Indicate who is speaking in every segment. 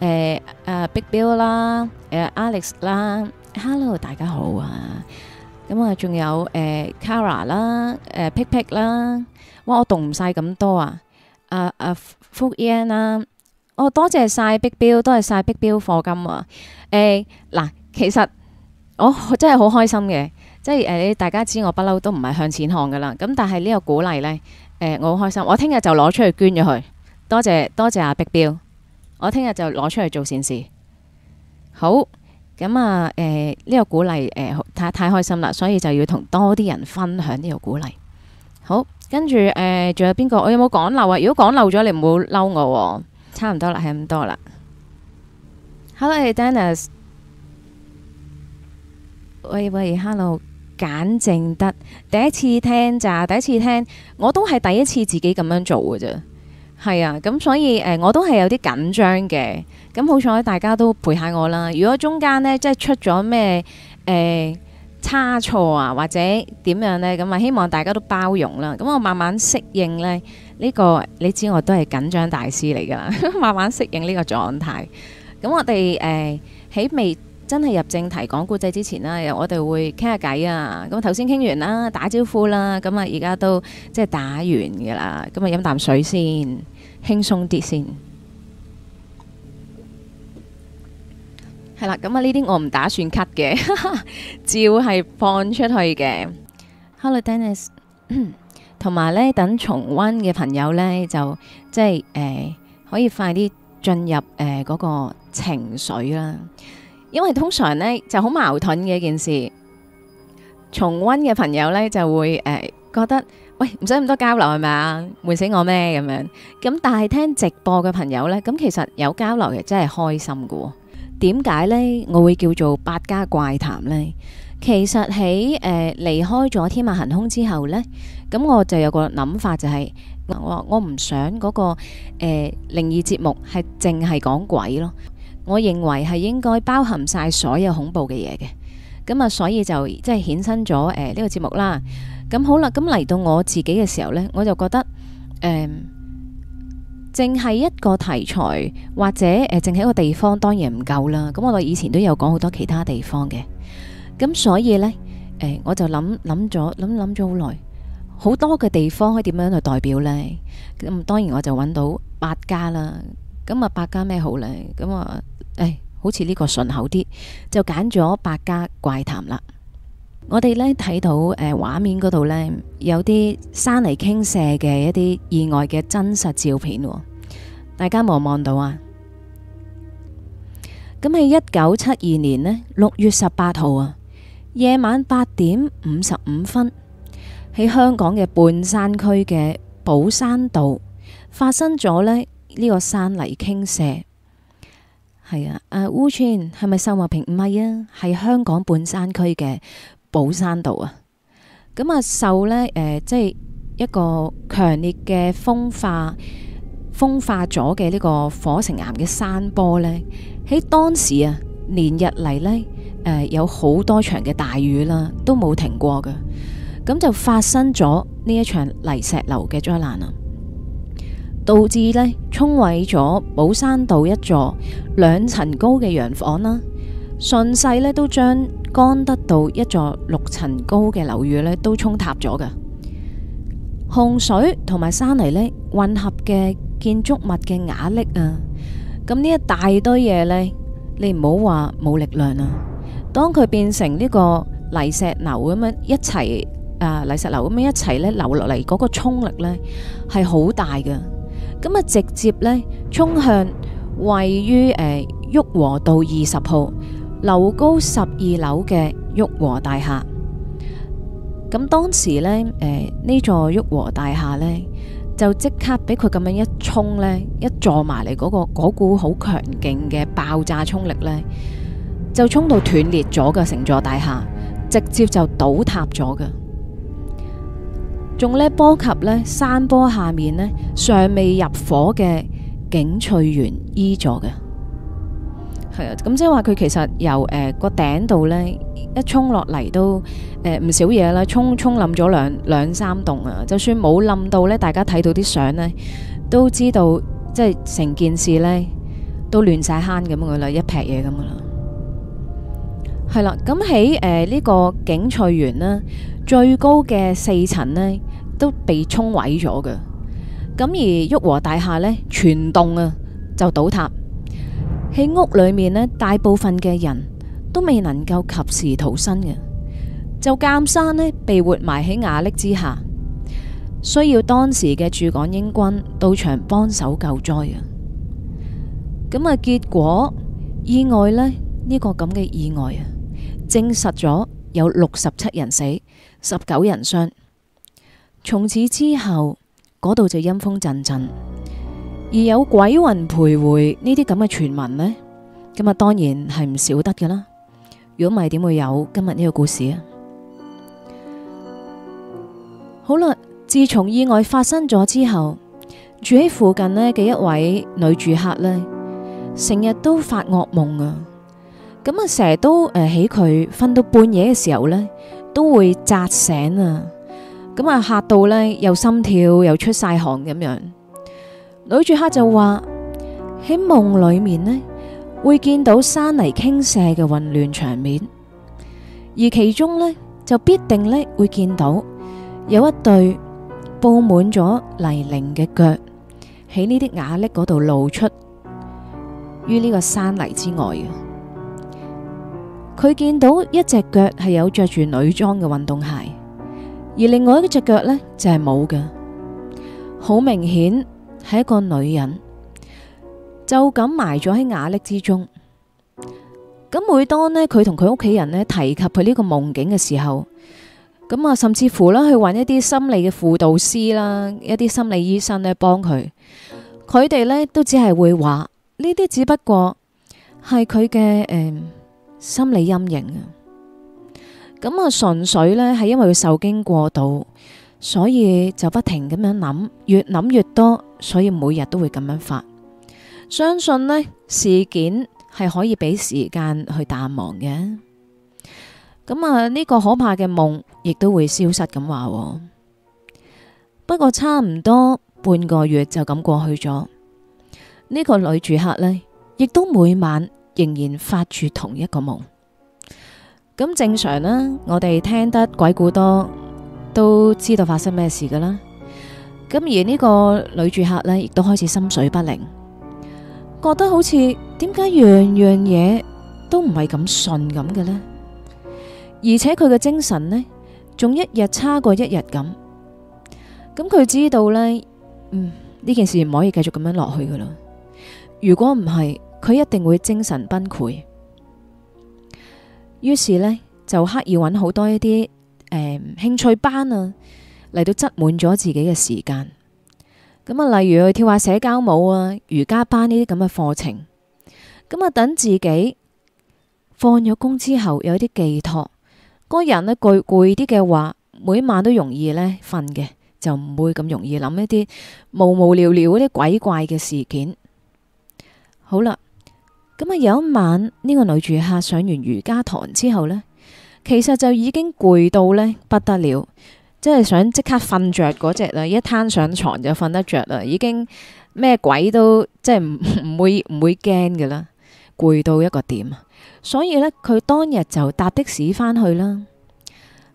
Speaker 1: 誒，阿 Big Bill 啦，誒，Alex 啦、uh,，Hello，大家好啊，咁啊，仲、uh, 有誒，Kara 啦，uh, 誒，picpic 啦、uh,，哇，我動唔晒咁多啊，啊、uh, uh, 啊，福煙啦，哦，多謝晒 Big Bill，多謝晒 Big Bill 課金啊，誒，嗱，其實、哦、我真係好開心嘅，即係誒，uh, 你大家知我不嬲都唔係向錢看噶啦，咁但係呢個鼓勵咧，誒、呃，我好開心，我聽日就攞出去捐咗佢，多謝多謝阿、啊、Big Bill。我聽日就攞出嚟做善事好，好咁啊！誒、呃，呢、這個鼓勵誒、呃，太太開心啦，所以就要同多啲人分享呢個鼓勵。好，跟住誒，仲、呃、有邊個？我、哦、有冇講漏啊？如果講漏咗，你唔好嬲我、哦差不。差唔多啦，係咁多啦。Hello，係 Dennis。喂喂，Hello，簡正德，第一次聽咋？第一次聽，我都係第一次自己咁樣做嘅咋。係啊，咁所以誒、呃，我都係有啲緊張嘅。咁好彩大家都陪下我啦。如果中間呢，即係出咗咩誒差錯啊，或者點樣呢？咁啊，希望大家都包容啦。咁我慢慢適應呢，呢、呢個你知我都係緊張大師嚟㗎啦。 慢慢適應呢個狀態。咁我哋誒喺未真係入正題講故仔之前啦，我哋會傾下偈啊。咁頭先傾完啦，打招呼啦。咁啊，而家都即係打完㗎啦。咁啊，飲啖水先。輕鬆啲先，係啦，咁啊呢啲我唔打算 cut 嘅，照係放出去嘅 Hello。Hello，Dennis，同埋呢等重温嘅朋友呢，就即係誒、呃、可以快啲進入誒嗰、呃那個情緒啦，因為通常呢就好矛盾嘅一件事，重温嘅朋友呢就會誒、呃、覺得。喂，唔使咁多交流係咪啊？悶死我咩咁樣？咁但係聽直播嘅朋友呢，咁其實有交流嘅真係開心㗎喎。點解呢？我會叫做百家怪談呢。其實喺誒離開咗天馬行空之後呢，咁我就有個諗法就係，我我唔想嗰個誒靈異節目係淨係講鬼咯。我認為係應該包含晒所有恐怖嘅嘢嘅。咁啊，所以就即係衍生咗誒呢個節目啦。咁好啦，咁嚟到我自己嘅時候呢，我就覺得，誒、呃，淨係一個題材或者誒，淨、呃、係一個地方當然唔夠啦。咁我哋以前都有講好多其他地方嘅，咁所以呢，誒、呃，我就諗諗咗，諗諗咗好耐，好多嘅地方可以點樣去代表呢？咁當然我就揾到百家啦。咁啊，百家咩好呢？咁啊，誒、哎，好似呢個順口啲，就揀咗《百家怪談》啦。我哋呢睇到誒、呃、畫面嗰度呢，有啲山泥傾瀉嘅一啲意外嘅真實照片喎、哦，大家望唔望到啊？咁喺一九七二年呢，六月十八號啊，夜晚八點五十五分喺香港嘅半山區嘅寶山道發生咗咧呢、呢個山泥傾瀉。係啊，啊烏村係咪秀茂坪？唔係啊？係香港半山區嘅。寶山道啊，咁啊受呢，誒，即係一個強烈嘅風化，風化咗嘅呢個火成岩嘅山坡呢。喺當時啊連日嚟呢，誒有好多場嘅大雨啦，都冇停過噶，咁就發生咗呢一場泥石流嘅災難啊，導致呢，沖毀咗寶山道一座兩層高嘅洋房啦，順勢呢，都將。干德道一座六層高嘅樓宇咧，都沖塌咗嘅。洪水同埋山泥咧混合嘅建築物嘅瓦礫啊，咁呢一大堆嘢咧，你唔好話冇力量啊。當佢變成呢個泥石流咁樣一齊啊，泥石流咁樣一齊咧流落嚟，嗰個沖力咧係好大嘅。咁啊直接咧沖向位於誒旭龢道二十號，樓高十二樓嘅旭龢大廈，咁當時咧，誒、呃、呢座旭龢大廈呢，就即刻俾佢咁樣一衝呢一撞埋嚟嗰個嗰股好強勁嘅爆炸衝力呢，就衝到斷裂咗嘅成座大廈，直接就倒塌咗嘅，仲呢波及呢山坡下面呢，尚未入伙嘅景翠園 E 座嘅。係啊，咁即係話佢其實由誒個頂度呢，呃、一衝落嚟都誒唔、呃、少嘢啦，衝衝冧咗兩兩三棟啊。就算冇冧到呢，大家睇到啲相呢，都知道，即係成件事呢，都亂晒坑咁噶啦，一劈嘢咁噶啦。係啦，咁喺誒呢個景翠園呢，最高嘅四層呢，都被衝毀咗噶，咁而旭龢大廈呢，全棟啊就倒塌。喺屋裏面咧，大部分嘅人都未能夠及時逃生嘅，就監生咧被活埋喺瓦礫之下，需要當時嘅駐港英軍到場幫手救災啊！咁啊，結果意外呢，呢、呢個咁嘅意外啊，證實咗有六十七人死，十九人傷。從此之後，嗰度就陰風陣陣。而有鬼魂徘徊呢啲咁嘅傳聞呢，咁啊當然係唔少得嘅啦。如果唔係，點會有今日呢個故事啊？好啦，自從意外發生咗之後，住喺附近呢嘅一位女住客呢，成日都發噩夢啊。咁啊，成日都誒喺佢瞓到半夜嘅時候呢，都會扎醒啊。咁啊，嚇到呢，又心跳又出晒汗咁樣子。女住客就話喺夢裏面呢，會見到山泥傾瀉嘅混亂場面，而其中呢就必定呢會見到有一對布滿咗泥濘嘅腳喺呢啲瓦礫嗰度露出於呢個山泥之外嘅。佢見到一隻腳係有着住女裝嘅運動鞋，而另外一隻腳呢就係冇嘅，好明顯。係一個女人，就咁埋咗喺瓦礫之中。咁每當呢，佢同佢屋企人呢提及佢呢個夢境嘅時候，咁啊，甚至乎啦，去搵一啲心理嘅輔導師啦，一啲心理醫生呢，幫佢，佢哋呢，都只係會話呢啲只不過係佢嘅誒心理陰影啊。咁啊，純粹呢，係因為佢受驚過度。所以就不停咁樣諗，越諗越多，所以每日都會咁樣發。相信呢事件係可以俾時間去淡忘嘅。咁啊，呢個可怕嘅夢亦都會消失咁話。不過差唔多半個月就咁過去咗。呢個女住客呢，亦都每晚仍然發住同一個夢。咁正常啦，我哋聽得鬼故多。都知道發生咩事噶啦，咁而呢個女住客呢，亦都開始心水不寧，覺得好似點解樣樣嘢都唔係咁順咁嘅呢。而且佢嘅精神呢，仲一日差過一日咁。咁佢知道呢，嗯，呢件事唔可以繼續咁樣落去噶啦，如果唔係，佢一定會精神崩潰。於是呢，就刻意揾好多一啲。誒、嗯、興趣班啊，嚟到擠滿咗自己嘅時間。咁啊，例如去跳下社交舞啊、瑜伽班呢啲咁嘅課程。咁啊，等自己放咗工之後有啲寄託。個人呢，攰攰啲嘅話，每晚都容易呢瞓嘅，就唔會咁容易諗一啲無無聊聊嗰啲鬼怪嘅事件。好啦，咁啊有一晚呢、呢個女住客上完瑜伽堂之後呢。其實就已經攰到呢，不得了，即係想即刻瞓着嗰隻啦，一攤上床就瞓得着啦，已經咩鬼都即係唔唔會唔會驚嘅啦，攰到一個點，所以呢，佢當日就搭的士返去啦。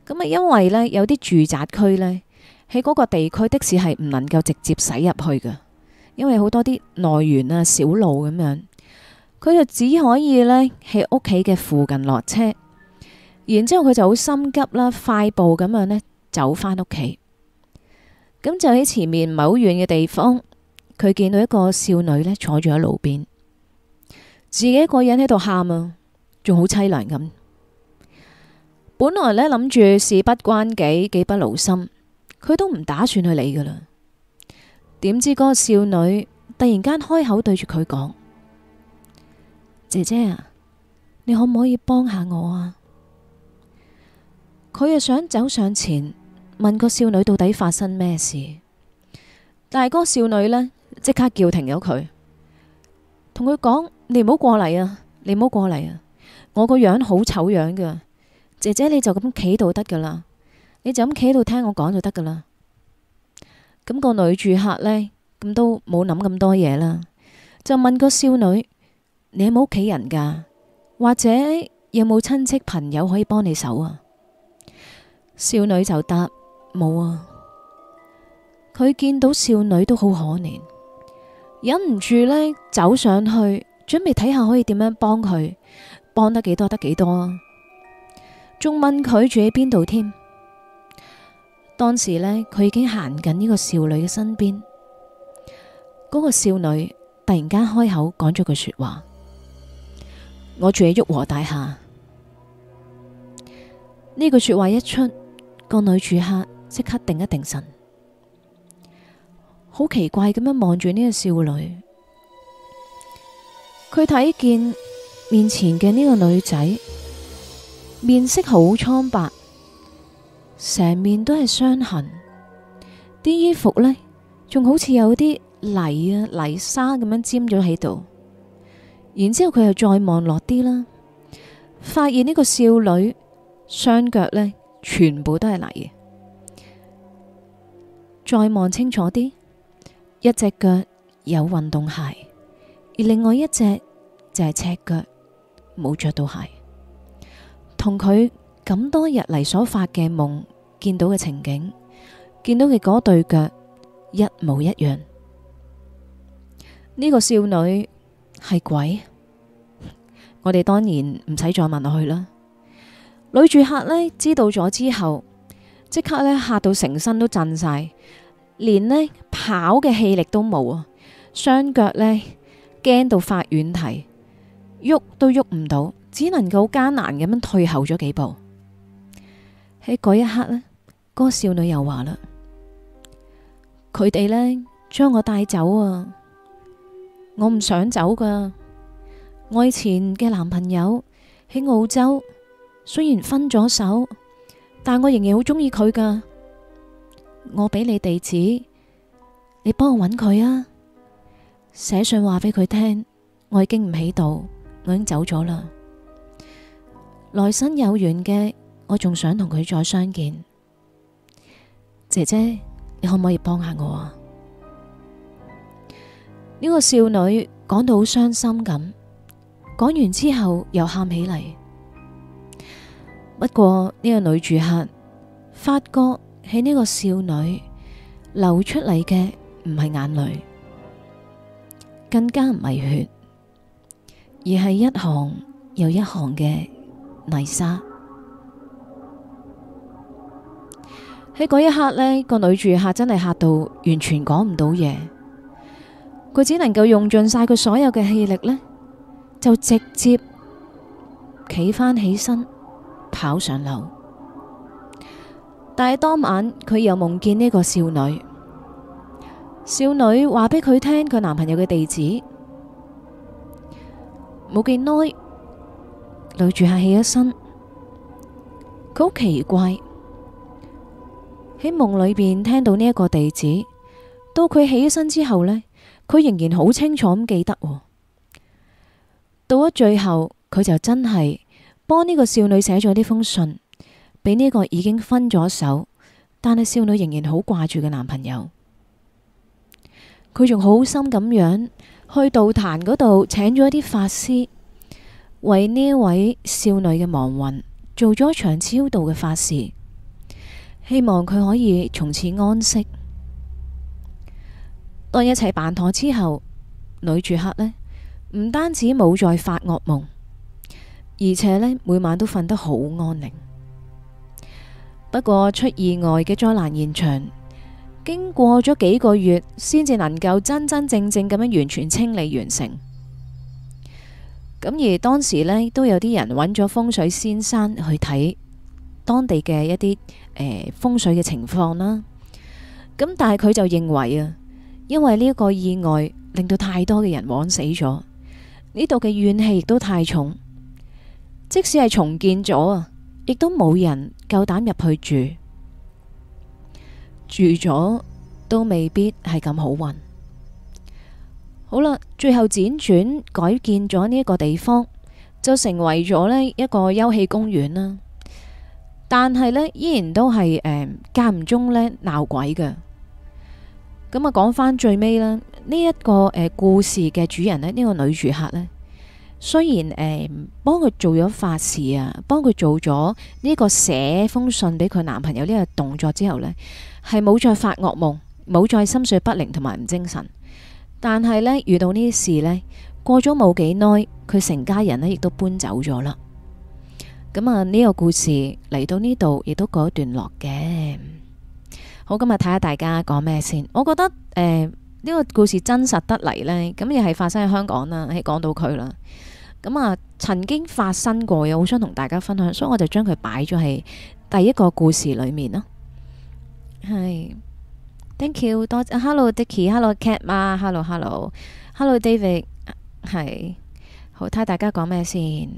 Speaker 1: 咁啊，因為呢，有啲住宅區呢，喺嗰個地區的士係唔能夠直接駛入去嘅，因為好多啲內園啊小路咁樣，佢就只可以呢，喺屋企嘅附近落車。然之後佢就好心急啦，快步咁樣呢，走翻屋企。咁就喺前面唔係好遠嘅地方，佢見到一個少女呢，坐住喺路邊，自己一個人喺度喊啊，仲好淒涼咁。本來呢諗住事不關己，己不勞心，佢都唔打算去理噶啦。點知嗰個少女突然間開口對住佢講：姐姐啊，你可唔可以幫下我啊？佢又想走上前問個少女到底發生咩事，但係個少女呢，即刻叫停咗佢，同佢講：你唔好過嚟啊！你唔好過嚟啊！我個樣好醜樣噶，姐姐你就咁企度得噶啦，你就咁企度聽我講就得噶啦。咁個女住客呢，咁都冇諗咁多嘢啦，就問個少女：你有冇屋企人噶，或者有冇親戚朋友可以幫你手啊？少女就答：冇啊！佢見到少女都好可憐，忍唔住呢走上去，準備睇下可以點樣幫佢，幫得幾多得幾多啊，仲問佢住喺邊度添。當時呢，佢已經行緊呢個少女嘅身邊，嗰個少女突然間開口講咗句說話：我住喺裕和大廈。呢句說話一出，個女住客即刻定一定神，好奇怪咁樣望住呢個少女。佢睇見面前嘅呢個女仔，面色好蒼白，成面都係傷痕，啲衣服呢，仲好似有啲泥啊、泥沙咁樣沾咗喺度。然之後佢又再望落啲啦，發現呢個少女雙腳呢。全部都係泥嘅，再望清楚啲，一隻腳有運動鞋，而另外一隻就係赤腳，冇着到鞋。同佢咁多日嚟所發嘅夢，見到嘅情景，見到嘅嗰對腳一模一樣。呢個少女係鬼，我哋當然唔使再問落去啦。女住客呢，知道咗之後，即刻呢，嚇到成身都震晒，連呢，跑嘅氣力都冇啊，雙腳呢，驚到發軟蹄，喐都喐唔到，只能夠好艱難咁樣退後咗幾步。喺嗰一刻呢，嗰個少女又話啦，佢哋呢，將我帶走啊，我唔想走噶。我以前嘅男朋友喺澳洲。雖然分咗手，但我仍然好中意佢噶。我俾你地址，你幫我搵佢啊！寫信話畀佢聽，我已經唔喺度，我已經走咗啦。來生有緣嘅，我仲想同佢再相見。姐姐，你可唔可以幫下我啊？呢個少女講到好傷心咁，講完之後又喊起嚟。不過呢個女住客發覺喺呢個少女流出嚟嘅唔係眼淚，更加唔係血，而係一行又一行嘅泥沙。喺嗰一刻呢、呢個女住客真係吓到完全講唔到嘢，佢只能夠用盡晒佢所有嘅氣力呢就直接企翻起身。跑上樓，但係當晚佢又夢見呢個少女。少女話俾佢聽佢男朋友嘅地址，冇幾耐，女主吓起咗身，佢好奇怪。喺夢裏邊聽到呢一個地址，到佢起咗身之後呢，佢仍然好清楚咁記得。到咗最後，佢就真係。幫呢個少女寫咗呢封信，俾呢個已經分咗手，但係少女仍然好掛住嘅男朋友。佢仲好心咁樣去道壇嗰度請咗啲法師，為呢位少女嘅亡魂做咗場超度嘅法事，希望佢可以從此安息。當一齊辦妥之後，女住客呢，唔單止冇再發噩夢。而且呢，每晚都瞓得好安寧。不過出意外嘅災難現場，經過咗幾個月，先至能夠真真正正咁樣完全清理完成。咁而當時呢，都有啲人揾咗風水先生去睇當地嘅一啲誒、呃、風水嘅情況啦。咁但係佢就認為啊，因為呢一個意外令到太多嘅人枉死咗，呢度嘅怨氣亦都太重。即使係重建咗啊，亦都冇人夠膽入去住，住咗都未必係咁好運。好啦，最後輾轉改建咗呢一個地方，就成為咗呢一個休憩公園啦。但係呢，依然都係誒間唔中呢鬧鬼嘅。咁啊，講翻最尾啦，呢一個誒故事嘅主人呢，呢個女住客呢。雖然誒，幫、嗯、佢做咗法事啊，幫佢做咗呢個寫封信俾佢男朋友呢個動作之後呢，係冇再發噩夢，冇再心緒不寧同埋唔精神，但係呢，遇到呢啲事呢，過咗冇幾耐，佢成家人呢亦都搬走咗啦。咁、嗯、啊，呢、這個故事嚟到呢度亦都告一段落嘅。好，咁啊睇下大家講咩先。我覺得誒，呢、嗯這個故事真實得嚟呢，咁亦係發生喺香港啦，喺講到佢啦。咁啊，曾經發生過，又好想同大家分享，所以我就將佢擺咗喺第一個故事裏面咯。係，thank you，多，hello Dicky，hello Cat 嘛 hello，hello hello hello David，係，好，睇下大家講咩先。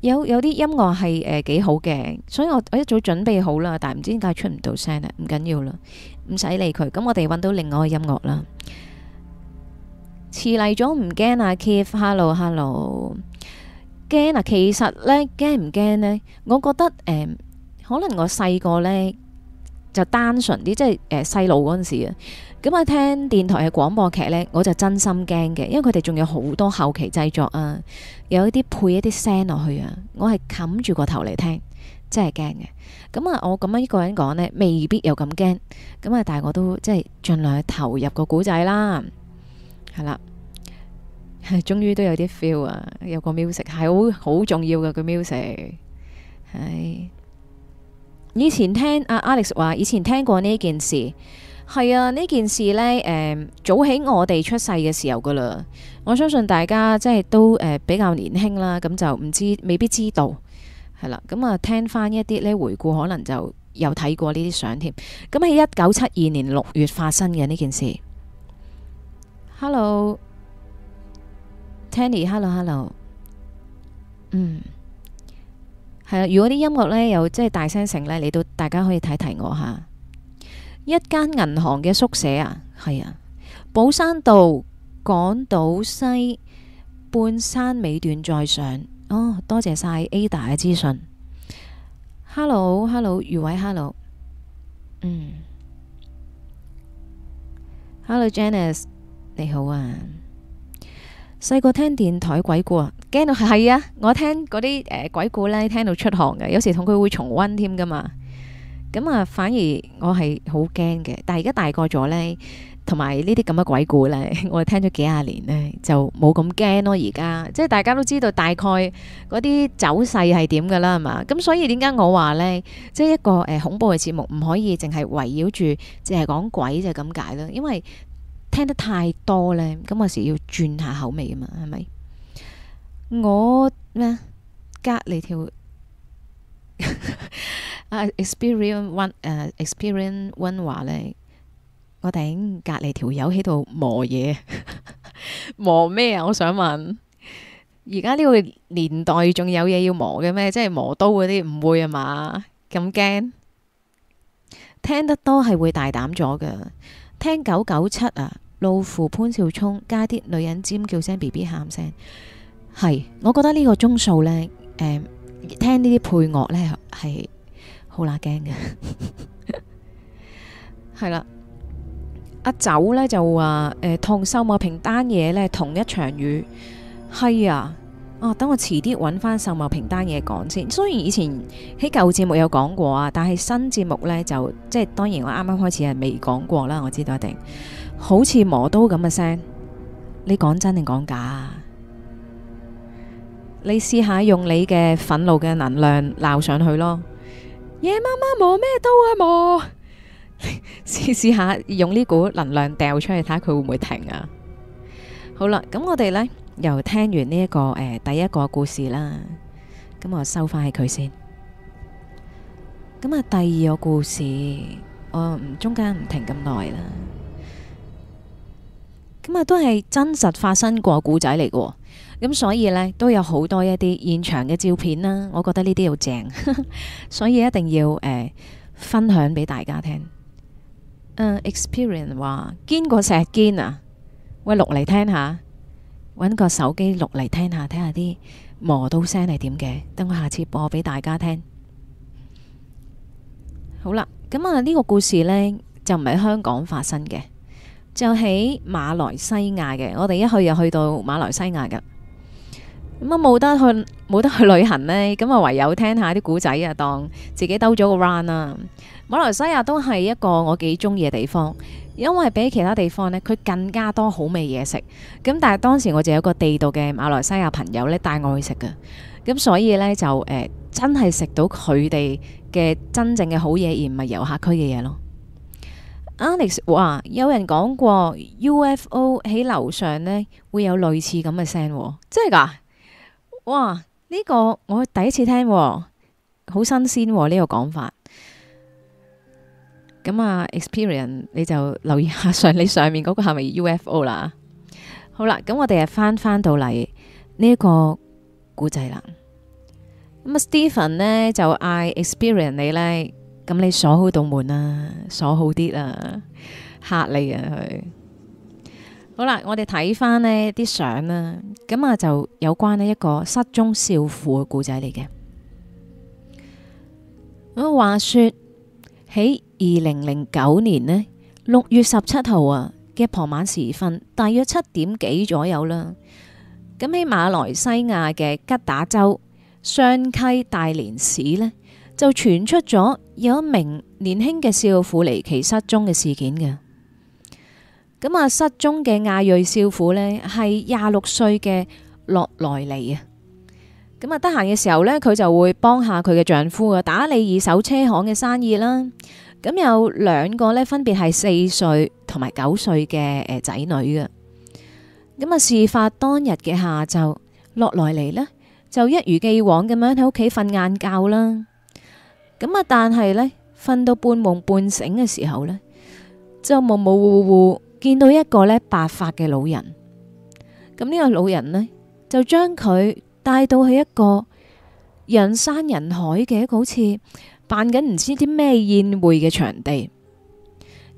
Speaker 1: 有有啲音樂係誒幾好嘅，所以我我一早準備好啦，但係唔知點解出唔到聲啊，唔緊要啦，唔使理佢。咁我哋揾到另外個音樂啦。遲嚟咗唔驚啊，Keith，hello hello，驚啊。其實咧驚唔驚呢？我覺得誒、嗯，可能我細個咧就單純啲，即係細路嗰陣時啊。咁啊，聽電台嘅廣播劇咧，我就真心驚嘅，因為佢哋仲有好多後期製作啊，有一啲配一啲聲落去啊，我係冚住個頭嚟聽，真係驚嘅。咁啊，我咁樣一個人講咧，未必有咁驚。咁啊，但係我都即係盡量去投入個古仔啦。係啦，係終於都有啲 feel 啊！有個 music 係好好重要嘅，個 music。係以前聽阿 Alex 話，以前聽，以前聽過呢件事。係啊，呢件事呢，誒、嗯，早喺我哋出世嘅時候噶啦。我相信大家即係都誒比較年輕啦，咁就唔知未必知道。係啦，咁啊聽翻一啲呢，回顧，可能就有睇過呢啲相添。咁喺一九七二年六月發生嘅呢件事。Hello，Tandy，Hello，Hello，嗯，係啊，如果啲音樂呢又即係大聲成呢，你都大家可以睇睇我吓。一間銀行嘅宿舍啊，係啊，寶山道港島西半山尾段再上，哦，多謝晒 Ada 嘅資訊。Hello，Hello，余偉，Hello，嗯，Hello，Janice。你好啊，細個聽電台鬼故啊，驚到係啊，我聽嗰啲誒鬼故咧，聽到出汗嘅，有時同佢會重溫添噶嘛，咁啊反而我係好驚嘅，但係而家大個咗咧，同埋呢啲咁嘅鬼故咧，我哋聽咗幾廿年咧，就冇咁驚咯。而家即係大家都知道，大概嗰啲走勢係點噶啦，係嘛，咁所以點解我話咧，即係一個誒、呃、恐怖嘅節目，唔可以淨係圍繞住淨係講鬼就咁解啦，因為。聽得太多咧，咁有時要轉下口味啊嘛，係咪？我咩？隔籬條啊，experience one 誒，experience one 話咧，我頂隔籬條友喺度磨嘢。磨咩啊？我想問，而家呢個年代仲有嘢要磨嘅咩？即係磨刀嗰啲唔會啊嘛？咁驚，聽得多係會大膽咗噶聽九九七啊！老父潘紹聰加啲女人尖叫聲 BB 聲，B B 喊聲係。我覺得呢個鐘數呢，誒、嗯，聽呢啲配樂呢係好乸驚嘅。係啦，阿 酒了、啊、呢就話誒，同秀茂坪單嘢呢同一場雨係啊。哦、啊，等我遲啲搵翻秀茂坪單嘢講先。雖然以前喺舊節目有講過啊，但係新節目呢，就即係當然我啱啱開始係未講過啦。我知道一定。好似磨刀咁嘅聲，你講真定講假啊？你試下用你嘅憤怒嘅能量鬧上去咯，夜媽媽磨咩刀啊磨？試試下用呢股能量掉出去，睇下佢會唔會停啊？好啦，咁我哋呢又聽完呢一個誒，第一個故事啦，咁我收翻起佢先。咁啊，第二個故事，我唔中間唔停咁耐啦。咁啊，都係真實發生過故仔嚟嘅，咁所以呢，都有好多一啲現場嘅照片啦。我覺得呢啲好正，所以一定要誒、呃、分享俾大家聽。Experience 話堅過石堅啊，喂，錄嚟聽下，搵個手機錄嚟聽下，睇下啲磨刀聲係點嘅，等我下次播俾大家聽。好啦，咁啊呢個故事呢，就唔係香港發生嘅。就喺馬來西亞嘅，我哋一去又去到馬來西亞噶，咁啊冇得去冇得去旅行呢，咁啊唯有聽一下啲古仔啊，當自己兜咗個 round 啦。馬來西亞都係一個我幾中意嘅地方，因為比其他地方呢，佢更加多好味嘢食。咁但係當時我就有一個地道嘅馬來西亞朋友呢，帶我去食噶，咁所以呢，就誒、呃、真係食到佢哋嘅真正嘅好嘢，而唔係遊客區嘅嘢咯。Alex，哇！有人講過 UFO 喺樓上呢會有類似咁嘅聲，真係噶？哇！呢個我第一次聽，好新鮮呢、哦，呢個講法。咁啊，Experience 你就留意下上你上面嗰個係咪 UFO 啦。好啦，咁我哋又翻翻到嚟呢一個故仔啦。咁啊，Steven 呢就嗌 Experience 你呢。咁你鎖好道門啦，啊，鎖好啲啦，啊，吓你啊！佢好啦，我哋睇翻呢啲相啦，咁啊就有關呢一個失蹤少婦嘅故仔嚟嘅。咁話說喺二零零九年呢，六月十七號啊嘅傍晚時分，大約七點幾左右啦。咁喺馬來西亞嘅吉打州雙溪大年市呢。就傳出咗有一名年輕嘅少婦離奇失蹤嘅事件嘅。咁啊，失蹤嘅亞裔少婦呢，係廿六歲嘅洛萊尼啊。咁啊，得閒嘅時候呢，佢就會幫下佢嘅丈夫啊打理二手車行嘅生意啦。咁有兩個呢，分別係四歲同埋九歲嘅誒仔女嘅。咁啊，事發當日嘅下晝，洛萊尼呢，就一如既往咁樣喺屋企瞓晏覺啦。咁啊！但係呢，瞓到半夢半醒嘅時候呢，就模模糊糊見到一個呢白髮嘅老人。咁呢個老人呢，就將佢帶到去一個人山人海嘅一個好似辦緊唔知啲咩宴會嘅場地。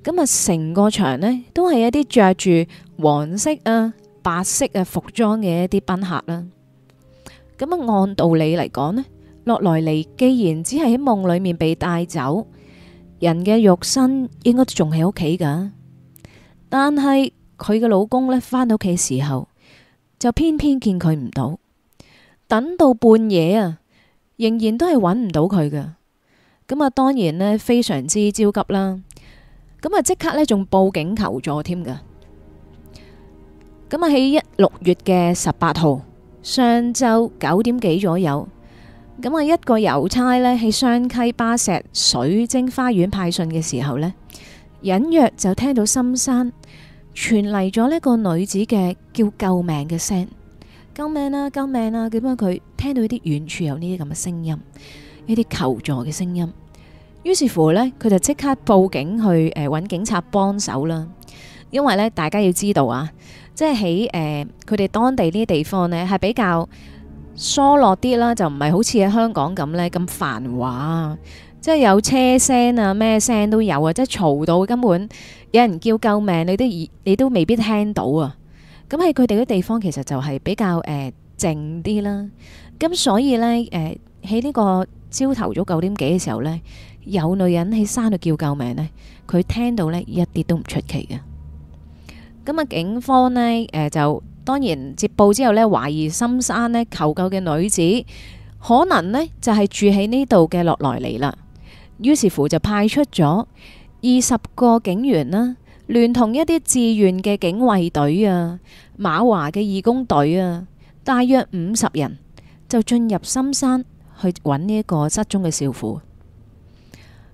Speaker 1: 咁啊，成個場呢，都係一啲着住黃色啊、白色啊服裝嘅一啲賓客啦。咁啊，按道理嚟講呢。落來嚟，既然只係喺夢裏面被帶走，人嘅肉身應該仲喺屋企噶。但係佢嘅老公呢，翻到屋企嘅時候，就偏偏見佢唔到，等到半夜啊，仍然都係揾唔到佢噶。咁啊，當然呢，非常之焦急啦。咁啊，即刻呢，仲報警求助添噶。咁啊，喺一六月嘅十八號上晝九點幾左右。咁啊，一個郵差咧喺雙溪巴石水晶花園派信嘅時候咧，隱約就聽到深山傳嚟咗呢個女子嘅叫救命嘅聲，救命啊，救命啊！點解佢聽到一啲遠處有呢啲咁嘅聲音，一啲求助嘅聲音。於是乎咧，佢就即刻報警去誒、搵、警察幫手啦。因為咧，大家要知道啊，即係喺誒佢哋當地呢啲地方咧，係比較。疏落啲啦，就唔係好似喺香港咁呢，咁繁華，即係有車聲啊，咩聲都有啊，即係嘈到根本有人叫救命，你都你都未必聽到啊。咁喺佢哋啲地方，其實就係比較誒靜啲啦。咁所以呢誒喺呢個朝頭早九點幾嘅時候呢，有女人喺山度叫救命呢，佢聽到呢一啲都唔出奇嘅。咁啊，警方呢誒就。當然，接報之後咧，懷疑深山咧求救嘅女子，可能咧就係住喺呢度嘅落來尼啦。於是乎就派出咗二十個警員啦，聯同一啲志願嘅警衛隊啊，馬華嘅義工隊啊，大約五十人就進入深山去揾呢一個失蹤嘅少婦。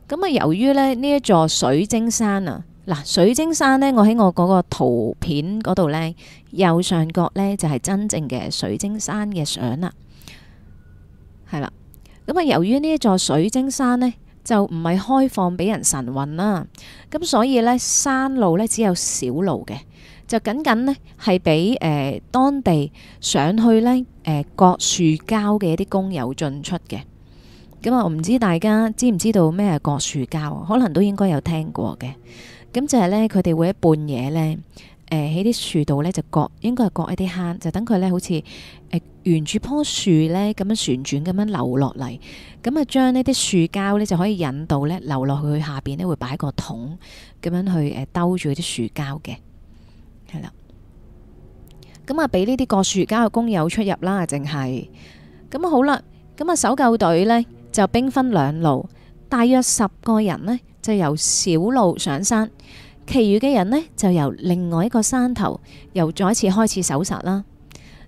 Speaker 1: 咁啊，由於咧呢一座水晶山啊。嗱，水晶山呢，我喺我嗰個圖片嗰度呢，右上角呢，就係、是、真正嘅水晶山嘅相啦，係啦。咁啊，由於呢一座水晶山呢，就唔係開放俾人神韻啦，咁所以呢，山路呢，只有小路嘅，就僅僅呢，係俾誒當地上去呢，誒、呃、割樹膠嘅一啲工友進出嘅。咁、嗯、啊，我唔知大家知唔知道咩係割樹膠，可能都應該有聽過嘅。咁就係咧，佢哋會喺半夜咧，誒喺啲樹度咧就割，應該係割一啲坑，就等佢咧好似誒、呃、沿住棵樹咧咁樣旋轉咁樣流落嚟，咁啊將呢啲樹膠咧就可以引導咧流落去下邊咧，會擺個桶咁樣去誒兜住啲樹膠嘅，係啦。咁啊俾呢啲割樹膠嘅工友出入啦，淨係。咁好啦，咁啊搜救隊咧就兵分兩路，大約十個人呢。就由小路上山，其餘嘅人呢，就由另外一個山頭，又再一次開始搜查啦。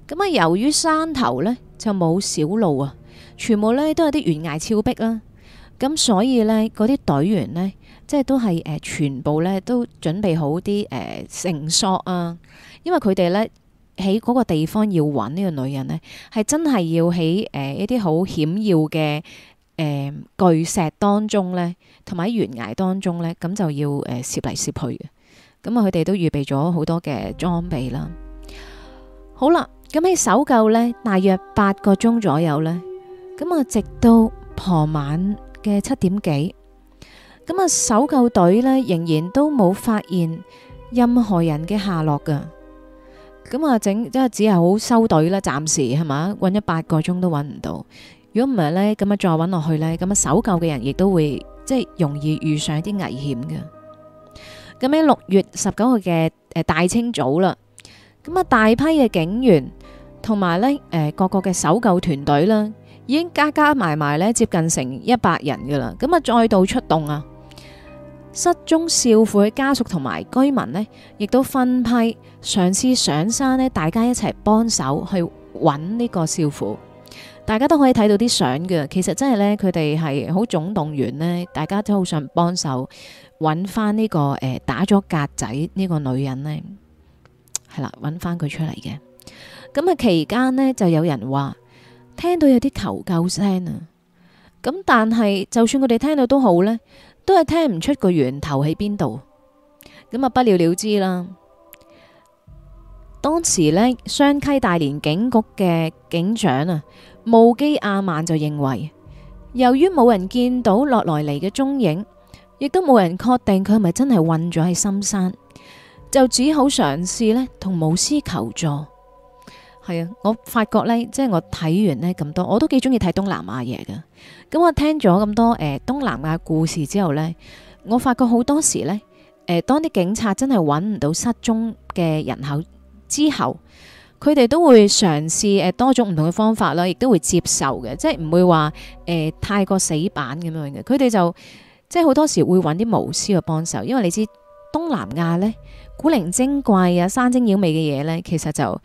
Speaker 1: 咁啊，由於山頭呢，就冇小路啊，全部呢都係啲懸崖峭壁啦。咁所以呢，嗰啲隊員呢，即係都係誒、呃、全部呢都準備好啲誒繩索啊，因為佢哋呢喺嗰個地方要揾呢個女人呢，係真係要喺誒、呃、一啲好險要嘅。呃、巨石當中呢，同埋喺懸崖當中呢，咁就要誒，攝嚟攝去嘅。咁啊，佢哋都預備咗好多嘅裝備啦。好啦，咁喺搜救呢，大約八個鐘左右呢，咁啊，直到傍晚嘅七點幾，咁啊，搜救隊呢，仍然都冇發現任何人嘅下落噶。咁啊，整即係只係好收隊啦，暫時係咪，搵咗八個鐘都搵唔到。如果唔係呢，咁啊，再揾落去呢？咁啊，搜救嘅人亦都會即係容易遇上啲危險嘅。咁喺六月十九號嘅大清早啦，咁啊，大批嘅警員同埋呢誒、呃、各個嘅搜救團隊啦，已經加加埋埋呢，接近成一百人噶啦，咁啊，再度出動啊，失蹤少婦嘅家屬同埋居民呢，亦都分批上次上山呢，大家一齊幫手去揾呢個少婦。大家都可以睇到啲相嘅，其實真係呢，佢哋係好總動員呢。大家都好想幫手揾翻呢個誒、呃、打咗格仔呢個女人呢，係啦，揾翻佢出嚟嘅。咁啊，期間呢，就有人話聽到有啲求救聲啊，咁但係就算佢哋聽到都好呢，都係聽唔出個源頭喺邊度，咁啊不了了之啦。當時呢，雙溪大年警局嘅警長啊。慕基亞曼就認為，由於冇人見到落萊尼嘅蹤影，亦都冇人確定佢係咪真係困咗喺深山，就只好嘗試呢，同巫師求助。係啊，我發覺呢，即係我睇完呢咁多，我都幾中意睇東南亞嘢噶。咁我聽咗咁多誒東南亞故事之後呢，我發覺好多時呢，誒，當啲警察真係揾唔到失蹤嘅人口之後。佢哋都會嘗試誒多種唔同嘅方法啦，亦都會接受嘅，即係唔會話誒、呃、太過死板咁樣嘅。佢哋就即係好多時會揾啲巫師去幫手，因為你知東南亞呢，古靈精怪啊、山精妖魅嘅嘢呢，其實就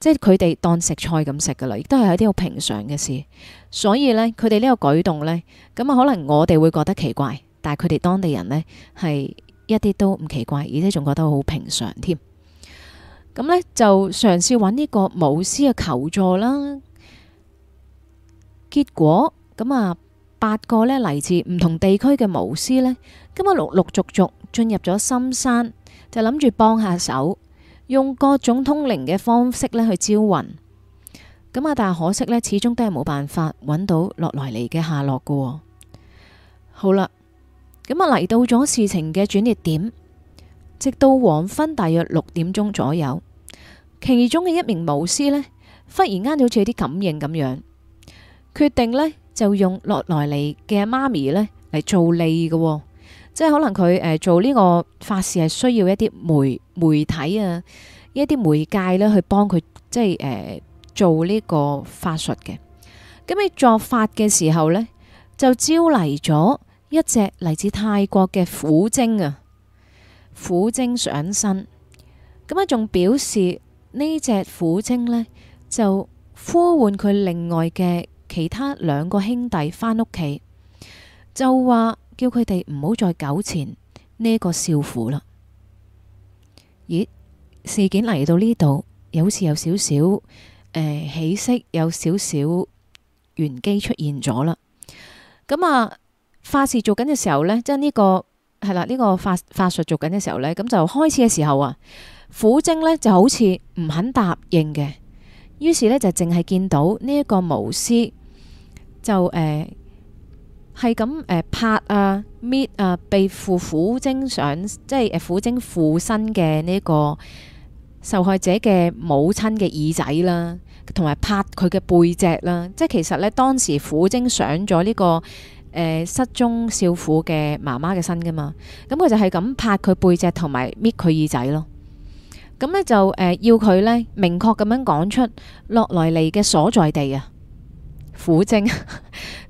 Speaker 1: 即係佢哋當食菜咁食噶啦，亦都係一啲好平常嘅事。所以呢，佢哋呢個舉動呢，咁啊可能我哋會覺得奇怪，但係佢哋當地人呢，係一啲都唔奇怪，而且仲覺得好平常添。咁呢，就嘗試揾呢個巫師嘅求助啦，結果咁啊八個呢嚟自唔同地區嘅巫師呢，咁啊陸陸續續進入咗深山，就諗住幫下手，用各種通靈嘅方式呢去招魂。咁啊，但係可惜呢，始終都係冇辦法揾到落萊尼嘅下落噶。好啦，咁啊嚟到咗事情嘅轉折點。直到黃昏大約六點鐘左右，其中嘅一名巫師咧，忽然間，好似有啲感應咁樣，決定呢就用落萊尼嘅媽咪咧嚟做利嘅，哦，即係可能佢誒，呃、做呢個法事係需要一啲媒媒體啊，一啲媒介咧去幫佢即係誒，呃、做呢個法術嘅。咁你作法嘅時候呢，就招嚟咗一隻嚟自泰國嘅虎精啊！虎精上身，咁啊仲表示呢隻虎精呢，就呼喚佢另外嘅其他兩個兄弟翻屋企，就話叫佢哋唔好再糾纏呢個少婦啦。咦？事件嚟到呢度，有好似有少少誒起色，有少少玄機出現咗啦。咁啊，法事做緊嘅時候呢，即係呢個。係啦，呢、這個法法術做緊嘅時候呢，咁就開始嘅時候啊，虎精呢就好似唔肯答應嘅，於是呢就淨係見到呢一個巫師就誒係咁誒拍啊搣啊，被父虎精上，即係誒虎精附身嘅呢個受害者嘅母親嘅耳仔啦，同埋拍佢嘅背脊啦，即係其實呢，當時虎精上咗呢、這個。誒、呃、失蹤少婦嘅媽媽嘅身㗎嘛，咁佢就係咁拍佢背脊同埋搣佢耳仔咯。咁呢，就、呃、誒要佢呢，明確咁樣講出落來尼嘅所在地啊。虎精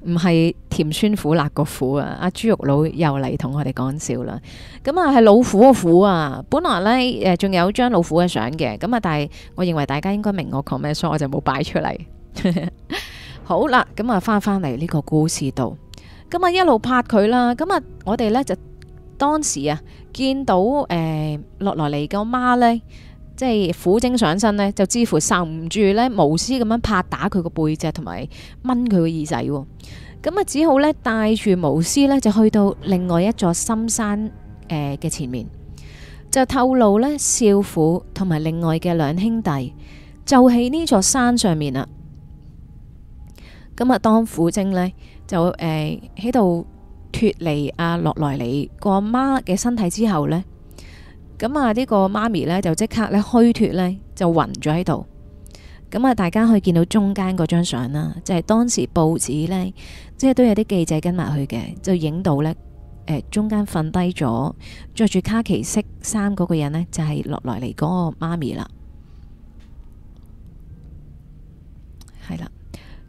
Speaker 1: 唔係甜酸苦辣個苦啊！阿、啊、豬肉佬又嚟同我哋講笑啦。咁啊係老虎個虎啊。本來呢，誒仲有張老虎嘅相嘅，咁啊但係我認為大家應該明我講咩，所以我就冇擺出嚟。 好啦，咁啊翻返嚟呢個故事度。咁啊，一路拍佢啦！咁啊，我哋呢就當時啊，見到誒落、呃、來嚟個媽呢，即係虎精上身呢，就似乎受唔住呢，巫師咁樣拍打佢個背脊同埋掹佢個耳仔喎。咁啊，只好呢，帶住巫師呢，就去到另外一座深山嘅前面，就透露呢，少婦同埋另外嘅兩兄弟就喺呢座山上面啦。咁啊，當虎精呢，就誒喺度脫離阿洛萊尼個媽嘅身體之後呢，咁啊呢個媽咪呢，就即刻呢虛脫呢，就暈咗喺度。咁啊，大家可以見到中間嗰張相啦，就係、是、當時報紙呢，即係都有啲記者跟埋去嘅，就影到呢，誒、呃、中間瞓低咗着住卡其色衫嗰個人呢，就係洛萊尼嗰個媽咪啦，係啦。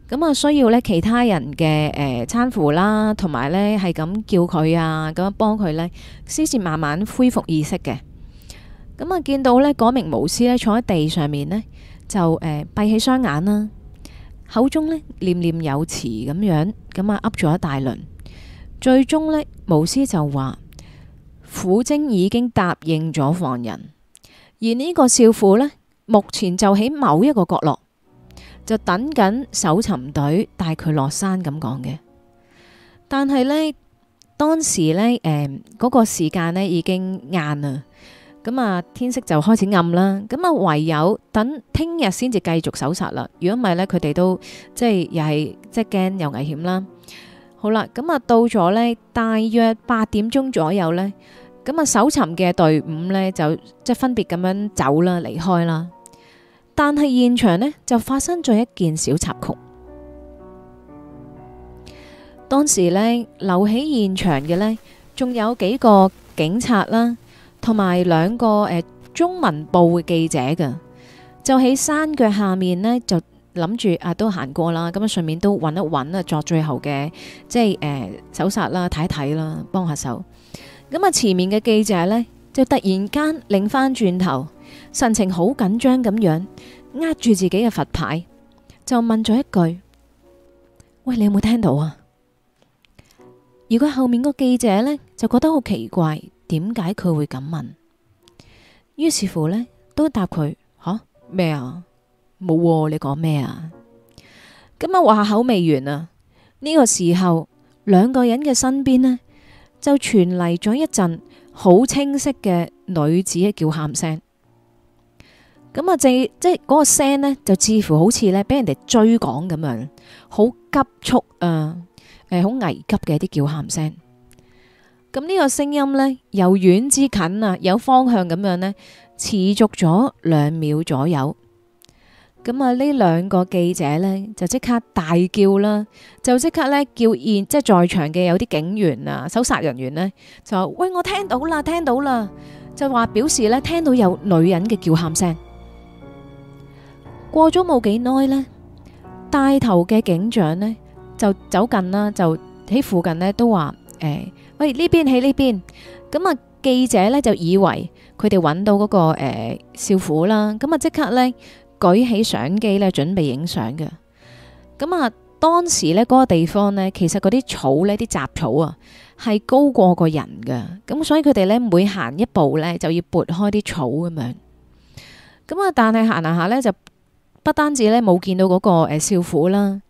Speaker 1: 咁啊，需要咧其他人嘅誒攙扶啦，同埋咧係咁叫佢啊，咁樣幫佢咧，先至慢慢恢復意識嘅。咁、嗯、啊，見到咧嗰名巫師咧坐喺地上面咧，就誒閉、呃、起雙眼啦，口中咧念念有詞咁樣，咁啊噏咗一大輪，最終咧巫師就話虎精已經答應咗放人，而呢個少婦咧目前就喺某一個角落。就等緊搜尋隊帶佢落山咁講嘅，但係呢，當時呢，嗰、呃嗰個時間呢已經晏啦，咁、嗯、啊天色就開始暗啦，咁、嗯、啊唯有等聽日先至繼續搜查啦。如果唔係呢，佢哋都即係又係即係驚又危險啦。好啦，咁、嗯、啊到咗呢，大約八點鐘左右呢，咁、嗯、啊搜尋嘅隊伍呢，就即係分別咁樣走啦，離開啦。但係現場呢，就發生咗一件小插曲。當時呢，留喺現場嘅呢，仲有幾個警察啦，同埋兩個誒、呃、中文報嘅記者嘅，就喺山腳下面呢，就諗住啊都行過啦，咁啊順便都揾一揾啊作最後嘅即係誒、呃、搜索啦，睇一睇啦，幫下手。咁啊前面嘅記者呢，就突然間擰翻轉頭。神情好緊張咁樣，握住自己嘅佛牌，就問咗一句：喂，你有冇聽到啊？而佢後面個記者呢，就覺得好奇怪，點解佢會咁問？於是乎呢，都答佢：吓，咩啊？冇喎，你講咩啊？咁啊，啊，話口未完啊。呢個時候，兩個人嘅身邊呢，就傳嚟咗一陣好清晰嘅女子嘅叫喊聲。咁啊！即即嗰個聲咧，就似乎好似咧，俾人哋追趕咁樣，好急促啊！誒、呃，好危急嘅一啲叫喊聲。咁呢個聲音呢，由遠至近啊，有方向咁樣呢，持續咗兩秒左右。咁啊，呢兩個記者呢，就即刻大叫啦，就即刻呢叫現，即、即係、在場嘅有啲警員啊、搜殺人員呢，就話喂我聽到啦，聽到啦，就話表示呢，聽到有女人嘅叫喊聲。過咗冇幾耐呢，帶頭嘅警長呢就走近啦，就喺附近呢都話誒、欸，喂呢邊，喺呢邊咁啊。記者呢就以為佢哋揾到嗰、那個誒、欸、少婦啦，咁啊即刻呢舉起相機呢準備影相嘅。咁、嗯、啊、嗯，當時呢嗰、那個地方呢，其實嗰啲草呢啲雜草啊係高過個人嘅，咁、嗯、所以佢哋呢，每行一步呢就要撥開啲草咁樣。咁、嗯、啊、嗯，但係行行下呢就。不單止咧冇見到嗰個誒少婦啦，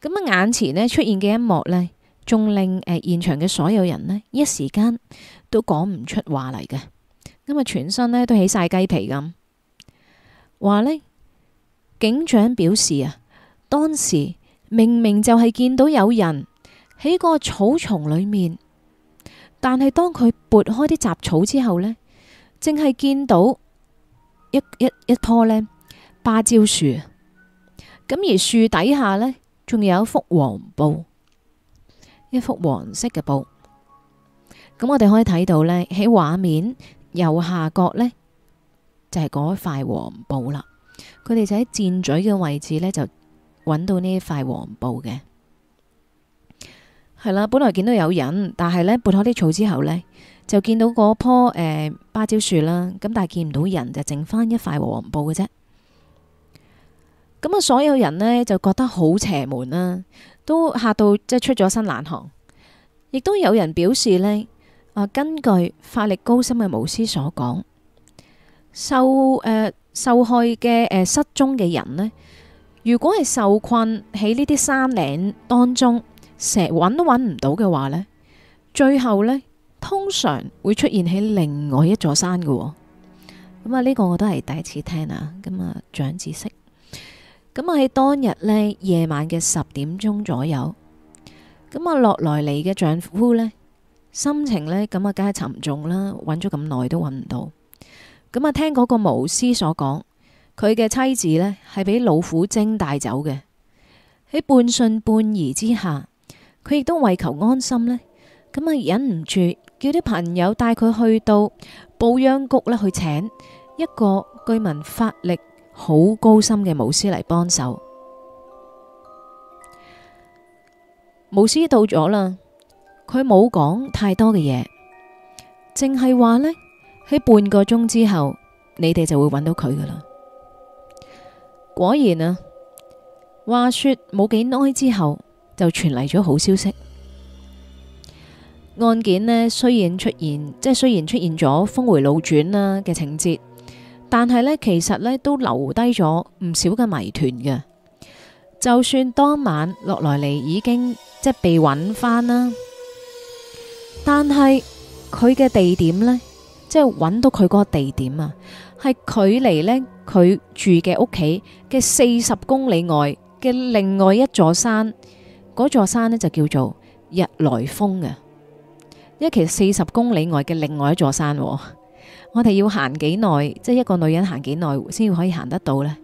Speaker 1: 咁啊眼前呢出現嘅一幕呢，仲令誒現場嘅所有人呢一時間都講唔出話嚟嘅，咁啊全身呢都起晒雞皮咁。話呢，警長表示啊，當時明明就係見到有人喺個草叢裏面，但係當佢撥開啲雜草之後呢，淨係見到一一一樖呢。芭蕉樹，咁而樹底下呢，仲有一幅黃布，一幅黃色嘅布。咁我哋可以睇到呢，喺畫面右下角呢，就係嗰塊黃布啦。佢哋就喺箭嘴嘅位置呢，就揾到呢一塊黃布嘅係啦。本來見到有人，但係呢，撥開啲草之後呢，就見到嗰棵誒、呃、芭蕉樹啦。咁但係見唔到人，就剩翻一塊黃布嘅啫。咁啊！所有人呢，就覺得好邪門啦、啊，都嚇到即係出咗一身冷汗。亦都有人表示呢，啊，根據法力高深嘅巫師所講，受誒、呃、受害嘅誒、呃、失蹤嘅人呢，如果係受困喺呢啲山嶺當中，成日揾都揾唔到嘅話呢，最後呢通常會出現喺另外一座山嘅、哦。咁、嗯、啊，呢、這個我都係第一次聽啊，咁、嗯、啊，長知識。咁啊喺當日呢，夜晚嘅十點鐘左右，咁啊落來尼嘅丈夫呢，心情呢，咁啊梗係沉重啦，揾咗咁耐都揾唔到。咁啊聽嗰個巫師所講，佢嘅妻子呢，係俾老虎精帶走嘅。喺半信半疑之下，佢亦都為求安心呢，咁啊忍唔住叫啲朋友帶佢去到保央局呢，去請一個居民法力。好高深嘅巫師嚟幫手，巫師到咗啦，佢冇講太多嘅嘢，淨係話呢，喺半個鐘之後，你哋就會揾到佢噶啦。果然啊，話說冇幾耐之後，就傳嚟咗好消息。案件呢，雖然出現，即係雖然出現咗峰回路轉啦嘅情節。但係呢，其實呢都留低咗唔少嘅謎團嘅。就算當晚落萊尼已經即係被揾翻啦，但係佢嘅地點呢，即係揾到佢嗰個地點啊，係距離呢，佢住嘅屋企嘅四十公里外嘅另外一座山。嗰座山呢，就叫做日來峰啊，因為其實四十公里外嘅另外一座山哦。我哋要行幾耐，即係一個女人行幾耐先可以行得到呢？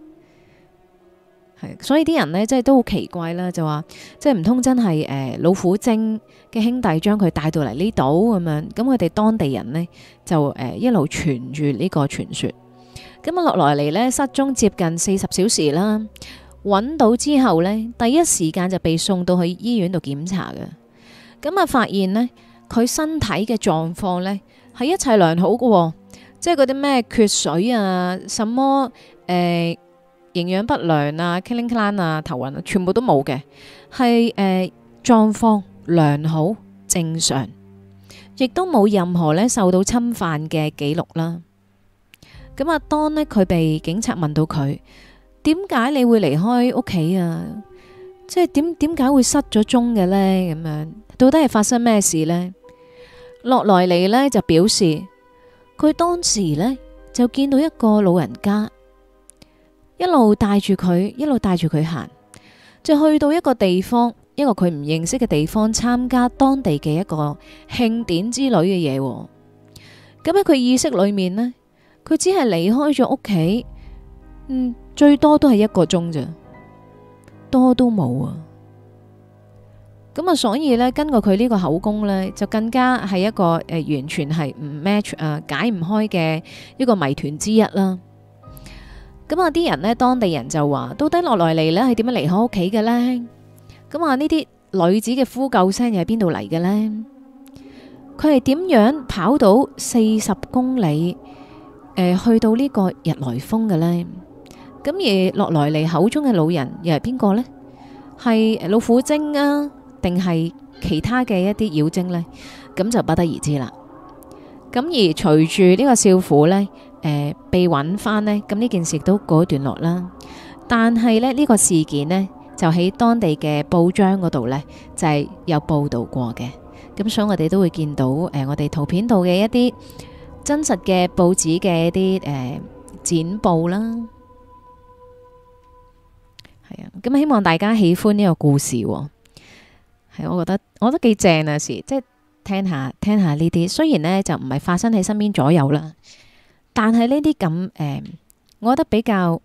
Speaker 1: 係，所以啲人呢，即係都好奇怪啦，就話即係唔通真係誒、呃、老虎精嘅兄弟將佢帶到嚟呢度咁樣？咁佢哋當地人呢，就誒、呃、一路傳住呢個傳說。咁啊落來嚟呢，失蹤接近四十小時啦，揾到之後呢，第一時間就被送到去醫院度檢查嘅。咁啊發現呢，佢身體嘅狀況呢，係一切良好嘅，啊。即係嗰啲咩缺水啊，什麼誒營養不良啊，Killing Clan 啊，頭暈啊，全部都冇嘅，係誒狀況良好正常，亦都冇任何咧受到侵犯嘅記錄啦。咁阿 Don 咧，佢被警察問到，佢點解你會離開屋企啊？即係點點解會失咗蹤嘅咧？咁樣到底係發生咩事咧？洛萊尼咧就表示。佢當時呢，就見到一個老人家，一路帶住佢，一路帶住佢行，就去到一個地方，一個佢唔認識嘅地方，參加當地嘅一個慶典之類嘅嘢。咁喺佢意識裏面呢，佢只係離開咗屋企，嗯，最多都係一個鐘咋，多都冇啊。咁啊，所以呢，根據佢呢個口供呢，就更加係一個誒完全係唔 match 啊，解唔開嘅一個謎團之一啦。咁啊，啲人呢，當地人就話：到底洛來尼呢係點樣離開屋企嘅呢？咁啊，呢啲女子嘅呼救聲又喺邊度嚟嘅呢？佢係點樣跑到四十公里，誒去到呢個日來峯嘅呢？咁而洛來尼口中嘅老人又係邊個呢？係老虎精啊！定係其他嘅一啲妖精呢，咁就不得而知啦。咁而隨住呢個少婦呢，誒、呃、被揾翻呢，咁呢件事都告一段落啦。但係咧呢、呢個事件呢，就喺當地嘅報章嗰度呢，就係、是、有報道過嘅。咁所以我哋都會見到，誒、呃、我哋圖片度嘅一啲真實嘅報紙嘅一啲誒剪報啦。係啊，咁希望大家喜歡呢個故事，哦。係，我覺得，我覺得幾正啊！是，即係聽下聽下呢啲，雖然呢就唔係發生喺身邊左右啦，但係呢啲咁誒，我覺得比較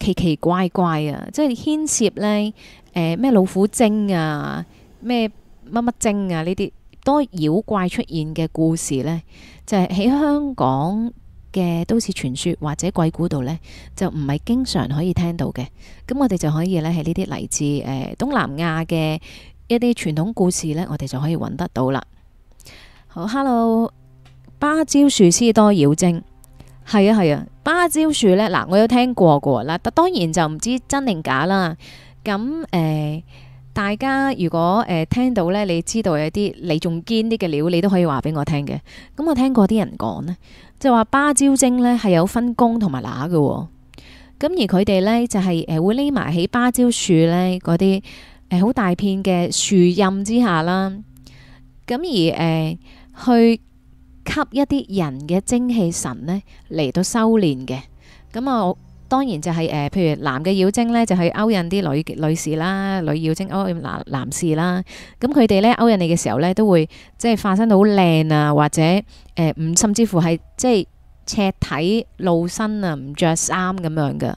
Speaker 1: 奇奇怪怪啊！即係牽涉呢誒咩、呃、老虎精啊，咩乜乜精啊呢啲多妖怪出現嘅故事呢，就係、是、喺香港嘅都市傳說或者鬼故度呢，就唔係經常可以聽到嘅。咁我哋就可以咧喺呢啲嚟自誒、呃、東南亞嘅。一啲傳統故事呢，我哋就可以揾得到啦。好，Hello，芭蕉樹絲多妖精，係啊係啊，芭蕉樹呢，嗱，我有聽過噶嗱，當然就唔知真定假啦。咁、嗯、誒，大家如果誒、呃、聽到呢，你知道有啲你仲堅啲嘅料，你都可以話俾我聽嘅。咁、嗯、我聽過啲人講呢，就話芭蕉精呢係有分工同埋乸噶，咁、嗯、而佢哋呢，就係、是、誒會匿埋喺芭蕉樹呢嗰啲。喺好大片嘅樹蔭之下啦，咁而誒、呃、去吸一啲人嘅精氣神咧嚟到修煉嘅，咁啊，當然就係、是、誒、呃，譬如男嘅妖精咧，就去勾引啲女女士啦，女妖精勾引男男士啦，咁佢哋咧勾引你嘅時候咧，都會即係化身到好靚啊，或者誒，唔、呃、甚至乎係即係赤體露身啊，唔着衫咁樣嘅。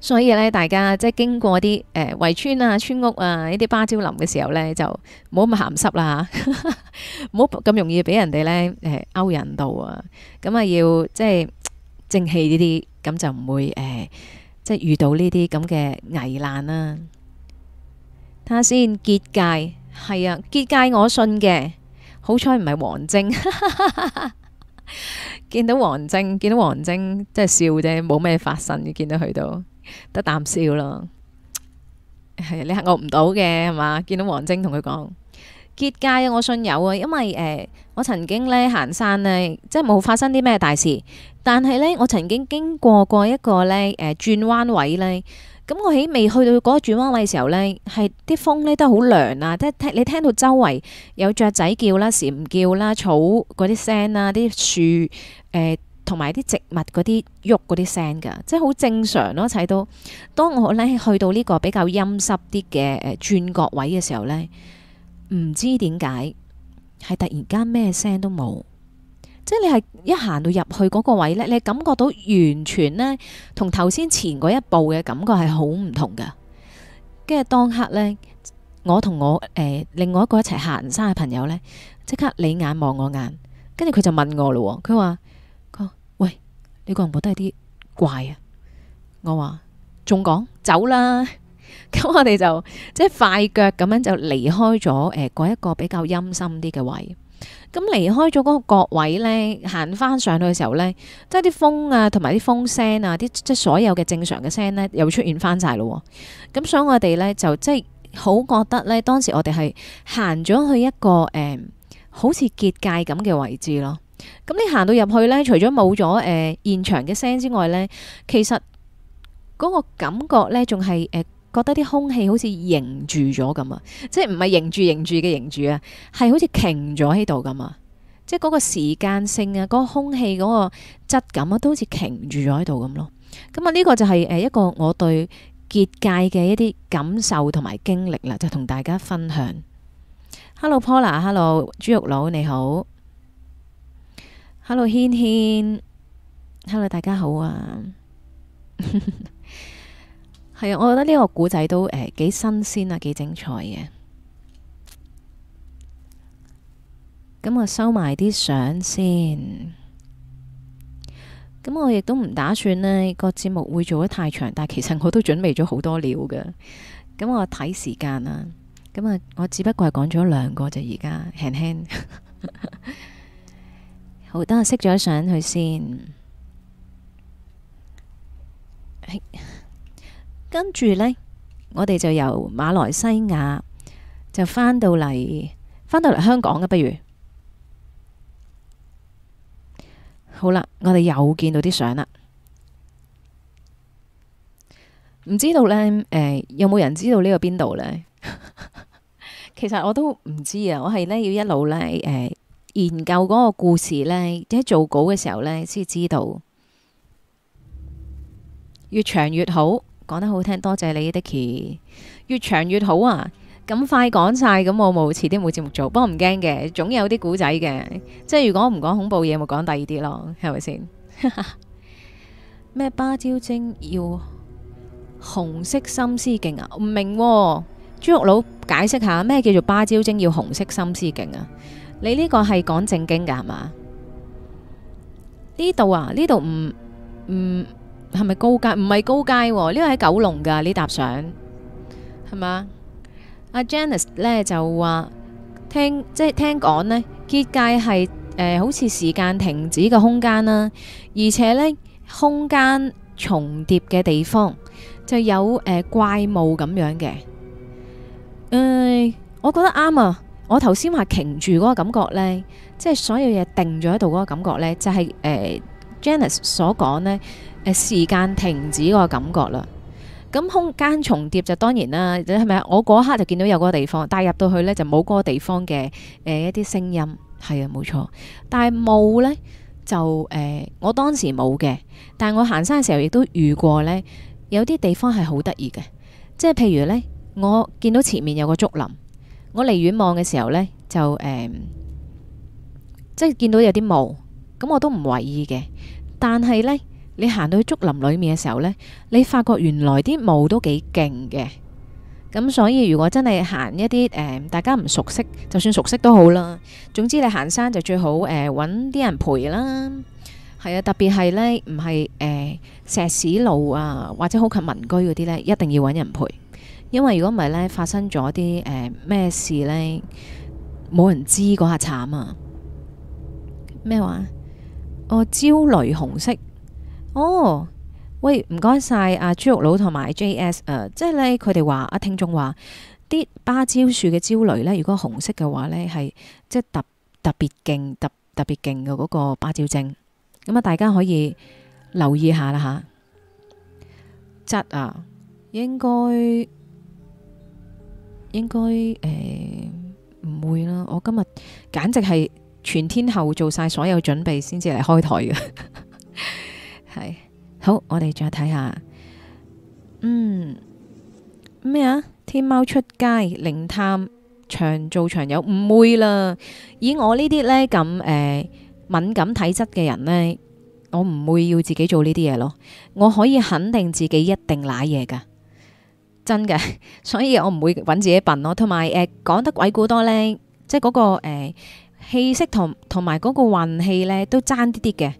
Speaker 1: 所以咧，大家即係經過啲誒圍村啊、村屋啊呢啲芭蕉林嘅時候呢，就唔好咁鹹濕啦，唔好咁容易俾人哋呢、呃、勾引到啊。咁啊要即係正氣呢啲，咁就唔會誒、呃、即係遇到呢啲咁嘅危難啦。睇下先，結界，係啊，結界我信嘅，好彩唔係王晶。見到王晶，見到王晶，即係笑啫，冇咩發生。見到佢都。得啖笑咯，係你吓我唔到嘅係嘛？見到王晶同佢講結界啊，我信有啊，因為誒、呃、我曾經咧行山咧，即係冇發生啲咩大事，但係咧我曾經經過過一個咧誒轉彎位咧，咁我喺未去到嗰個轉彎位嘅時候咧，係啲風咧都好涼啊，即係聽你聽到周圍有雀仔叫啦、蟬叫啦、草嗰啲聲啦、啲樹誒。呃同埋啲植物嗰啲喐嗰啲聲噶，即係好正常咯、啊。一齊都，當我咧去到呢個比較陰濕啲嘅誒轉角位嘅時候呢，唔知點解係突然間咩聲都冇，即係你係一行到入去嗰個位呢，你感覺到完全呢，同頭先前嗰一步嘅感覺係好唔同嘅。跟住當刻呢，我同我誒、呃、另外一個一齊行山嘅朋友呢，即刻你眼望我眼，跟住佢就問我啦、喔，佢話。你覺唔覺得係啲怪啊！我話仲講走啦，咁 我哋就即係快腳咁樣就離開咗誒，嗰、呃、一個比較陰森啲嘅位置。咁、嗯、離開咗嗰個角位呢，行翻上去嘅時候呢，即係啲風啊，同埋啲風聲啊，啲即係所有嘅正常嘅聲呢，又出現翻晒咯。咁、嗯、所以我哋呢，就即係好覺得呢，當時我哋係行咗去一個誒、呃，好似結界咁嘅位置咯。咁你行到入去呢，除咗冇咗誒現場嘅聲之外呢，其實嗰個感覺呢，仲係誒覺得啲空氣好似凝住咗咁啊！即係唔係凝住凝住嘅凝住啊，係好似擎咗喺度咁啊！即係嗰個時間性啊，嗰個空氣嗰個質感啊，都好似擎住咗喺度咁咯。咁啊，呢個就係誒一個我對結界嘅一啲感受同埋經歷啦，就同大家分享。Hello Paula，Hello 豬肉佬，你好。hello 軒軒，hello 大家好啊，係 啊，我覺得呢個古仔都誒幾、呃、新鮮啊，幾精彩嘅。咁我收埋啲相先，咁我亦都唔打算呢、呢個節目會做得太長，但係其實我都準備咗好多料㗎。咁我睇時間啊，咁啊我只不過係講咗兩個就而家輕輕。 好，等我熄咗相佢先。哎、跟住呢，我哋就由馬來西亞就翻到嚟，翻到嚟香港啊！不如，好啦，我哋又見到啲相啦。唔知道呢，誒、呃，有冇人知道呢個邊度呢？ 其實我都唔知啊，我係呢，要一路呢。誒、呃。研究嗰個故事呢，即係做稿嘅時候呢，先知道越長越好。講得好聽，多謝你，Dicky。越長越好啊！咁快講晒，咁，我冇遲啲冇節目做。不過唔驚嘅，總有啲古仔嘅。即係如果唔講恐怖嘢，我講第二啲咯，係咪先？咩 芭蕉精要紅色心思勁啊？唔明、啊、豬肉佬解釋下咩叫做芭蕉精要紅色心思勁啊？你呢個係講正經噶係嘛？呢度啊，呢度唔唔係咪高街？唔係高街，呢個喺九龍噶呢沓相係嘛？阿 Janice 呢就話聽即係聽講呢結界係、呃、好似時間停止嘅空間啦、啊，而且呢空間重疊嘅地方就有誒、呃、怪物咁樣嘅、嗯。我覺得啱啊。我頭先話擎住嗰個感覺呢，即係所有嘢定咗喺度嗰個感覺呢，就係誒 Janice 所講呢，誒時間停止嗰個感覺啦。咁空間重疊就當然啦，係咪啊？我嗰刻就見到有嗰個地方，但係入到去呢就冇嗰個地方嘅誒一啲聲音，係啊冇錯。但係霧呢，就誒我當時冇嘅，但係我行山嘅時候亦都遇過呢，有啲地方係好得意嘅，即係譬如呢，我見到前面有個竹林。我離遠望嘅時候呢，就誒、嗯，即係見到有啲霧，咁我都唔為意嘅。但係呢，你行到去竹林裏面嘅時候呢，你發覺原來啲霧都幾勁嘅。咁所以如果真係行一啲誒、嗯，大家唔熟悉，就算熟悉都好啦。總之你行山就最好搵啲人陪啦。係啊，特別係呢，唔係、嗯、石屎路啊，或者好近民居嗰啲呢，一定要揾人陪。因為如果唔係呢，發生咗啲誒咩事呢？冇人知嗰下慘啊！咩話？哦，焦雷紅色哦。喂，唔該晒阿豬肉佬同埋 J S 誒、呃，即係呢，佢哋話阿聽眾話啲芭蕉樹嘅焦雷呢，如果紅色嘅話呢，係即係特特別勁、特別特別勁嘅嗰個芭蕉精。咁、嗯、啊，大家可以留意一下啦吓。質啊，應該。應該誒唔會啦，我今日簡直係全天候做晒所有準備先至嚟開台嘅， 係好，我哋再睇下，嗯咩啊？天貓出街靈探長做長有唔會啦，以我這些呢啲咧咁誒敏感體質嘅人咧，我唔會要自己做呢啲嘢咯，我可以肯定自己一定瀨嘢㗎。真嘅，所以我唔會揾自己笨咯。同埋誒，講、呃、得鬼故多呢，即係、那、嗰個誒、呃、氣息同同埋嗰個運氣咧，都爭啲啲嘅。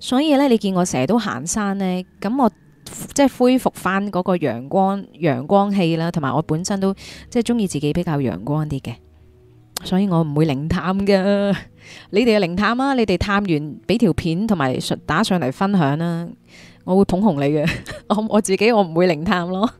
Speaker 1: 所以呢，你見我成日都行山呢，咁我即係恢復翻嗰個陽光陽光氣啦，同埋我本身都即係中意自己比較陽光啲嘅。所以我唔會靈探嘅。你哋嘅靈探啊，你哋探完俾條片同埋打上嚟分享啦，啊，我會捧紅你嘅。我我自己我唔會靈探咯。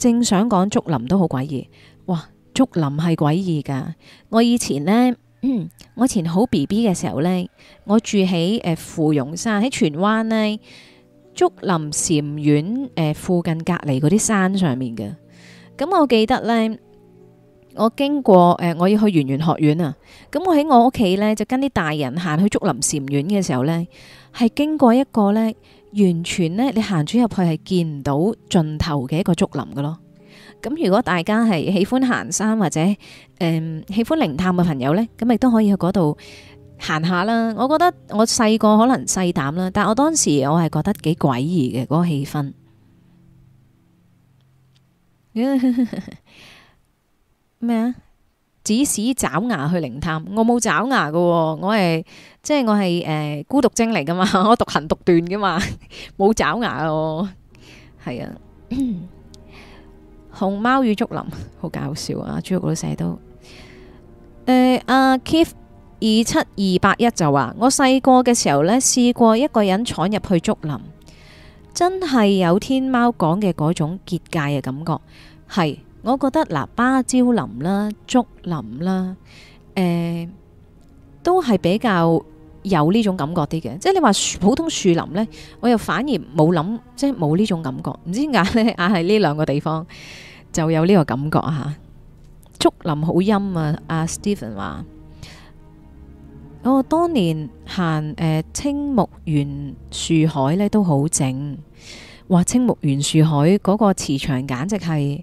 Speaker 1: 正想講竹林都好詭異，哇！竹林係詭異㗎。我以前咧，嗯，我以前好 B B 嘅時候咧，我住喺誒芙蓉山喺荃灣咧，竹林禪院誒附近隔離嗰啲山上面嘅。咁我記得咧，我經過誒，我要去圓玄學院啊。咁我喺我屋企咧，就跟啲大人行去竹林禪院嘅時候咧，係經過一個咧。完全呢，你行穿入去係見唔到盡頭嘅一個竹林嘅咯。咁如果大家係喜歡行山或者誒喜歡靈探嘅朋友呢，咁亦都可以去嗰度行下啦。我覺得我細個可能細膽啦，但我當時我係覺得幾詭異嘅嗰個氣氛。咩啊？指使爪牙去靈探，我冇爪牙嘅，我係。即係我係誒、呃、孤獨精嚟噶嘛，我獨行獨斷嘅嘛，冇爪牙哦。係啊， 熊貓與竹林好搞笑啊！朱玉都寫到，誒阿 Keith 二七二八一就話我細個嘅時候呢，試過一個人闖入去竹林，真係有天貓講嘅嗰種結界嘅感覺。係我覺得嗱，芭、呃、蕉林啦，竹林啦，誒、呃。都係比較有呢種感覺啲嘅，即係你話普通樹林呢，我又反而冇諗，即係冇呢種感覺。唔知點解咧，啊係呢兩個地方就有呢個感覺吓、啊，竹林好陰啊！阿、啊、Steven 話，我、哦、當年行誒、呃、青木原樹海呢都好靜，話青木原樹海嗰個磁場簡直係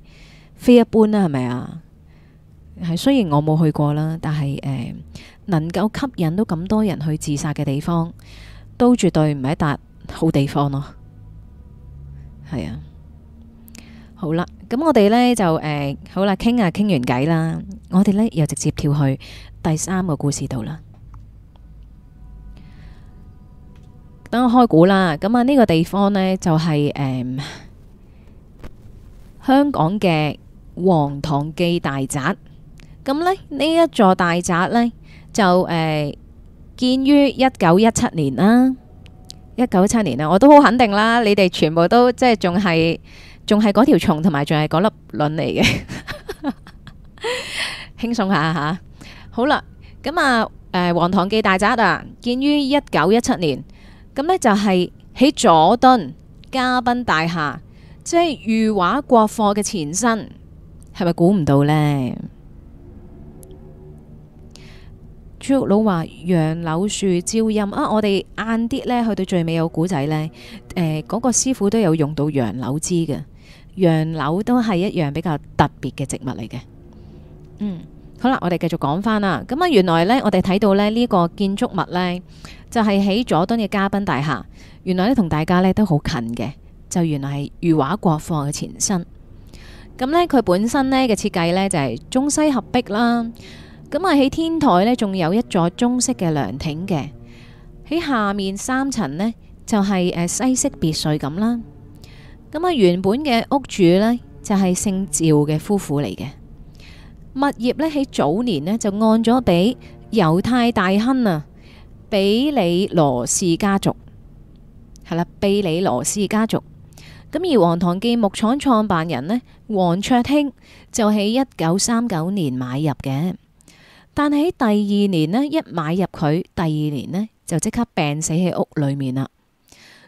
Speaker 1: 非一般啦，係咪啊？係，雖然我冇去過啦，但係誒。呃能夠吸引到咁多人去自殺嘅地方，都絕對唔係一笪好地方咯。係啊，好啦，咁我哋呢就誒、呃、好啦，傾下傾完偈啦，我哋呢又直接跳去第三個故事度啦。等我開估啦，咁啊呢個地方呢，就係、是、誒、呃、香港嘅黃塘記大宅。咁呢，呢一座大宅呢。就誒、呃，建於一九一七年啦，一九一七年啦，我都好肯定啦，你哋全部都即係仲係仲係嗰條蟲同埋仲係嗰粒卵嚟嘅，輕鬆下吓，好啦，咁啊，誒、呃，黃唐記大宅啊，建於一九一七年，咁呢就係喺佐敦嘉賓大廈，即係裕華國貨嘅前身，係咪估唔到呢？朱老話楊柳樹招陰啊！我哋晏啲咧去到最尾有古仔咧，誒、呃，嗰、那個師傅都有用到楊柳枝嘅，楊柳都係一樣比較特別嘅植物嚟嘅。嗯，好啦，我哋繼續講返啦。咁啊、就是，原來咧我哋睇到咧呢個建築物咧就係喺佐敦嘅嘉賓大廈。原來咧同大家咧都好近嘅，就原來係裕華國貨嘅前身。咁咧佢本身咧嘅設計咧就係、是、中西合璧啦。咁啊！喺天台呢，仲有一座中式嘅涼亭嘅。喺下面三層呢，就係誒西式別墅咁啦。咁啊，原本嘅屋主呢，就係姓趙嘅夫婦嚟嘅物業呢，喺早年呢，就按咗俾猶太大亨啊，比里羅氏家族係啦。比里羅氏家族咁而黃唐記木廠創辦人呢，黃卓興就喺一九三九年買入嘅。但喺第二年呢，一買入佢，第二年呢，就即刻病死喺屋裏面啦。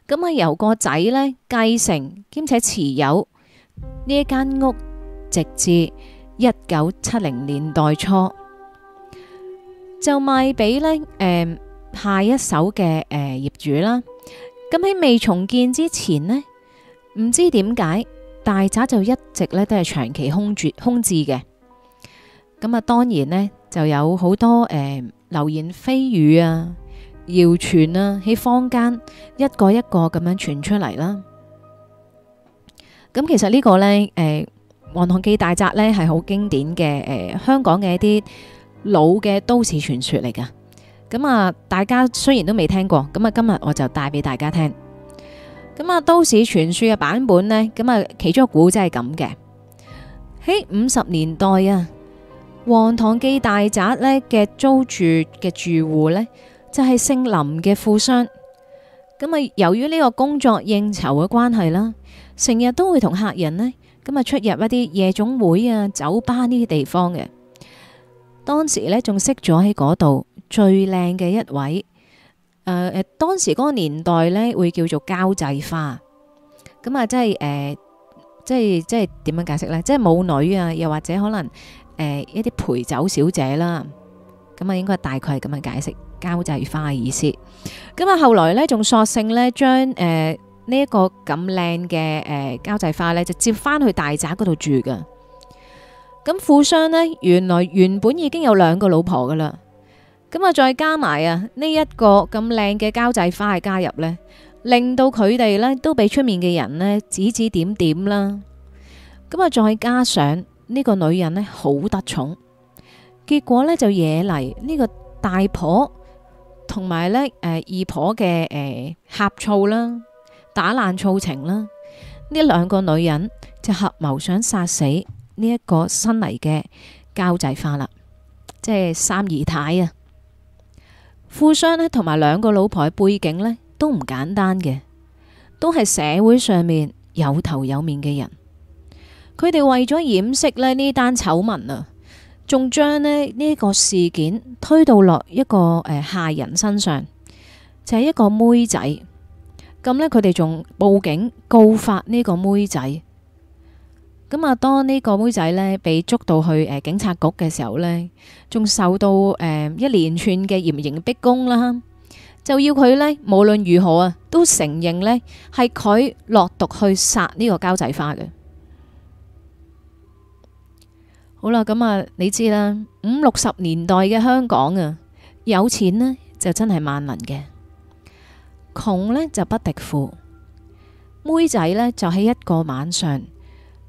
Speaker 1: 咁、嗯、啊，由個仔呢繼承兼且持有呢間屋，直至一九七零年代初就賣俾呢誒、呃、下一手嘅誒、呃、業主啦。咁、嗯、喺未重建之前呢，唔知點解大宅就一直呢，都係長期空住空置嘅。咁、嗯、啊，當然呢。就有好多誒、呃、流言蜚語啊、謠傳啦，喺坊間一個一個咁樣傳出嚟啦。咁其實呢個呢，誒、呃《黃唐記大宅》呢係好經典嘅誒、呃、香港嘅一啲老嘅都市傳說嚟噶。咁啊，大家雖然都未聽過，咁啊今日我就帶俾大家聽。咁啊，都市傳說嘅版本呢，咁啊其中一個古仔係咁嘅，喺五十年代啊。黃塘基大宅呢嘅租住嘅住戶呢，就係姓林嘅富商。咁啊，由於呢個工作應酬嘅關係啦，成日都會同客人呢，咁啊出入一啲夜總會啊、酒吧呢啲地方嘅。當時呢，仲識咗喺嗰度最靚嘅一位誒誒、呃，當時嗰個年代呢，會叫做交際花，咁、呃、啊，即係誒、呃，即係即係點樣解釋呢？即係舞女啊，又或者可能。誒、呃，一啲陪酒小姐啦，咁啊，應該大概係咁樣解釋交際花嘅意思。咁啊，後來呢，仲索性呢將誒呢一個咁靚嘅誒交際花呢，就接翻去大宅嗰度住㗎。咁富商呢，原來原本已經有兩個老婆噶啦，咁啊再加埋啊呢一、這個咁靚嘅交際花嘅加入呢，令到佢哋呢都俾出面嘅人呢指指點點啦。咁啊再加上。呢個女人呢，好得寵，結果呢，就惹嚟，呢個大婆同埋呢誒、呃、二婆嘅誒呷醋啦，打爛醋情啦。呢兩個女人就合謀想殺死呢一個新嚟嘅交際花啦，即係三姨太啊。富商呢同埋兩個老婆嘅背景呢，都唔簡單嘅，都係社會上面有頭有面嘅人。佢哋為咗掩飾呢，呢單醜聞啊，仲將呢，呢個事件推到落一個誒下人身上，就係、是、一個妹仔。咁呢，佢哋仲報警告發呢個妹仔。咁啊，當呢個妹仔呢，被捉到去誒警察局嘅時候呢，仲受到誒一連串嘅嚴刑逼供啦，就要佢呢，無論如何啊都承認呢係佢落毒去殺呢個交際花嘅。好啦，咁啊，你知啦，五六十年代嘅香港啊，有錢呢就真係萬能嘅，窮呢就不敵富。妹仔呢，就喺一個晚上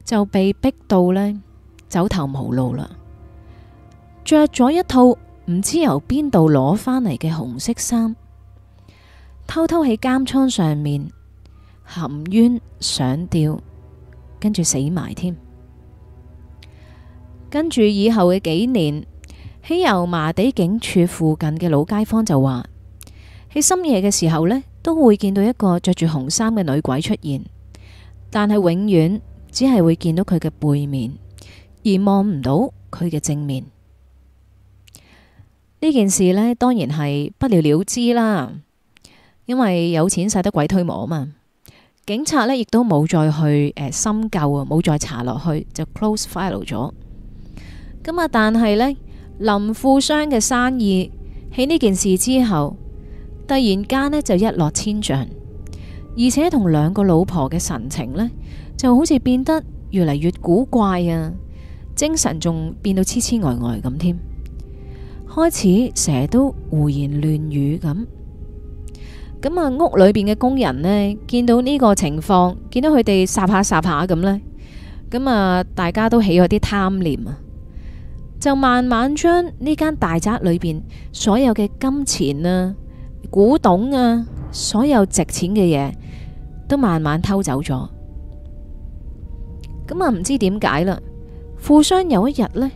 Speaker 1: 就被逼到呢，走投無路啦，着咗一套唔知由邊度攞翻嚟嘅紅色衫，偷偷喺監倉上面含冤上吊，跟住死埋添。跟住以後嘅幾年，喺油麻地警署附近嘅老街坊就話，喺深夜嘅時候呢都會見到一個着住紅衫嘅女鬼出現，但係永遠只係會見到佢嘅背面，而望唔到佢嘅正面。呢件事呢當然係不了了之啦，因為有錢使得鬼推磨啊嘛。警察呢亦都冇再去、呃、深究啊，冇再查落去就 close file 咗。咁啊！但係呢，林富商嘅生意喺呢件事之後，突然間呢就一落千丈，而且同兩個老婆嘅神情呢就好似變得越嚟越古怪啊，精神仲變到痴痴呆呆咁添，開始成日都胡言亂語咁。咁啊，屋裏邊嘅工人呢，見到呢個情況，見到佢哋霎下霎下咁呢，咁啊，大家都起咗啲貪念啊。就慢慢將呢間大宅裏邊所有嘅金錢啊、古董啊、所有值錢嘅嘢，都慢慢偷走咗。咁啊，唔知點解啦。富商有一日呢，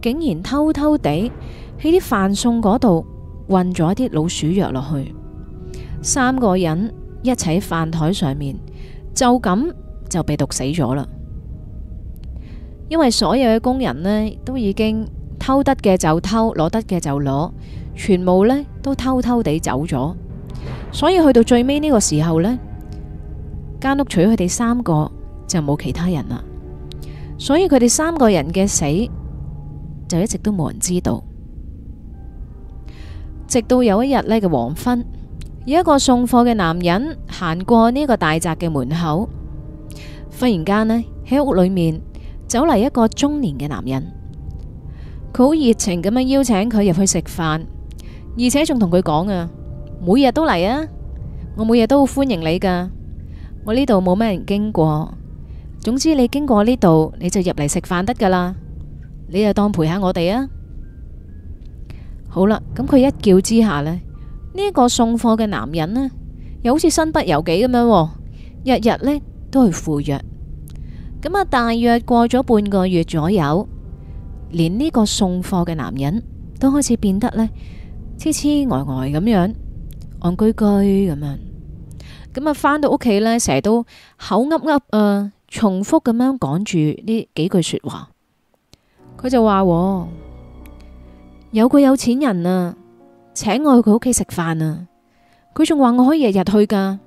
Speaker 1: 竟然偷偷地喺啲飯餸嗰度混咗啲老鼠藥落去。三個人一齊喺飯台上面，就咁就被毒死咗啦。因為所有嘅工人呢，都已經偷得嘅就偷，攞得嘅就攞，全部呢都偷偷地走咗。所以去到最尾呢個時候呢，間屋除咗佢哋三個就冇其他人啦。所以佢哋三個人嘅死就一直都冇人知道，直到有一日呢嘅黃昏，有一個送貨嘅男人行過呢個大宅嘅門口，忽然間呢，喺屋裏面。走嚟一個中年嘅男人，佢好熱情咁樣邀請佢入去食飯，而且仲同佢講啊，每日都嚟啊，我每日都好歡迎你噶，我呢度冇咩人經過，總之你經過呢度，你就入嚟食飯得噶啦，你就當陪下我哋啊。好啦，咁佢一叫之下呢，呢一個送貨嘅男人呢，又好似身不由己咁樣，日日呢都去赴約。咁啊，大約過咗半個月左右，連呢個送貨嘅男人都開始變得呢，痴痴呆呆咁樣，戇居居咁樣。咁啊，返到屋企呢，成日都口噏噏啊，重複咁樣講住呢幾句說話。佢就話有個有錢人啊，請我去佢屋企食飯啊，佢仲話我可以日日去㗎。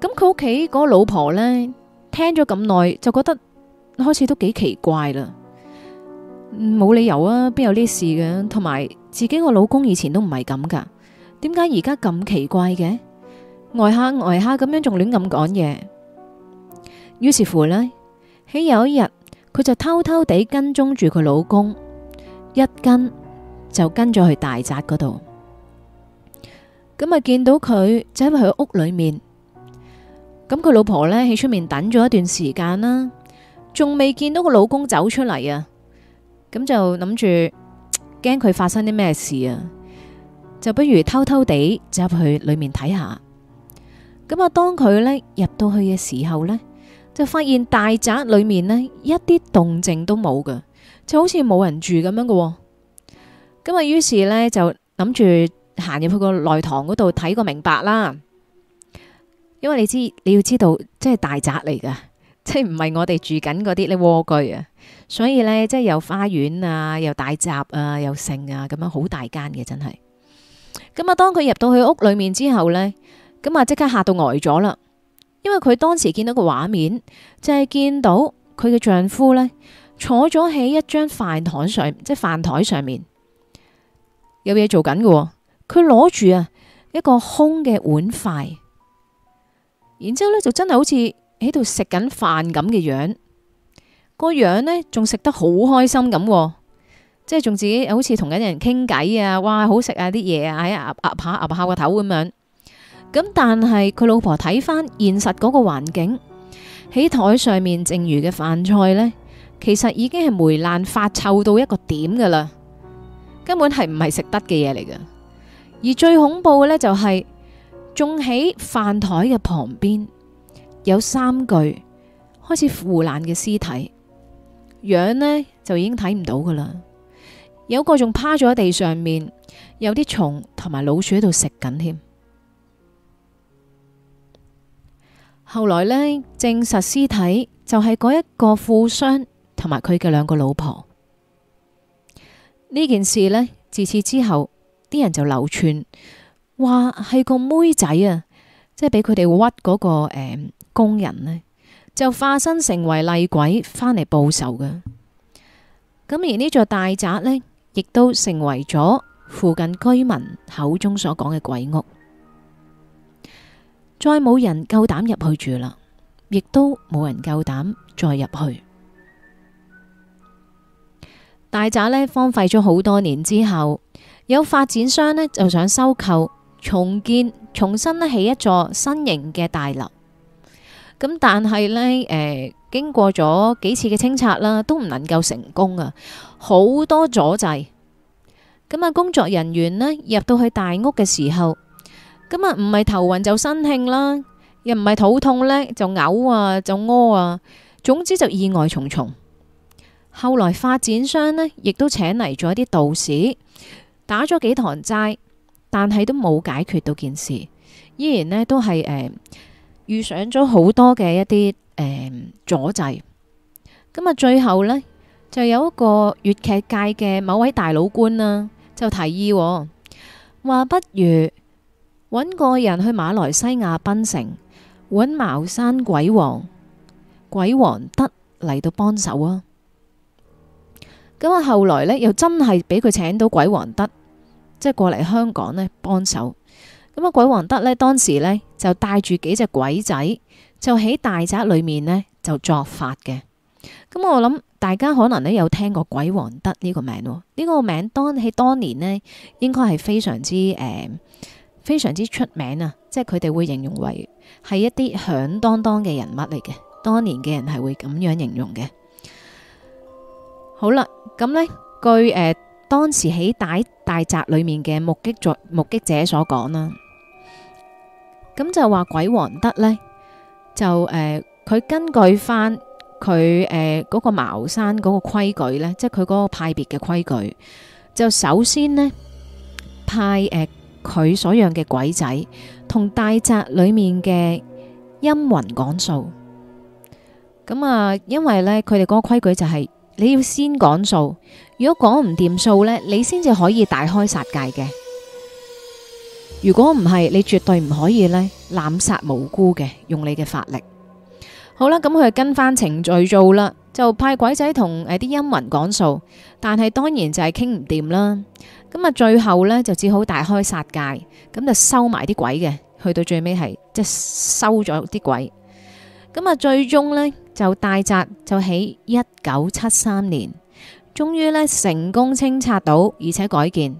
Speaker 1: 咁佢屋企嗰個老婆呢。聽咗咁耐，就覺得開始都幾奇怪啦，冇理由啊，邊有呢事嘅？同埋自己個老公以前都唔係咁噶，點解而家咁奇怪嘅？呆吓呆吓咁樣，仲亂咁講嘢。於是乎呢，喺有一日，佢就偷偷地跟蹤住佢老公，一跟就跟咗去大宅嗰度。咁啊見到佢，就喺佢屋裏面。咁佢老婆呢，喺出面等咗一段時間啦，仲未見到個老公走出嚟啊，咁就諗住驚佢發生啲咩事啊，就不如偷偷地走入去裏面睇下。咁啊，當佢呢入到去嘅時候呢，就發現大宅裏面呢一啲動靜都冇㗎，就好似冇人住咁樣嘅。咁啊，於是呢，就諗住行入去個內堂嗰度睇個明白啦。因為你知你要知道，即係大宅嚟噶，即係唔係我哋住緊嗰啲咧蝸居啊。所以咧，即係有花園啊，又大閘啊，又盛啊，咁樣好大間嘅，真係。咁啊，當佢入到去屋裏面之後咧，咁啊，即刻嚇到呆咗啦。因為佢當時見到個畫面，就係、是、見到佢嘅丈夫咧坐咗喺一張飯台上，即係飯台上面有嘢做緊嘅、哦。佢攞住啊一個空嘅碗筷。然之後咧，就真係好似喺度食緊飯咁嘅樣，個樣呢，仲食得好開心咁，即係仲自己好似同緊人傾偈啊！哇，好食啊，啲嘢啊，哎呀，岌下岌下個頭咁樣。咁但係佢老婆睇翻現實嗰個環境，喺台上面剩餘嘅飯菜呢，其實已經係霉爛發臭到一個點噶啦，根本係唔係食得嘅嘢嚟噶。而最恐怖嘅呢，就係，就係。仲喺飯台嘅旁邊，有三具開始腐爛嘅屍體，樣呢就已經睇唔到噶啦。有個仲趴咗喺地上面，有啲蟲同埋老鼠喺度食緊添。後來呢，證實屍體就係嗰一個富商同埋佢嘅兩個老婆。呢件事呢，自此之後，啲人就流傳。話係個妹仔啊，即係俾佢哋屈嗰個誒、欸、工人呢，就化身成為厲鬼翻嚟報仇嘅。咁而呢座大宅呢，亦都成為咗附近居民口中所講嘅鬼屋，再冇人夠膽入去住啦，亦都冇人夠膽再入去。大宅呢，荒廢咗好多年之後，有發展商呢，就想收購。重建，重新呢起一座新型嘅大樓，咁但係呢誒，經過咗幾次嘅清拆啦，都唔能夠成功啊，好多阻滯。咁、嗯、啊，工作人員呢入到去大屋嘅時候，咁、嗯、啊，唔係頭暈就身㷫啦，又唔係肚痛呢，就嘔啊，就屙啊，總之就意外重重。後來發展商呢，亦都請嚟咗一啲道士，打咗幾堂齋。但係都冇解決到件事，依然呢都係誒遇上咗好多嘅一啲誒、呃、阻滯。咁啊，最後呢，就有一個粵劇界嘅某位大老倌啦、啊，就提議話、哦，不如揾個人去馬來西亞檳城揾茅山鬼王鬼王德嚟到幫手啊！咁啊，後來呢，又真係俾佢請到鬼王德。即係過嚟香港呢幫手，咁啊、嗯、鬼王德呢，當時呢就帶住幾隻鬼仔，就喺大宅裏面呢就作法嘅。咁、嗯、我諗大家可能呢有聽過鬼王德呢個名、哦、呢、這個名當喺當年呢應該係非常之誒、呃、非常之出名啊！即係佢哋會形容為係一啲響噹噹嘅人物嚟嘅，當年嘅人係會咁樣形容嘅。好啦，咁呢據誒。呃當時喺大大宅裏面嘅目擊作目擊者所講啦，咁就話鬼王德呢，就誒佢根據返佢誒嗰個茅山嗰個規矩咧，即係佢嗰個派別嘅規矩，就首先呢派誒佢所養嘅鬼仔同大宅裏面嘅陰魂講數，咁啊，因為咧佢哋嗰個規矩就係。你要先講數，如果講唔掂數呢，你先至可以大開殺戒嘅。如果唔係，你絕對唔可以呢，濫殺無辜嘅，用你嘅法力。好啦，咁佢跟翻程序做啦，就派鬼仔同誒啲陰魂講數，但係當然就係傾唔掂啦。咁啊，最後呢就只好大開殺戒，咁就收埋啲鬼嘅，去到最尾係即係收咗啲鬼。咁啊，最終呢。就大宅就喺一九七三年，終於呢成功清拆到，而且改建。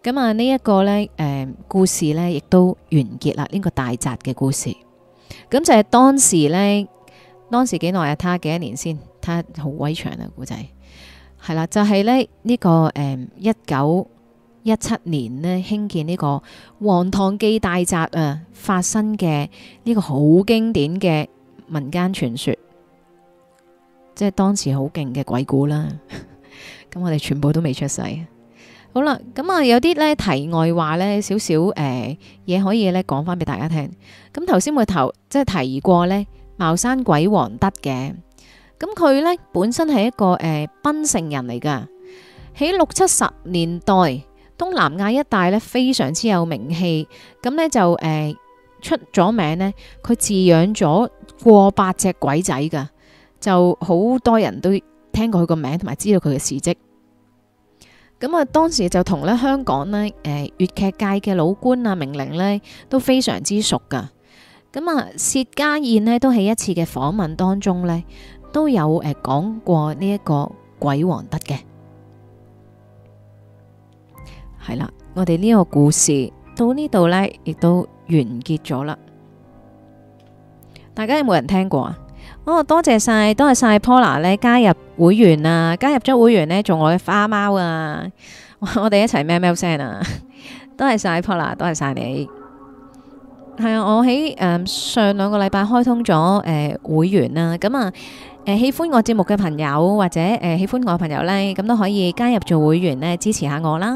Speaker 1: 咁啊呢一個呢誒、呃、故事呢亦都完結啦。呢、這個大宅嘅故事，咁、嗯、就係、是、當時呢，當時幾耐啊？睇下幾多年先？睇下好鬼長啊，古仔係啦，就係、是、呢呢、這個誒一九一七年呢，興建呢個黃唐記大宅啊，發生嘅呢個好經典嘅。民間傳說，即係當時好勁嘅鬼故啦。咁 我哋全部都未出世。好啦，咁啊有啲呢題外話呢，少少誒嘢可以呢講翻俾大家聽。咁頭先我頭即係提過呢，茅山鬼王德嘅。咁佢呢本身係一個誒、呃、檳城人嚟噶，喺六七十年代東南亞一帶呢，非常之有名氣。咁呢就誒、呃、出咗名呢，佢飼養咗。過百隻鬼仔噶，就好多人都聽過佢個名，同埋知道佢嘅事跡。咁啊，當時就同咧香港咧誒粵劇界嘅老官啊名伶咧都非常之熟噶。咁啊，薛家燕咧都喺一次嘅訪問當中咧都有誒講、呃、過呢一個鬼王德嘅。係啦，我哋呢個故事到呢度呢，亦都完結咗啦。大家有冇人聽過啊？哦，多謝晒，多謝晒，Paula 咧加入會員啊，加入咗會員咧做我嘅花貓啊！我我哋一齊喵喵聲啊！多謝晒 Paula，多謝晒你。係啊，我喺誒上兩個禮拜開通咗誒會員啦。咁啊，誒喜歡我節目嘅朋友或者誒喜歡我嘅朋友咧，咁都可以加入做會員咧，支持下我啦。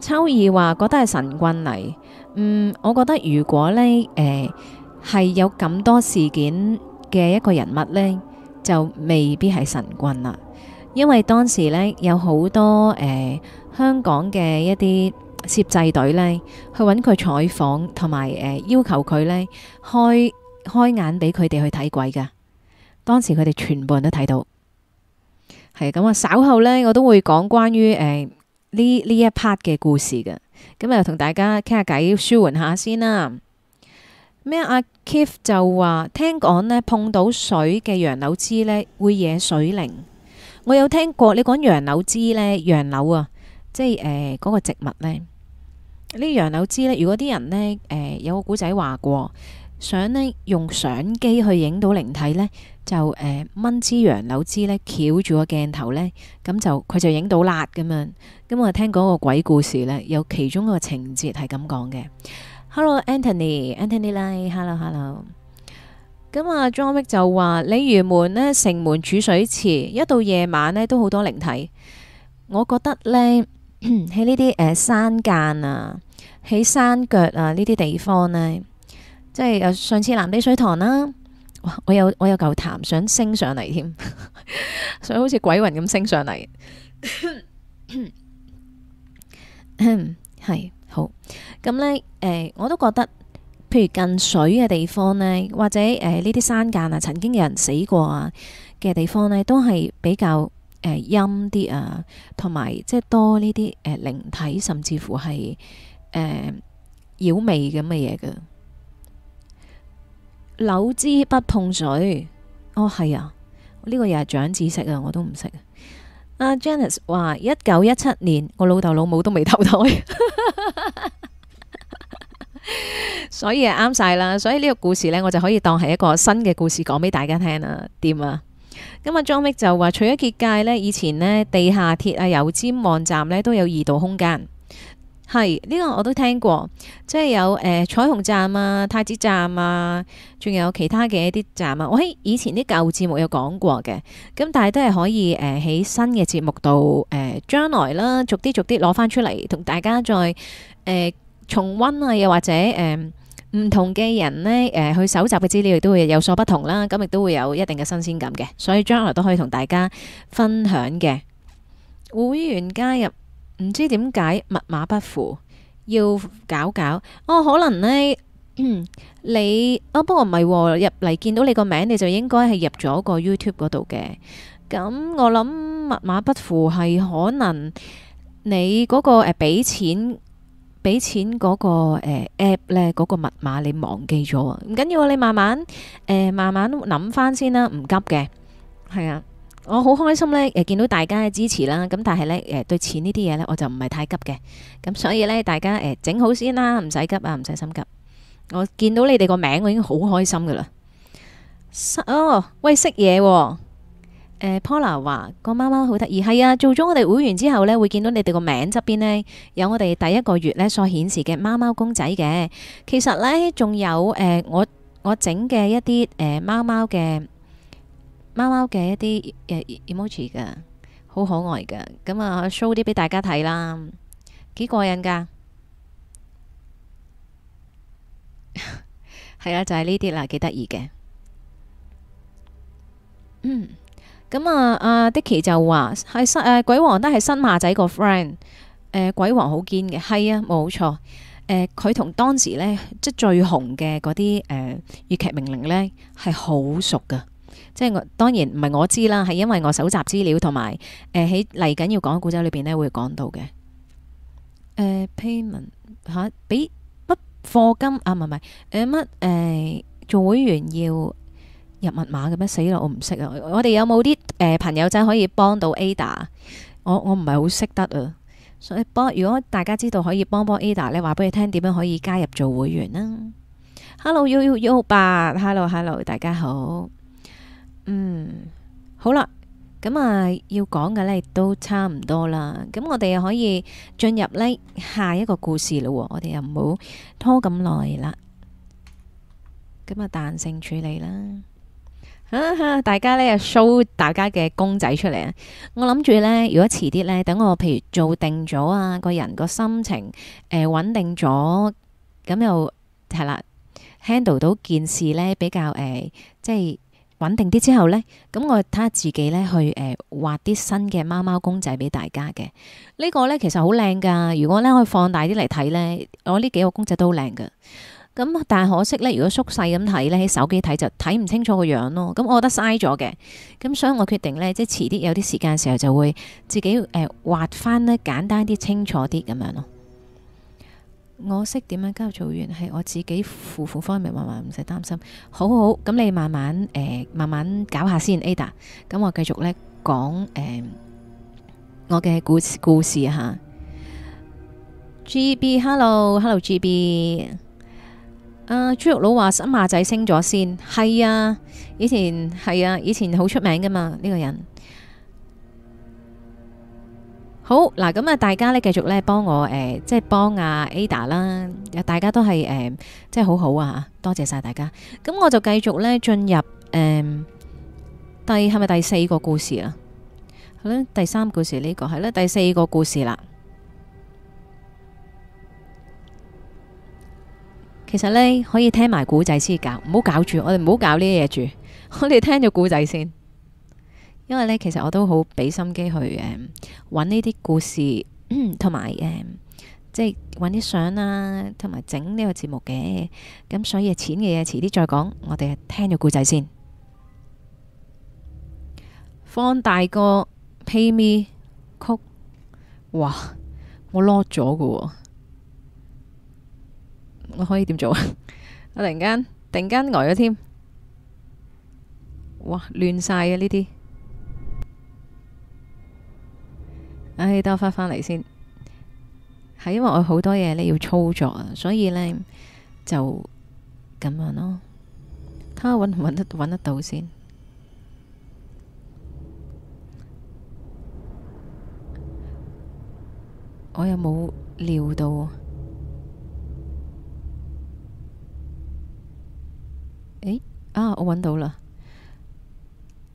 Speaker 1: 秋兒話覺得係神棍嚟。嗯，我覺得如果呢誒係、呃、有咁多事件嘅一個人物呢，就未必係神棍啦。因為當時呢，有好多誒、呃、香港嘅一啲攝製隊呢，去揾佢採訪，同埋誒要求佢呢開開眼俾佢哋去睇鬼嘅。當時佢哋全部人都睇到。係咁啊，稍後呢，我都會講關於誒，呃呢呢一 part 嘅故事嘅，咁啊同大家傾下偈，舒緩下先啦。咩阿 Kif 就話聽講呢，碰到水嘅楊柳枝呢會惹水靈。我有聽過你講楊柳枝呢，楊柳啊，即係誒嗰個植物呢。呢楊柳枝呢，如果啲人呢，誒、呃、有個古仔話過，想呢用相機去影到靈體呢。就誒、嗯，蚊枝楊柳枝咧，翹住個鏡頭咧，咁就佢就影到辣咁樣，樣。咁我聽嗰個鬼故事咧，有其中一個情節係咁講嘅。Hello Anthony，Anthony 咧 Anthony，Hello Hello、嗯。咁啊，Joey 就話鯉魚門咧，城門儲水池一到夜晚咧，都好多靈體。我覺得咧，喺呢啲誒山間啊，喺山腳啊呢啲、啊、地方咧，即係上次藍地水塘啦、啊。我有我有嚿痰想升上嚟添，想好似鬼魂咁升上嚟。係、 嗯、好咁呢，誒、呃，我都覺得，譬如近水嘅地方呢，或者誒呢啲山間啊，曾經有人死過啊嘅地方呢，都係比較誒陰啲啊，同埋即係多呢啲誒靈體，甚至乎係誒妖味嘅嘢嘅。呃.柳枝不碰水，哦，係啊。呢、這個又係長知識啊，我都唔識啊。阿、uh, Janice 話一九一七年，我老豆老母都未投胎， 所以係啱晒。啦。所以呢個故事呢，我就可以當係一個新嘅故事講俾大家聽啊。掂、嗯、啊？咁啊，John Mick 就話除咗結界呢，以前呢地下鐵啊、油尖旺站呢都有二度空間。係、呢個我都聽過，即係有誒、呃、彩虹站啊、太子站啊，仲有其他嘅一啲站啊。我喺以前啲舊節目有講過嘅，咁但係都係可以誒喺、呃、新嘅節目度誒、呃、將來啦，逐啲逐啲攞翻出嚟同大家再誒、呃、重溫啊，又或者誒呃、唔同嘅人呢，誒、呃、去搜集嘅資料都會有所不同啦，咁亦都會有一定嘅新鮮感嘅，所以將來都可以同大家分享嘅。會員加入。唔知點解密碼不符，要搞搞哦。可能呢， 你哦，不過唔係、哦、入嚟見到你個名，你就應該係入咗個 YouTube 嗰度嘅。咁、嗯、我諗密碼不符係可能你嗰、嗰個誒俾、呃、錢俾錢嗰、嗰個誒、呃、App 咧嗰、嗰個密碼你忘記咗，唔緊要，你慢慢誒、呃、慢慢諗翻先啦，唔急嘅，係啊。我好開心呢，誒見到大家嘅支持啦，咁但係呢，誒對錢呢啲嘢呢，我就唔係太急嘅，咁所以呢，大家誒整好先啦，唔使急啊，唔使心急。我見到你哋個名，我已經好開心噶啦。哦，喂，識嘢喎。誒，Paula 話個貓貓好得意，係啊，做咗我哋會員之後呢，會見到你哋個名側邊呢，有我哋第一個月呢所顯示嘅貓貓公仔嘅。其實呢，仲有誒、呃，我我整嘅一啲誒貓貓嘅。呃貓貓貓貓嘅一啲誒 emoji 嘅，好可愛嘅，咁啊 show 啲俾大家睇啦，幾過癮噶，係 啊，就係呢啲啦，幾得意嘅。嗯，咁啊，阿 Dicky 就話係新誒鬼王都係新馬仔個 friend，誒、呃、鬼王好堅嘅，係啊，冇錯，誒佢同當時呢，即最紅嘅嗰啲誒粵劇名伶呢係好熟噶。即係我當然唔係我知啦，係因為我搜集資料同埋誒喺嚟緊要講嘅古仔裏邊咧會講到嘅，誒、uh，payment 吓俾乜課金啊？唔係唔係誒乜誒做會員要入密碼嘅咩？死咯，我唔識啊！我哋有冇啲誒朋友仔可以幫到 Ada？我我唔係好識得啊，所以幫如果大家知道可以幫幫 Ada 呢話俾你聽點樣可以加入做會員啊。Hello 幺幺幺八，Hello Hello，大家好。嗯，好啦，咁啊要講嘅咧亦都差唔多啦，咁我哋又可以進入呢下一個故事咯，哦。我哋又唔好拖咁耐啦，咁啊彈性處理啦，吓吓大家咧啊 show 大家嘅公仔出嚟啊！我諗住咧，如果遲啲咧，等我譬如做定咗啊，個人個心情誒穩定咗，咁又係啦 handle 到件事咧比較誒、呃、即係。穩定啲之後呢，咁我睇下自己呢，去誒畫啲新嘅貓貓公仔俾大家嘅。呢個呢，其實好靚噶，如果呢，可以放大啲嚟睇呢，我呢幾個公仔都好靚嘅。咁但係可惜呢，如果縮細咁睇呢，喺手機睇就睇唔清楚個樣咯。咁我覺得嘥咗嘅，咁所以我決定呢，即係遲啲有啲時間嘅時候就會自己誒畫翻呢簡單啲、清楚啲咁樣咯。我識點樣交做完，係我自己付付款，咪慢慢唔使擔心。好好好，咁你慢慢誒、呃，慢慢搞下先 Ada。咁我繼續咧講誒，我嘅故事故事吓。G B，hello hello, hello G B。阿朱玉佬話新馬仔升咗先係啊，以前係啊，以前好出名噶嘛呢、這個人。好嗱，咁啊，大家呢，繼續呢，幫我誒，即係幫阿 Ada 啦，大家都係誒，即係好好啊，多謝晒大家。咁我就繼續呢，進入誒，第係咪第四個故事啊？係啦，第三個故事呢，呢個係咧第四個故事啦。其實呢，可以聽埋古仔先搞，唔好搞住，我哋唔好搞呢啲嘢住，我哋聽咗古仔先。因為呢，其實我都好俾心機去揾呢啲故事，同、嗯、埋、嗯、即係揾啲相啦，同埋整呢個節目嘅。咁所以錢嘅嘢遲啲再講，我哋聽咗故仔先。放大個 Pay Me 曲，哇！我 lost 咗㗎喎，我可以點做啊？我突然間突然間呆咗添，哇！亂晒嘅呢啲～唉，等、哎、我返返嚟先。係因為我好多嘢咧要操作啊，所以咧就咁樣咯。睇下揾唔揾得搵得到先？我又冇料到、哎。啊？誒啊！我揾到啦。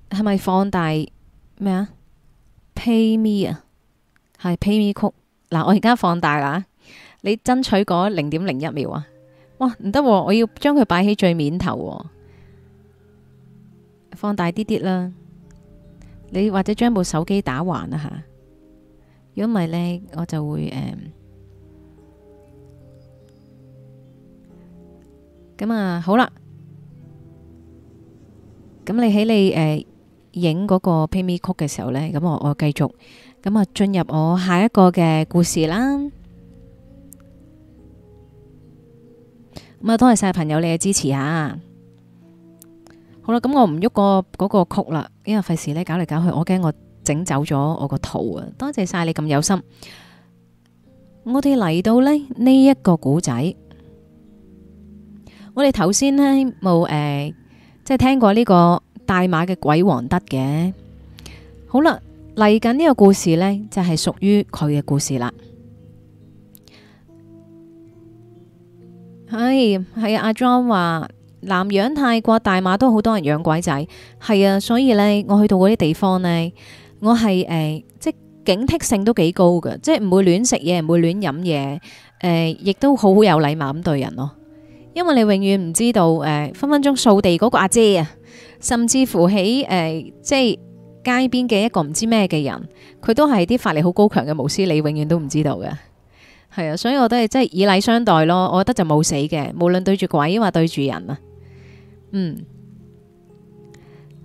Speaker 1: 係咪放大咩啊？Pay me 啊！係 PayMe code 嗱，我而家放大啦，你爭取嗰零點零一秒啊！哇，唔得，啊，我要將佢擺喺最面頭，放大啲啲啦。你或者將部手機打橫啦下，如果唔係呢，我就會誒，咁，嗯、啊好啦，咁你喺你誒影嗰個 PayMe code 嘅時候呢，咁我我繼續。咁啊，進入我下一個嘅故事啦。咁啊，多謝晒朋友你嘅支持啊！好啦，咁我唔喐個嗰個曲啦，因為費事呢搞嚟搞去，我驚我整走咗我個圖啊！多謝晒你咁有心。我哋嚟到呢呢一個古仔，我哋頭先呢冇誒，即係聽過呢個大馬嘅鬼王德嘅，好啦。嚟緊呢個故事呢，就係屬於佢嘅故事啦。係，係阿 John 話，南洋泰國大馬都好多人養鬼仔。係啊，所以呢，我去到嗰啲地方呢，我係誒、呃、即係警惕性都幾高嘅，即係唔會亂食嘢，唔會亂飲嘢，誒、呃、亦都好好有禮貌咁對人咯、哦。因為你永遠唔知道誒、呃、分分鐘掃地嗰個阿姐啊，甚至乎喺誒、呃、即係。街邊嘅一個唔知咩嘅人，佢都係啲法力好高強嘅巫師，你永遠都唔知道嘅，係啊，所以我都係即係以禮相待咯。我覺得就冇死嘅，無論對住鬼或對住人啊。嗯，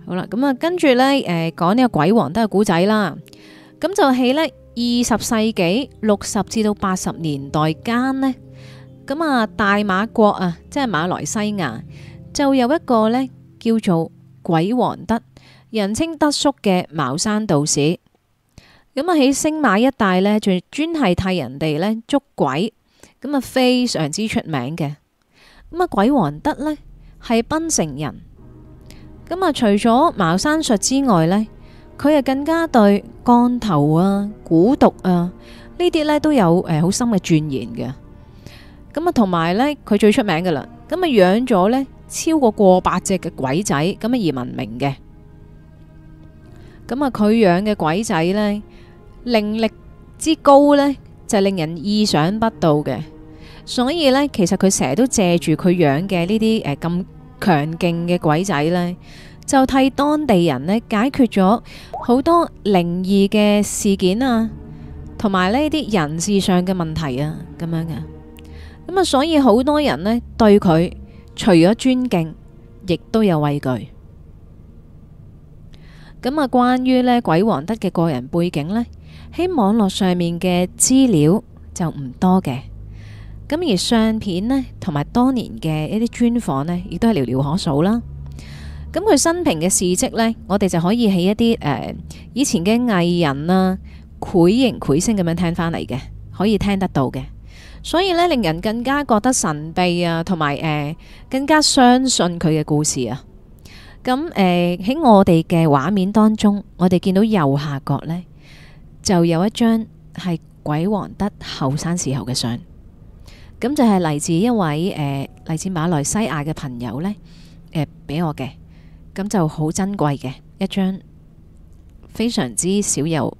Speaker 1: 好啦，咁啊，跟住呢，誒，講呢個鬼王德嘅古仔啦。咁就喺呢，二十世紀六十至到八十年代間呢，咁啊，大馬國啊，即係馬來西亞，就有一個呢，叫做鬼王德。人稱德叔嘅茅山道士，咁啊喺星馬一帶呢，就專係替人哋咧捉鬼，咁啊非常之出名嘅。咁啊，鬼王德呢，係檳城人，咁啊，除咗茅山術之外呢，佢又更加對降頭啊、蠱毒啊呢啲呢都有誒好深嘅鑽研嘅。咁啊，同埋呢，佢最出名噶啦，咁啊養咗呢超過過百隻嘅鬼仔，咁啊而聞名嘅。咁啊，佢養嘅鬼仔呢，靈力之高呢，就令人意想不到嘅。所以呢，其實佢成日都借住佢養嘅呢啲誒咁強勁嘅鬼仔呢，就替當地人呢解決咗好多靈異嘅事件啊，同埋呢啲人事上嘅問題啊，咁樣嘅。咁啊，所以好多人呢對佢，除咗尊敬，亦都有畏懼。咁啊，關於呢鬼王德嘅個人背景呢，喺網絡上面嘅資料就唔多嘅。咁而相片呢，同埋當年嘅一啲專訪呢，亦都係寥寥可數啦。咁佢生平嘅事跡呢，我哋就可以喺一啲誒、呃、以前嘅藝人啊、繪形繪聲咁樣聽返嚟嘅，可以聽得到嘅。所以呢，令人更加覺得神秘啊，同埋誒更加相信佢嘅故事啊。咁誒，喺、呃、我哋嘅畫面當中，我哋見到右下角呢，就有一張係鬼王德後生時候嘅相，咁就係嚟自一位誒嚟、呃、自馬來西亞嘅朋友呢誒俾、呃、我嘅，咁就好珍貴嘅一張，非常之少有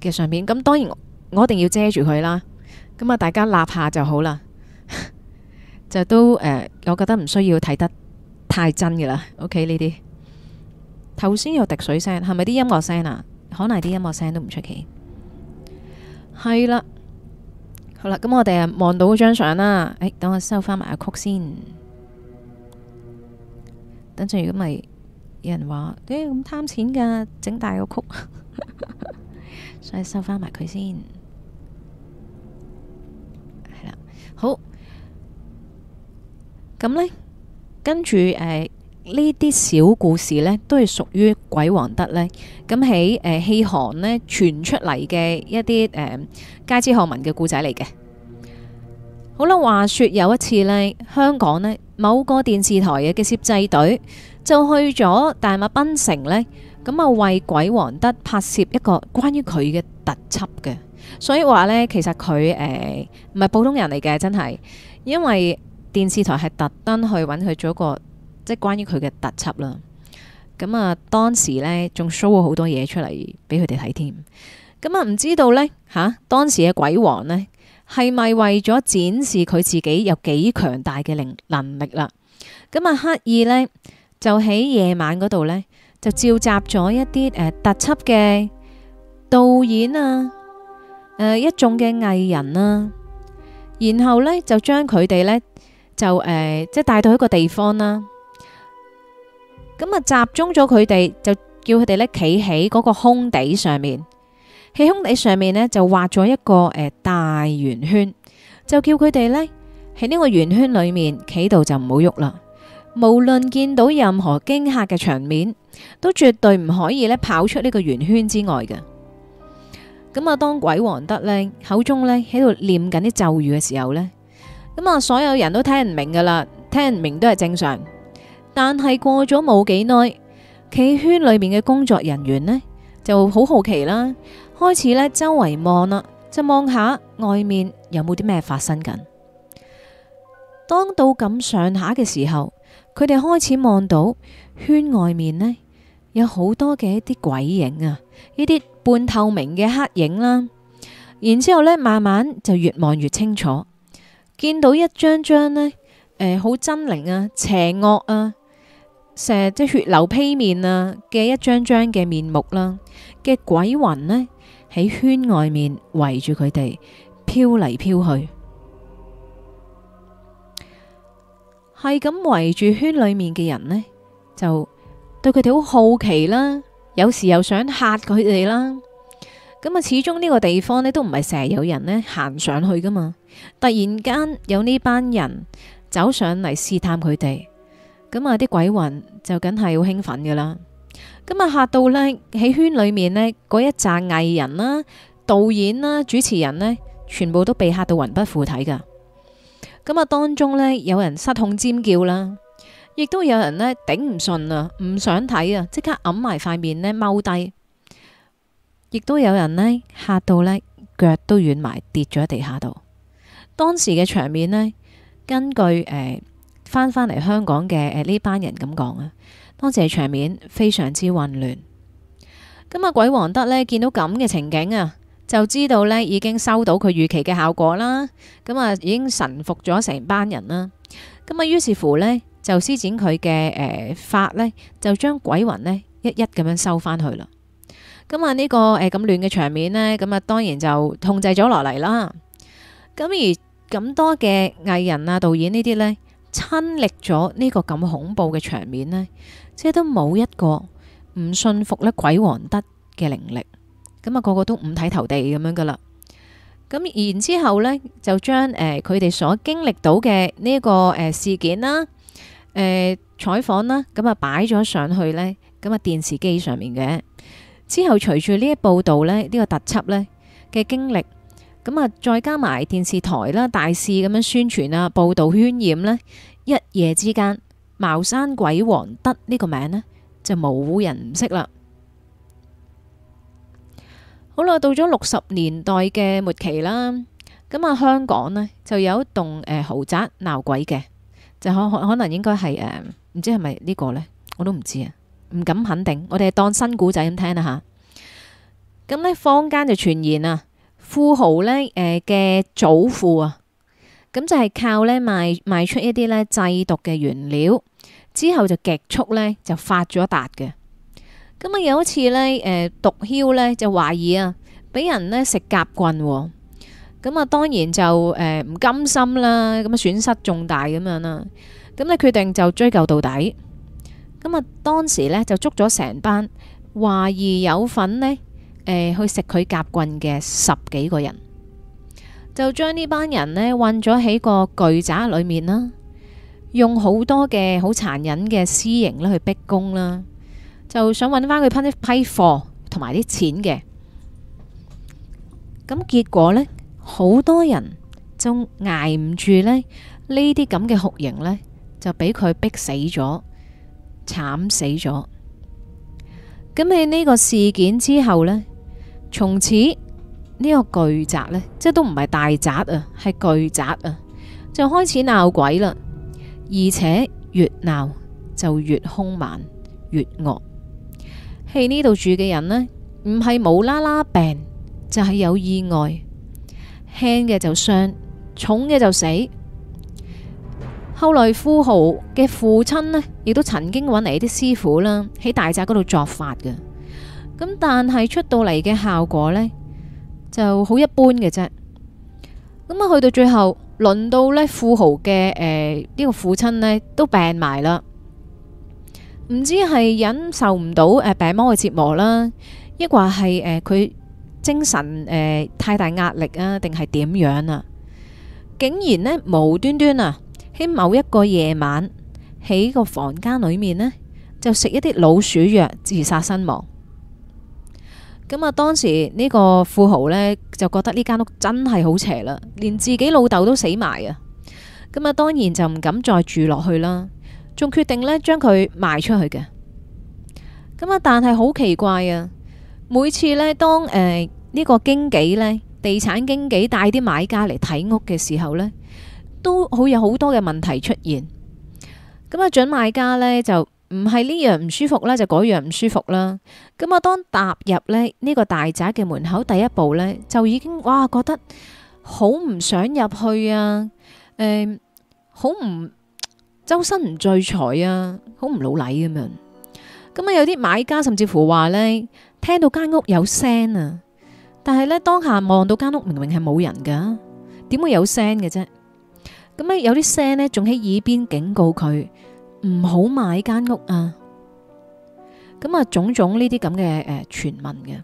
Speaker 1: 嘅相片。咁當然我，我一定要遮住佢啦，咁啊大家立下就好啦， 就都誒、呃，我覺得唔需要睇得太真嘅啦。OK 呢啲。頭先有滴水聲，係咪啲音樂聲啊？可能係啲音樂聲都唔出奇。係啦，好啦，咁我哋啊望到張相啦。誒，等我收翻埋個曲先。等陣如果咪有人話，誒咁貪錢噶？整大個曲， 所以收翻埋佢先。係啦，好。咁呢，跟住誒。呃呢啲小故事呢，都係屬於鬼王德呢。咁喺誒戲行呢傳出嚟嘅一啲誒街知巷聞嘅故仔嚟嘅。好啦，話説有一次呢，香港呢某個電視台嘅嘅攝製隊就去咗大馬檳城呢，咁、嗯、啊為鬼王德拍攝一個關於佢嘅特輯嘅。所以話呢，其實佢誒唔係普通人嚟嘅，真係，因為電視台係特登去揾佢做一個，即係關於佢嘅特輯啦。咁啊，當時呢仲 show 咗好多嘢出嚟俾佢哋睇添。咁啊，唔知道呢，吓，當時嘅鬼王呢，係咪為咗展示佢自己有幾強大嘅靈能力啦？咁啊，刻意呢，就喺夜晚嗰度呢，就召集咗一啲誒、呃、特輯嘅導演啊，誒、呃、一眾嘅藝人啦、啊，然後呢，就將佢哋呢，就誒、呃、即係帶到一個地方啦、啊。咁啊，集中咗佢哋，就叫佢哋咧企喺嗰個空地上面，喺空地上面咧就畫咗一個誒大圓圈，就叫佢哋咧喺呢個圓圈裏面企度就唔好喐啦。無論見到任何驚嚇嘅場面，都絕對唔可以咧跑出呢個圓圈之外嘅。咁啊，當鬼王德呢口中咧喺度念緊啲咒語嘅時候呢，咁啊，所有人都聽唔明噶啦，聽唔明都係正常。但係過咗冇幾耐，企圈裏面嘅工作人員呢就好好奇啦，開始呢周圍望啦，就望下外面有冇啲咩發生緊。當到咁上下嘅時候，佢哋開始望到圈外面呢有好多嘅一啲鬼影啊，呢啲半透明嘅黑影啦、啊。然之後咧，慢慢就越望越清楚，見到一張張呢，誒，好猙獰啊，邪惡啊。蛇即係血流披面啊，嘅一張張嘅面目啦，嘅鬼魂呢，喺圈外面圍住佢哋飄嚟飄去，係咁圍住圈裏面嘅人呢，就對佢哋好好奇啦，有時又想嚇佢哋啦。咁啊，始終呢個地方呢，都唔係成日有人呢行上去噶嘛。突然間有呢班人走上嚟試探佢哋。咁啊！啲鬼魂就梗係好興奮噶啦，咁啊嚇到呢，喺圈裏面呢嗰一扎藝人啦、啊、導演啦、啊、主持人呢，全部都被嚇到魂不附體噶。咁啊當中呢，有人失控尖叫啦，亦都有人呢頂唔順啊，唔想睇啊，即刻揞埋塊面呢踎低，亦都有人呢嚇到呢腳都軟埋跌咗喺地下度。當時嘅場面呢，根據誒。呃翻返嚟香港嘅誒呢班人咁講啊，當時係場面非常之混亂。咁、嗯、啊，鬼王德呢，見到咁嘅情景啊，就知道呢已經收到佢預期嘅效果啦。咁、嗯、啊，已經臣服咗成班人啦。咁、嗯、啊，於是乎呢，就施展佢嘅誒法呢，就將鬼魂呢，一一咁樣收返去啦。咁、嗯、啊，呢、這個誒咁亂嘅場面呢，咁、嗯、啊當然就控制咗落嚟啦。咁、嗯、而咁多嘅藝人啊、導演呢啲呢。親歷咗呢個咁恐怖嘅場面呢，即係都冇一個唔信服咧鬼王德嘅靈力，咁啊個個都五體投地咁樣噶啦。咁然之後咧，就將誒佢哋所經歷到嘅呢個誒事件啦，誒、呃、採訪啦，咁啊擺咗上去呢。咁啊電視機上面嘅，之後，隨住呢一報道呢，呢、這個特輯呢嘅經歷。咁啊，再加埋電視台啦，大肆咁樣宣傳啊、報道渲染呢，一夜之間，茅山鬼王德呢個名呢，就冇人唔識啦。好啦，到咗六十年代嘅末期啦，咁啊，香港呢，就有一棟豪宅鬧鬼嘅，就可，可能應該係唔知係咪呢個呢？我都唔知啊，唔敢肯定，我哋係當新古仔咁聽啦嚇。咁呢，坊間就傳言啊。富豪咧，誒嘅祖父啊，咁就係靠咧賣賣出一啲咧製毒嘅原料，之後就極速呢就發咗達嘅。咁啊有一次呢，誒毒梟呢就懷疑啊，俾人呢食夾棍，咁啊當然就誒唔甘心啦，咁啊損失重大咁樣啦，咁你決定就追究到底。咁啊當時呢就捉咗成班，懷疑有份呢。去食佢夾棍嘅十幾個人，就將呢班人呢困咗喺個巨宅裏面啦，用好多嘅好殘忍嘅私刑呢去逼供啦，就想揾翻佢批一批貨同埋啲錢嘅。咁結果呢，好多人就捱唔住呢，呢啲咁嘅酷刑呢，就俾佢逼死咗，慘死咗。咁喺呢個事件之後呢。從此呢、呢個巨宅呢，即都唔係大宅啊，係巨宅啊，就開始鬧鬼啦，而且越鬧就越兇猛，越，兇猛越惡。喺呢度住嘅人呢，唔係冇啦啦病，就係、是、有意外，輕嘅就傷，重嘅就死。後來富豪嘅父親呢，亦都曾經揾嚟一啲師傅啦，喺大宅嗰度作法嘅。咁但係出到嚟嘅效果呢，就好一般嘅啫。咁啊，去到最後輪到呢富豪嘅誒呢個父親呢，都病埋啦，唔知係忍受唔到誒病魔嘅折磨啦，抑或係誒佢精神誒、呃、太大壓力啊，定係點樣啊？竟然呢無端端啊喺某一個夜晚喺個房間裏面呢，就食一啲老鼠藥自殺身亡。咁啊，當時呢個富豪呢就覺得呢間屋真係好邪啦，連自己老豆都死埋啊！咁啊，當然就唔敢再住落去啦，仲決定呢將佢賣出去嘅。咁啊，但係好奇怪啊！每次呢，當誒呢個經紀呢，地產經紀帶啲買家嚟睇屋嘅時候呢，都好有好多嘅問題出現。咁啊，準買家呢就。唔係呢樣唔舒服啦，就嗰樣唔舒服啦。咁啊，當踏入呢個大宅嘅門口，第一步呢，就已經哇，覺得好唔想入去啊，誒，好唔周身唔聚財啊，好唔老禮咁樣。咁啊，有啲買家甚至乎話呢，聽到間屋有聲啊，但係呢，當下望到間屋明明係冇人噶，點會有聲嘅啫？咁啊，有啲聲呢，仲喺耳邊警告佢。唔好買間屋啊！咁啊，種種呢啲咁嘅誒傳聞嘅，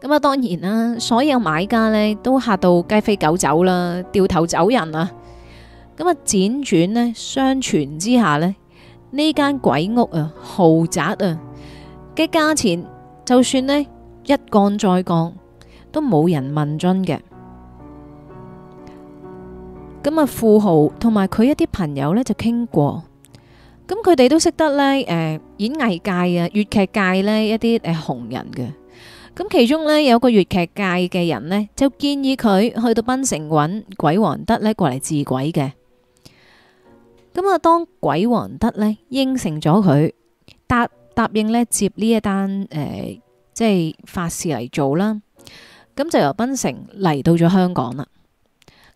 Speaker 1: 咁啊，當然啦，所有買家呢都嚇到雞飛狗走啦，掉頭走人啊！咁啊，輾轉呢，相傳之下呢，呢間鬼屋啊豪宅啊嘅價錢，就算呢，一降再降，都冇人問津嘅。咁啊，富豪同埋佢一啲朋友呢，就傾過。咁佢哋都識得呢誒、呃，演藝界啊，粵劇界呢一啲誒紅人嘅。咁其中呢有個粵劇界嘅人呢，就建議佢去到檳城揾鬼王德呢過嚟治鬼嘅。咁啊，當鬼王德呢應承咗佢，答應答應呢接呢一單誒、呃，即係法事嚟做啦。咁就由檳城嚟到咗香港啦。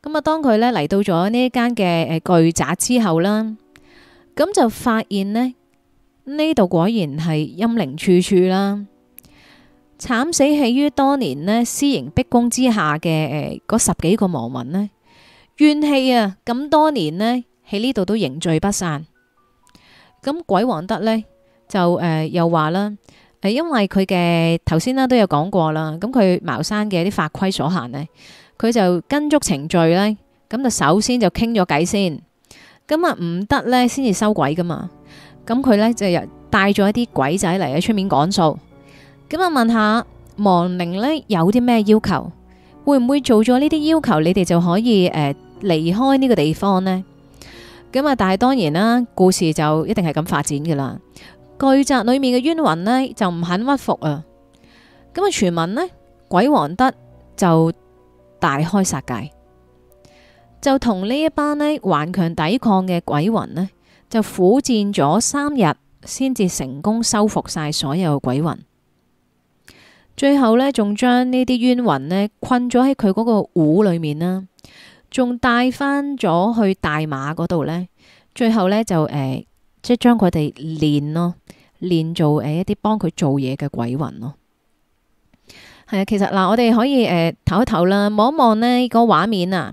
Speaker 1: 咁啊，當佢呢嚟到咗呢一間嘅誒巨宅之後啦。咁就發現呢，呢度果然係陰靈處處啦。慘死喺於多年呢私刑逼供之下嘅嗰十幾個亡民呢，怨氣啊，咁多年呢喺呢度都凝聚不散。咁鬼王德呢，就誒、呃、又話啦，係因為佢嘅頭先啦都有講過啦，咁佢茅山嘅啲法規所限呢，佢就跟足程序呢。咁就首先就傾咗偈先。咁啊，唔、嗯、得呢，先至收鬼噶嘛。咁、嗯、佢呢，就又帶咗一啲鬼仔嚟喺出面講數。咁、嗯、啊，問下亡靈呢，有啲咩要求？會唔會做咗呢啲要求，你哋就可以誒離、呃、開呢個地方呢？咁、嗯、啊，但係當然啦，故事就一定係咁發展噶啦。巨宅裏面嘅冤魂呢，就唔肯屈服啊。咁、嗯、啊，傳聞呢，鬼王德就大開殺戒。就同呢一班呢，頑強抵抗嘅鬼魂呢，就苦戰咗三日，先至成功收服晒所有鬼魂。最後呢，仲將呢啲冤魂呢，困咗喺佢嗰個壺裏面啦，仲帶翻咗去大馬嗰度呢。最後呢，就誒，即係將佢哋練咯，練做誒一啲幫佢做嘢嘅鬼魂咯。係啊，其實嗱、呃，我哋可以誒唞、呃、一唞啦，望一望呢個畫面啊。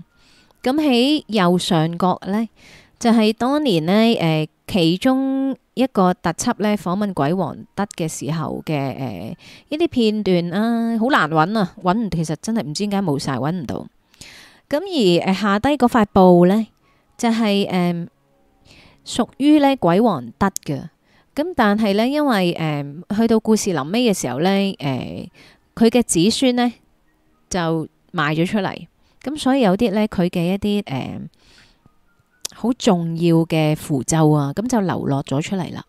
Speaker 1: 咁喺右上角呢，就係、是、當年呢，誒、呃、其中一個特輯呢訪問鬼王德嘅時候嘅誒呢啲片段啊，好難揾啊，揾唔，其實真係唔知點解冇晒，揾唔到。咁而誒、呃、下低嗰塊布呢，就係、是、誒、呃、屬於呢鬼王德嘅。咁但係呢，因為誒、呃、去到故事臨尾嘅時候呢，誒佢嘅子孫呢，就賣咗出嚟。咁、嗯、所以有啲咧，佢嘅一啲誒好重要嘅符咒啊，咁、嗯、就流落咗出嚟啦。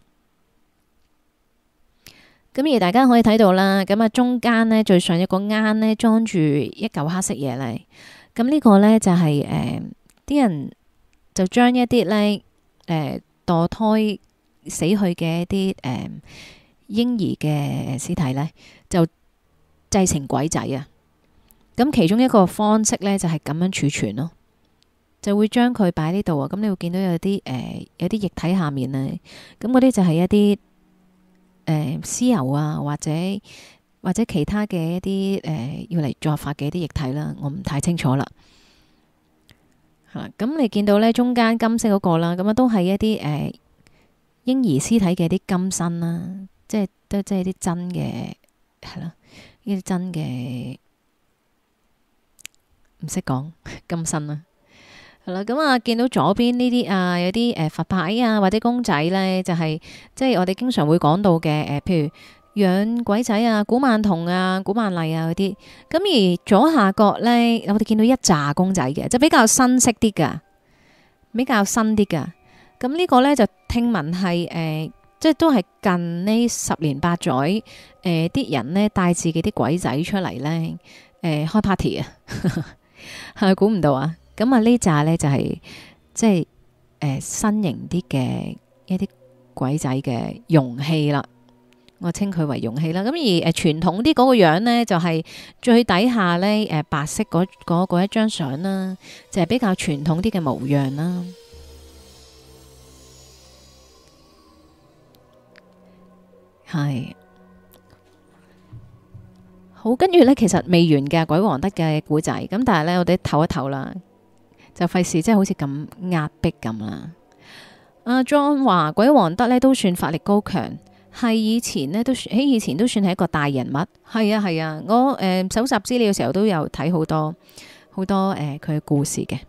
Speaker 1: 咁、嗯、而大家可以睇到啦，咁、嗯、啊中間呢，最上一個罌呢，裝住一嚿黑色嘢嚟。咁、嗯、呢、這個呢，就係誒啲人就將一啲咧誒墮胎死去嘅一啲誒嬰兒嘅屍體咧，就製成鬼仔啊！咁其中一個方式咧，就係、是、咁樣儲存咯，就會將佢擺呢度啊。咁你會見到有啲誒、呃，有啲液體下面咧，咁嗰啲就係一啲誒屍油啊，或者或者其他嘅一啲誒要嚟作法嘅一啲液體啦。我唔太清楚啦。嚇、嗯！咁你見到咧中間金色嗰個啦，咁啊都係一啲誒、呃、嬰兒屍體嘅一啲金身、啊、啦，即係都即係啲真嘅係咯，啲真嘅。唔識講，咁新啦、啊，係、嗯、啦。咁啊，見到左邊呢啲啊，有啲誒、呃、佛牌啊，或者公仔呢，就係即係我哋經常會講到嘅、呃、譬如養鬼仔啊、古曼童啊、古曼麗啊嗰啲。咁而左下角呢，我哋見到一紮公仔嘅，就比較新式啲嘅，比較新啲嘅。咁呢個呢，就聽聞係誒、呃，即係都係近呢十年八載誒啲、呃、人呢帶自己啲鬼仔出嚟呢，誒、呃、開 party 啊～ 係估唔到啊！咁啊呢紮呢就係即係誒新型啲嘅一啲鬼仔嘅容器啦，我稱佢為容器啦。咁而誒傳統啲嗰個樣呢，就係、是、最底下呢、誒、呃、白色嗰、嗰、那個那個、一張相啦，就係、是、比較傳統啲嘅模樣啦。係。好，跟住呢，其實未完嘅鬼王德嘅故仔，咁但係呢，我哋唞一唞啦，就費事即係好似咁壓迫咁啦。阿、啊、John 話鬼王德呢都算法力高強，係以前呢都算喺以前都算係一個大人物。係啊係啊，我誒、呃、搜集資料嘅時候都有睇好多好多誒佢嘅故事嘅。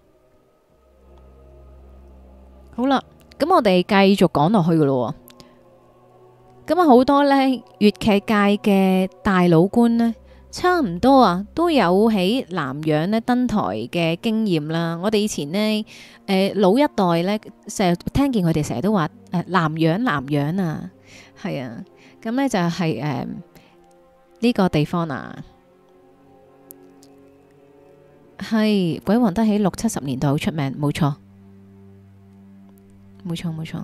Speaker 1: 好啦，咁我哋繼續講落去噶咯。咁啊，好多呢，粵劇界嘅大佬官呢。差唔多啊，都有喺南洋呢登台嘅經驗啦。我哋以前呢，誒、呃、老一代呢，成日聽見佢哋成日都話誒、呃、南洋南洋啊，係啊，咁呢就係誒呢個地方啊，係鬼王得喺六七十年代好出名，冇錯，冇錯冇錯。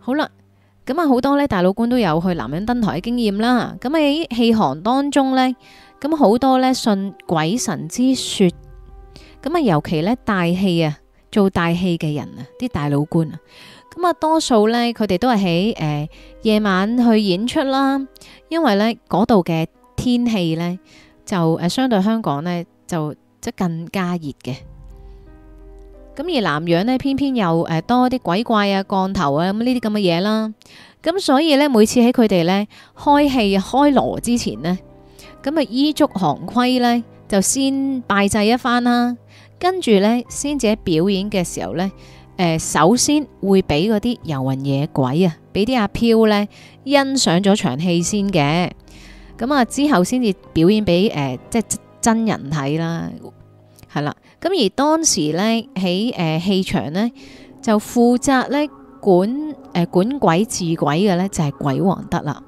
Speaker 1: 好啦，咁啊好多呢大老官都有去南洋登台嘅經驗啦。咁喺戲行當中呢。咁好多咧信鬼神之說，咁啊尤其咧大戲啊，做大戲嘅人啊，啲大老官啊，咁啊多數咧佢哋都係喺誒夜晚去演出啦，因為咧嗰度嘅天氣咧就誒相對香港咧就即更加熱嘅，咁而南洋咧偏偏又誒多啲鬼怪啊、降頭啊，咁呢啲咁嘅嘢啦，咁所以咧每次喺佢哋咧開戲開鑼之前咧。咁啊，依足行規咧，就先拜祭一番啦。跟住咧，先至喺表演嘅時候咧，誒、呃，首先會俾嗰啲遊魂野鬼啊，俾啲阿飄咧欣賞咗場戲先嘅。咁啊，之後先至表演俾誒、呃，即係真人睇啦，係啦。咁而當時咧喺誒戲場咧，就負責咧管誒、呃、管鬼治鬼嘅咧，就係、是、鬼王德啦。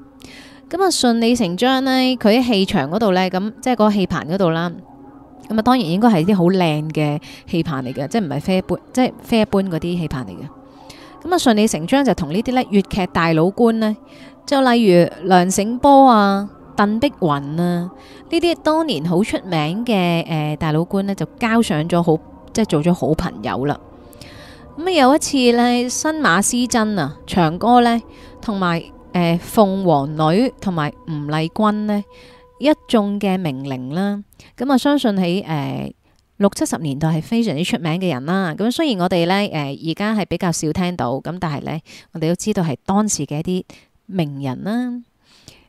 Speaker 1: 咁啊，順理成章呢，佢喺戲場嗰度呢，咁即係嗰個戲棚嗰度啦。咁啊，當然應該係啲好靚嘅戲棚嚟嘅，即係唔係非一般，即係非一般嗰啲戲棚嚟嘅。咁啊，順理成章就同呢啲呢，粵劇大佬官呢，就例如梁醒波啊、鄧碧雲啊呢啲，這些當年好出名嘅誒、呃、大佬官呢，就交上咗好，即係做咗好朋友啦。咁啊，有一次呢，新馬師曾啊，長哥呢，同埋，誒鳳凰女同埋吳麗君呢，一眾嘅名伶啦，咁啊，相信喺誒六七十年代係非常之出名嘅人啦。咁雖然我哋咧誒而家係比較少聽到，咁但係咧我哋都知道係當時嘅一啲名人啦、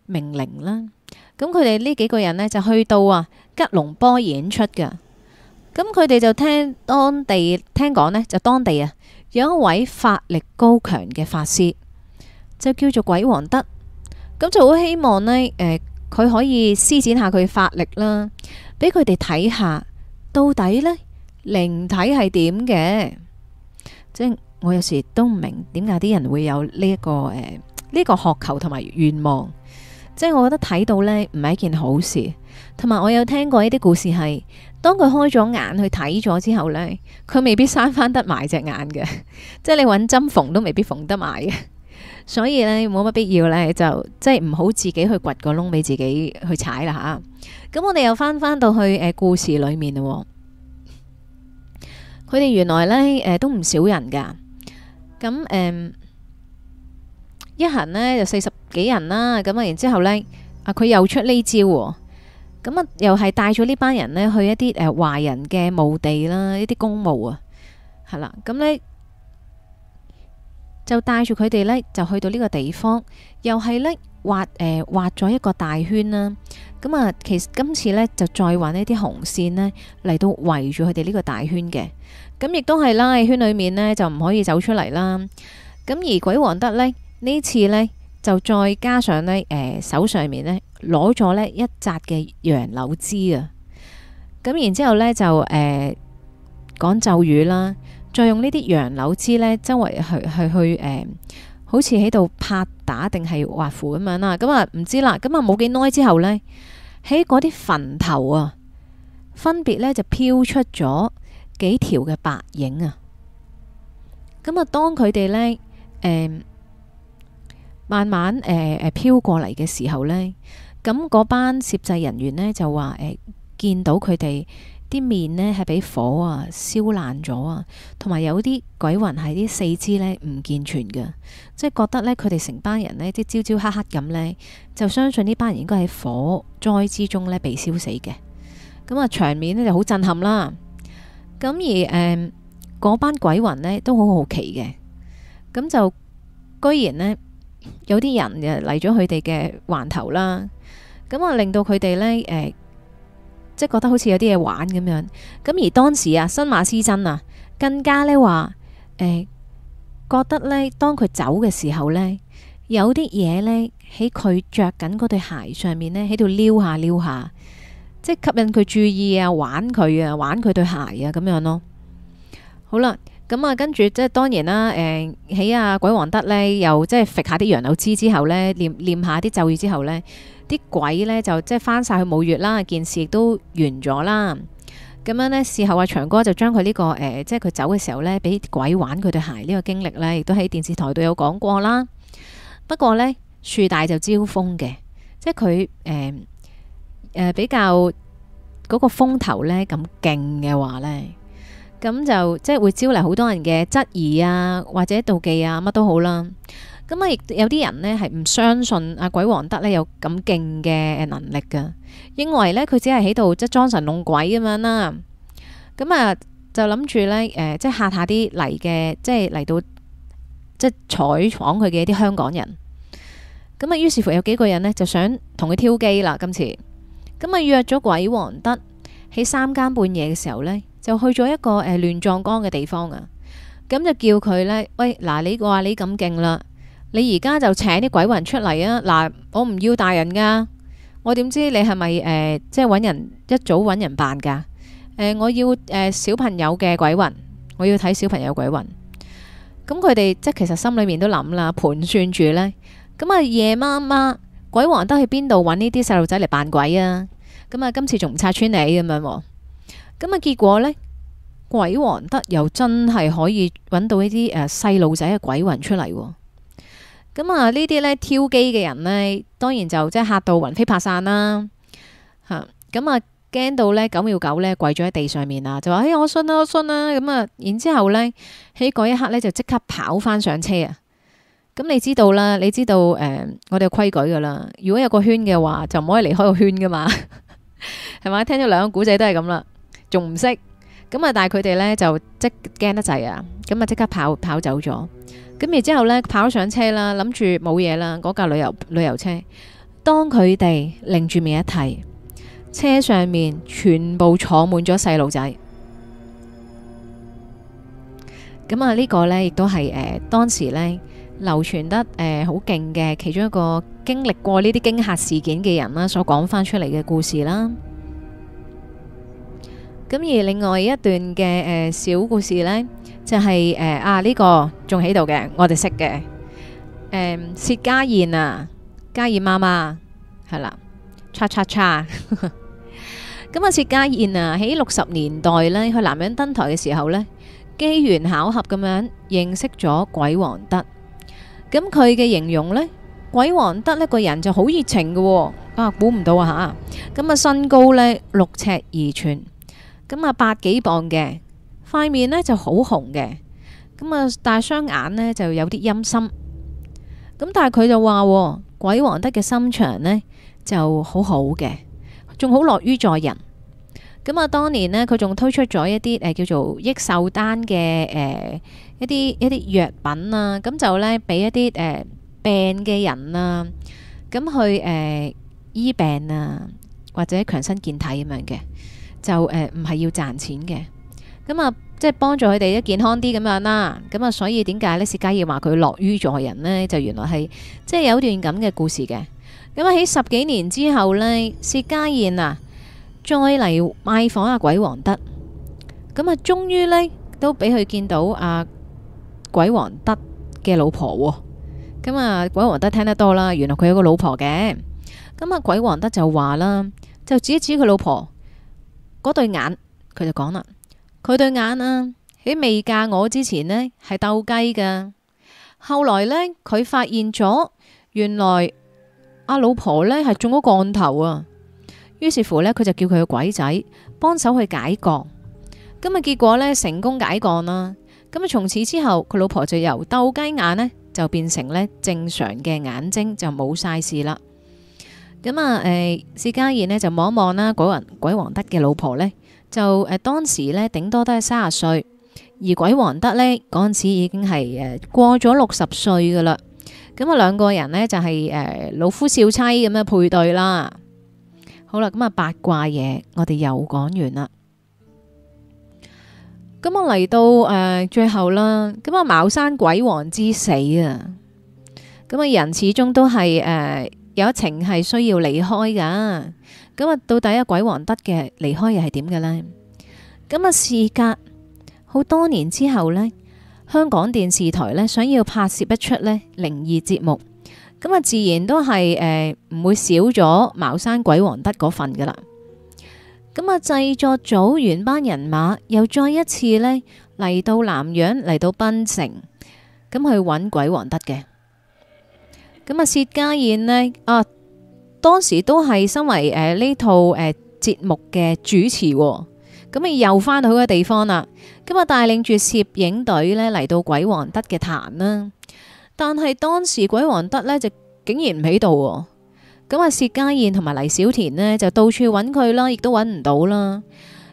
Speaker 1: 名伶啦。咁佢哋呢幾個人呢，就去到啊吉隆坡演出㗎，咁佢哋就聽當地聽講呢，就當地啊有一位法力高強嘅法師，就叫做鬼王德，咁就好，希望呢，誒、呃，佢可以施展下佢法力啦，俾佢哋睇下到底呢靈體係點嘅。即係我有時都唔明點解啲人會有呢、這、一個誒呢、呃這個渴求同埋願望。即係我覺得睇到呢唔係一件好事，同埋我有聽過一啲故事係當佢開咗眼去睇咗之後呢，佢未必生翻得埋隻眼嘅，即係你揾針縫都未必縫得埋嘅。所以呢，冇乜必要呢，就即係唔好自己去掘個窿俾自己去踩啦吓，咁、啊、我哋又翻翻到去誒、呃、故事裏面咯、哦。佢哋原來呢，誒、呃、都唔少人噶。咁誒、呃、一行呢，就四十幾人啦。咁啊，然之後呢，啊，佢又出呢招喎、哦。咁啊，又係帶咗呢班人呢，去一啲誒、呃、華人嘅墓地啦，一啲公墓啊。係啦，咁呢。就帶住佢哋呢，就去到呢個地方，又係呢，畫誒畫咗一個大圈啦、啊。咁啊，其實今次呢，就再畫呢啲紅線呢，嚟到圍住佢哋呢個大圈嘅。咁亦都係啦，圈裏面呢，就唔可以走出嚟啦。咁、啊、而鬼王德呢，呢次呢，就再加上呢，誒、呃、手上面呢，攞咗呢一紮嘅楊柳枝啊。咁、啊、然之後呢就誒、呃、講咒語啦。再用呢啲楊柳枝呢，周圍去去去誒、呃，好似喺度拍打定係畫符咁樣啦。咁、嗯、啊，唔知啦。咁、嗯、啊，冇幾耐之後呢，喺嗰啲墳頭啊，分別呢就飄出咗幾條嘅白影啊。咁、嗯、啊、嗯，當佢哋呢，誒、呃，慢慢誒誒飄過嚟嘅時候呢，咁、嗯、嗰班攝製人員呢，就話誒、呃，見到佢哋。啲面呢係俾火啊燒爛咗啊，同埋有啲鬼魂係啲四肢呢唔健全嘅，即係覺得呢，佢哋成班人呢，即朝朝黑黑咁呢，就相信呢班人應該喺火災之中呢被燒死嘅。咁啊，場面呢就好震撼啦。咁而誒，嗰、呃、班鬼魂呢，都好好奇嘅，咁就居然呢，有啲人嚟咗佢哋嘅環頭啦。咁啊，令到佢哋呢。誒、呃。即係覺得好似有啲嘢玩咁樣，咁而當時啊，新馬師曾啊，更加呢話，誒、欸，覺得呢當佢走嘅時候呢，有啲嘢呢喺佢着緊嗰對鞋上面呢，喺度撩下撩下，即係吸引佢注意啊，玩佢啊，玩佢對鞋啊，咁樣咯。好啦。咁啊、嗯，跟住即係當然啦，誒、欸，喺阿、啊、鬼王德呢，又即係揈下啲楊柳枝之後呢，唸唸下啲咒語之後呢，啲鬼呢就即係翻晒去冇月啦，件事亦都完咗啦。咁樣呢，事後阿、啊、長哥就將佢呢個誒、呃，即係佢走嘅時候呢，俾鬼玩佢對鞋呢個經歷呢，亦都喺電視台度有講過啦。不過呢，樹大就招風嘅，即係佢誒比較嗰個風頭呢，咁勁嘅話呢。咁就即係會招嚟好多人嘅質疑啊，或者妒忌啊，乜都好啦。咁啊，亦、嗯、有啲人呢，係唔相信阿、啊、鬼王德呢有咁勁嘅能力噶，認為呢，佢只係喺度即係裝神弄鬼咁樣啦。咁啊，嗯嗯、就諗住呢，呃、即係嚇嚇啲嚟嘅，即係嚟到即係採訪佢嘅一啲香港人。咁、嗯、啊，於是乎有幾個人呢，就想同佢挑機啦。今次咁啊、嗯嗯，約咗鬼王德喺三更半夜嘅時候呢。就去咗一個誒亂葬崗嘅地方啊，咁就叫佢呢，喂嗱，你話你咁勁啦，你而家就請啲鬼魂出嚟啊！嗱，我唔要大人噶，我點知你係咪誒即係揾人一早揾人扮噶？呃，我要誒、呃、小朋友嘅鬼魂，我要睇小朋友的鬼魂。咁佢哋即係其實心裏面都諗啦，盤算住呢。咁啊夜媽媽鬼王都去邊度揾呢啲細路仔嚟扮鬼啊？咁、嗯、啊今次仲唔拆穿你咁樣？咁啊！結果呢，鬼王德又真係可以揾到一啲誒細路仔嘅鬼魂出嚟、哦。咁啊，呢啲呢挑機嘅人呢，當然就即係吓到魂飛魄散啦吓。咁啊，驚、啊、到呢九秒九呢跪咗喺地上面啊，就話：哎，我信啦，我信啦。咁啊，然之後呢喺嗰一刻呢，就即刻跑翻上車啊。咁你知道啦，你知道誒、呃，我哋嘅規矩噶啦。如果有個圈嘅話，就唔可以離開個圈噶嘛，係 咪？聽到兩個古仔都係咁啦。仲唔識咁啊？但係佢哋呢就即驚得滯啊！咁啊，即刻跑跑走咗。咁然之後呢，跑上車啦，諗住冇嘢啦。嗰架旅遊旅遊車，當佢哋擰住面一睇，車上面全部坐滿咗細路仔。咁啊，呢個呢亦都係誒，當時呢流傳得誒好勁嘅其中一個經歷過呢啲驚嚇事件嘅人啦，所講翻出嚟嘅故事啦。咁而另外一段嘅誒小故事咧，就係誒啊呢個仲喺度嘅，我哋識嘅誒，薛家燕啊，家燕媽媽係啦，叉叉叉。咁啊，薛家燕啊喺六十年代咧，去南洋登台嘅時候咧，機緣巧合咁樣認識咗鬼王德。咁佢嘅形容咧，鬼王德咧個人就好熱情嘅，啊估唔到啊吓。咁啊，身高咧六尺二寸。咁啊，百幾磅嘅，塊面呢就好紅嘅，咁啊，大雙眼呢就有啲陰森，咁但係佢就話、哦、鬼王德嘅心腸呢就好好嘅，仲好樂於助人。咁啊，當年呢，佢仲推出咗一啲誒叫做益壽丹嘅誒一啲一啲藥品啊，咁就呢，俾一啲誒病嘅人啊，咁去誒醫病啊或者強身健體咁樣嘅。就誒，唔係要賺錢嘅咁啊，即係幫助佢哋一健康啲咁樣啦。咁啊，所以點解呢？薛家燕話佢樂於助人呢，就原來係即係有段咁嘅故事嘅。咁啊，喺十幾年之後呢，薛家燕啊，再嚟拜訪阿鬼王德，咁啊，終於呢，都俾佢見到啊鬼王德嘅老婆啊。咁啊，鬼王德聽得多啦，原來佢有個老婆嘅。咁啊，鬼王德就話啦，就指一指佢老婆。嗰對眼，佢就講啦，佢對眼啊喺，未嫁我之前呢，係鬥雞噶，後來呢，佢發現咗，原來阿、啊、老婆呢係中咗降頭啊，於是乎呢，佢就叫佢個鬼仔幫手去解降，咁、嗯、啊結果呢，成功解降啦，咁、嗯、啊從此之後佢老婆就由鬥雞眼呢，就變成呢正常嘅眼睛就冇晒事啦。咁啊，誒，施家燕呢就望一望啦，鬼王鬼王德嘅老婆呢，就誒、啊、當時呢頂多都係卅歲，而鬼王德呢，嗰陣時已經係誒、啊、過咗六十歲噶啦。咁啊，兩個人呢就係、是、誒、啊、老夫少妻咁樣配對啦。好啦，咁啊八卦嘢我哋又講完啦。咁啊，嚟到誒最後啦，咁啊茅山鬼王之死啊，咁啊人始終都係誒。啊有情係需要離開噶咁啊到底啊鬼王德嘅離開又係點嘅呢？咁啊，事隔好多年之後呢，香港電視台呢想要拍攝一出呢靈異節目，咁啊自然都係誒唔會少咗茅山鬼王德嗰份噶啦。咁啊製作組原班人馬又再一次呢嚟到南洋，嚟到檳城，咁去揾鬼王德嘅。咁啊，薛家燕呢，啊，當時都係身為呢、啊、套誒、啊、節目嘅主持，咁啊又翻到佢個地方啦。咁啊，帶領住攝影隊呢嚟到鬼王德嘅壇啦。但係當時鬼王德呢就竟然唔喺度喎。咁啊，薛家燕同埋黎小田呢就到處揾佢啦，亦都揾唔到啦。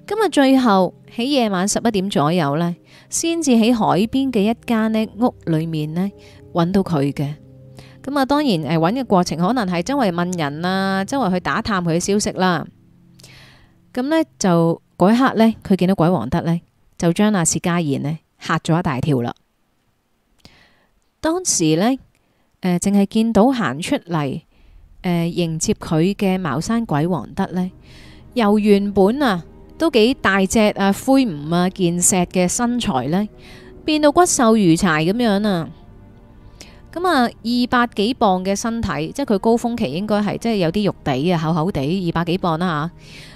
Speaker 1: 咁啊，啊，最後喺夜晚十一點左右呢，先至喺海邊嘅一間呢屋裏面呢揾到佢嘅。咁啊，當然誒，揾嘅過程可能係周圍問人啊，周圍去打探佢嘅消息啦。咁呢，就嗰一刻呢，佢見到鬼王德呢，就將阿薛家賢呢吓咗一大跳啦。當時呢，誒、呃，淨係見到行出嚟、呃、迎接佢嘅茅山鬼王德呢，由原本啊都幾大隻啊魁梧啊健碩嘅身材呢，變到骨瘦如柴咁樣啊！咁啊，二百幾磅嘅身體，即係佢高峰期應該係即係有啲肉地啊，厚厚地二百幾磅啦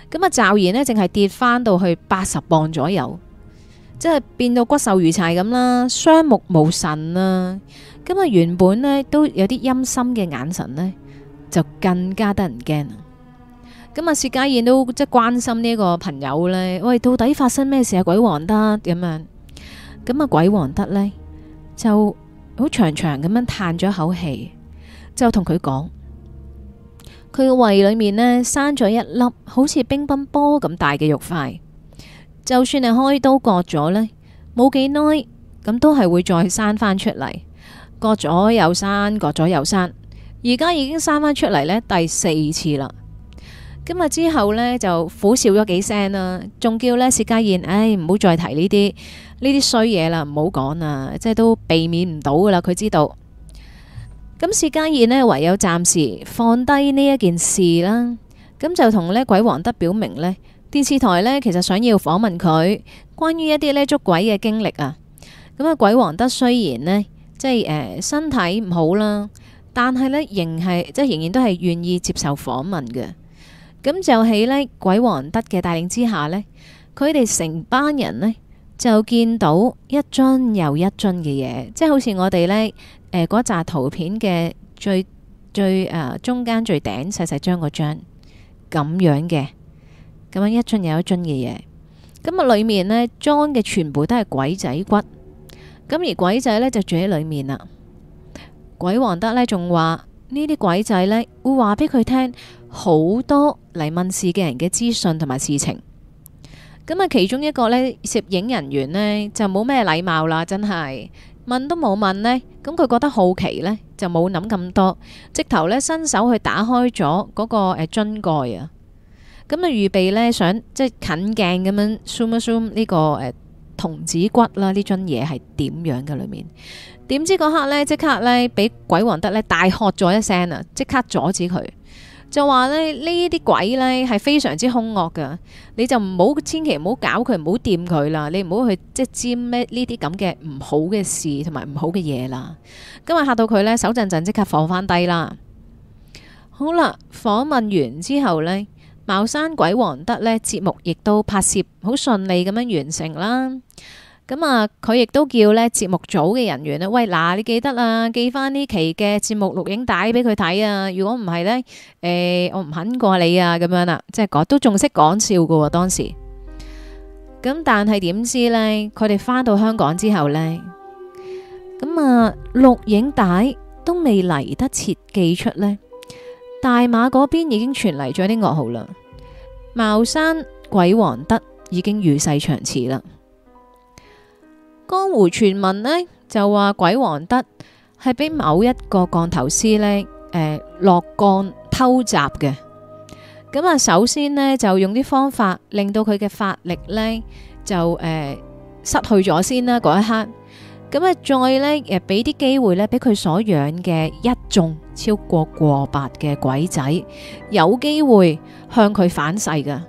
Speaker 1: 吓，咁啊，驟然呢，淨係跌翻到去八十磅左右，即係變到骨瘦如柴咁啦，雙目無神啦、啊。咁啊，原本呢，都有啲陰森嘅眼神呢，就更加得人驚。咁啊，薛家燕都即係關心呢個朋友呢，喂，到底發生咩事啊？鬼王德咁樣，咁啊，鬼王德呢，就。好長長咁樣嘆咗一口氣，就同佢講：佢個胃裏面呢，生咗一粒好似乒乓波咁大嘅肉塊，就算係開刀割咗呢，冇幾耐咁都係會再生返出嚟，割咗又生，割咗又生，而家已經生返出嚟呢，第四次啦。今日之後呢，就苦笑咗幾聲啦，仲叫呢薛家燕：，唉、哎，唔好再提呢啲。呢啲衰嘢啦，唔好講啦，即係都避免唔到噶啦。佢知道咁，薛家燕呢，唯有暫時放低呢一件事啦。咁就同呢鬼王德表明呢，電視台呢其實想要訪問佢關於一啲呢捉鬼嘅經歷啊。咁、嗯、啊，鬼王德雖然呢，即係誒、呃、身體唔好啦，但係咧仍係即係仍然都係願意接受訪問嘅。咁就喺呢鬼王德嘅帶領之下呢，佢哋成班人呢。就見到一樽又一樽嘅嘢，即係好似我哋呢嗰扎，呃、圖片嘅最最，啊、中間最頂細細張嗰張咁樣嘅，咁樣一樽又一樽嘅嘢，咁啊裏面呢裝嘅全部都係鬼仔骨，咁而鬼仔呢就住喺裏面啦。鬼王德呢仲話：呢啲鬼仔呢會話俾佢聽好多嚟問事嘅人嘅資訊同埋事情。咁啊，其中一個呢攝影人員呢，就冇咩禮貌啦，真係問都冇問呢。咁佢覺得好奇呢，就冇諗咁多，直頭呢伸手去打開咗嗰、嗰個樽蓋、呃、啊。咁啊，預備呢，想即係近鏡咁樣 zoom zoom 呢、這個誒童、呃、子骨啦，呢樽嘢係點樣嘅裏面？點知嗰刻呢，即刻呢，俾鬼王德呢大喝咗一聲啊！即刻阻止佢。就話呢，呢啲鬼呢係非常之兇惡㗎，你就唔好，千祈唔好搞佢，唔好掂佢啦，你唔好去即係沾咩呢啲咁嘅唔好嘅事同埋唔好嘅嘢啦。今日嚇到佢呢，手震震，即刻放返低啦。好啦，訪問完之後呢，茅山鬼王德呢，節目亦都拍攝好順利咁樣完成啦。咁啊，佢亦都叫呢節目組嘅人員呢，喂，嗱、啊，你記得啊，寄翻，呢期嘅節目錄影帶俾佢睇啊！如果唔係呢，誒、哎，我唔肯過你啊，咁樣啦，即係講都仲識講笑噶、啊，當時。咁但係點知呢？佢哋翻到香港之後呢，咁啊錄影帶都未嚟得切寄出，呢。大馬嗰邊已經傳嚟咗啲噩耗啦，茅山鬼王德已經與世長辭啦。江湖傳聞呢，就話鬼王德係俾某一個降頭師呢誒、呃、落降偷襲嘅，咁啊首先呢，就用啲方法令到佢嘅法力呢就誒、呃、失去咗先啦，嗰一刻，咁啊再呢，誒俾啲機會呢，俾佢所養嘅一眾超過過百嘅鬼仔有機會向佢反噬㗎。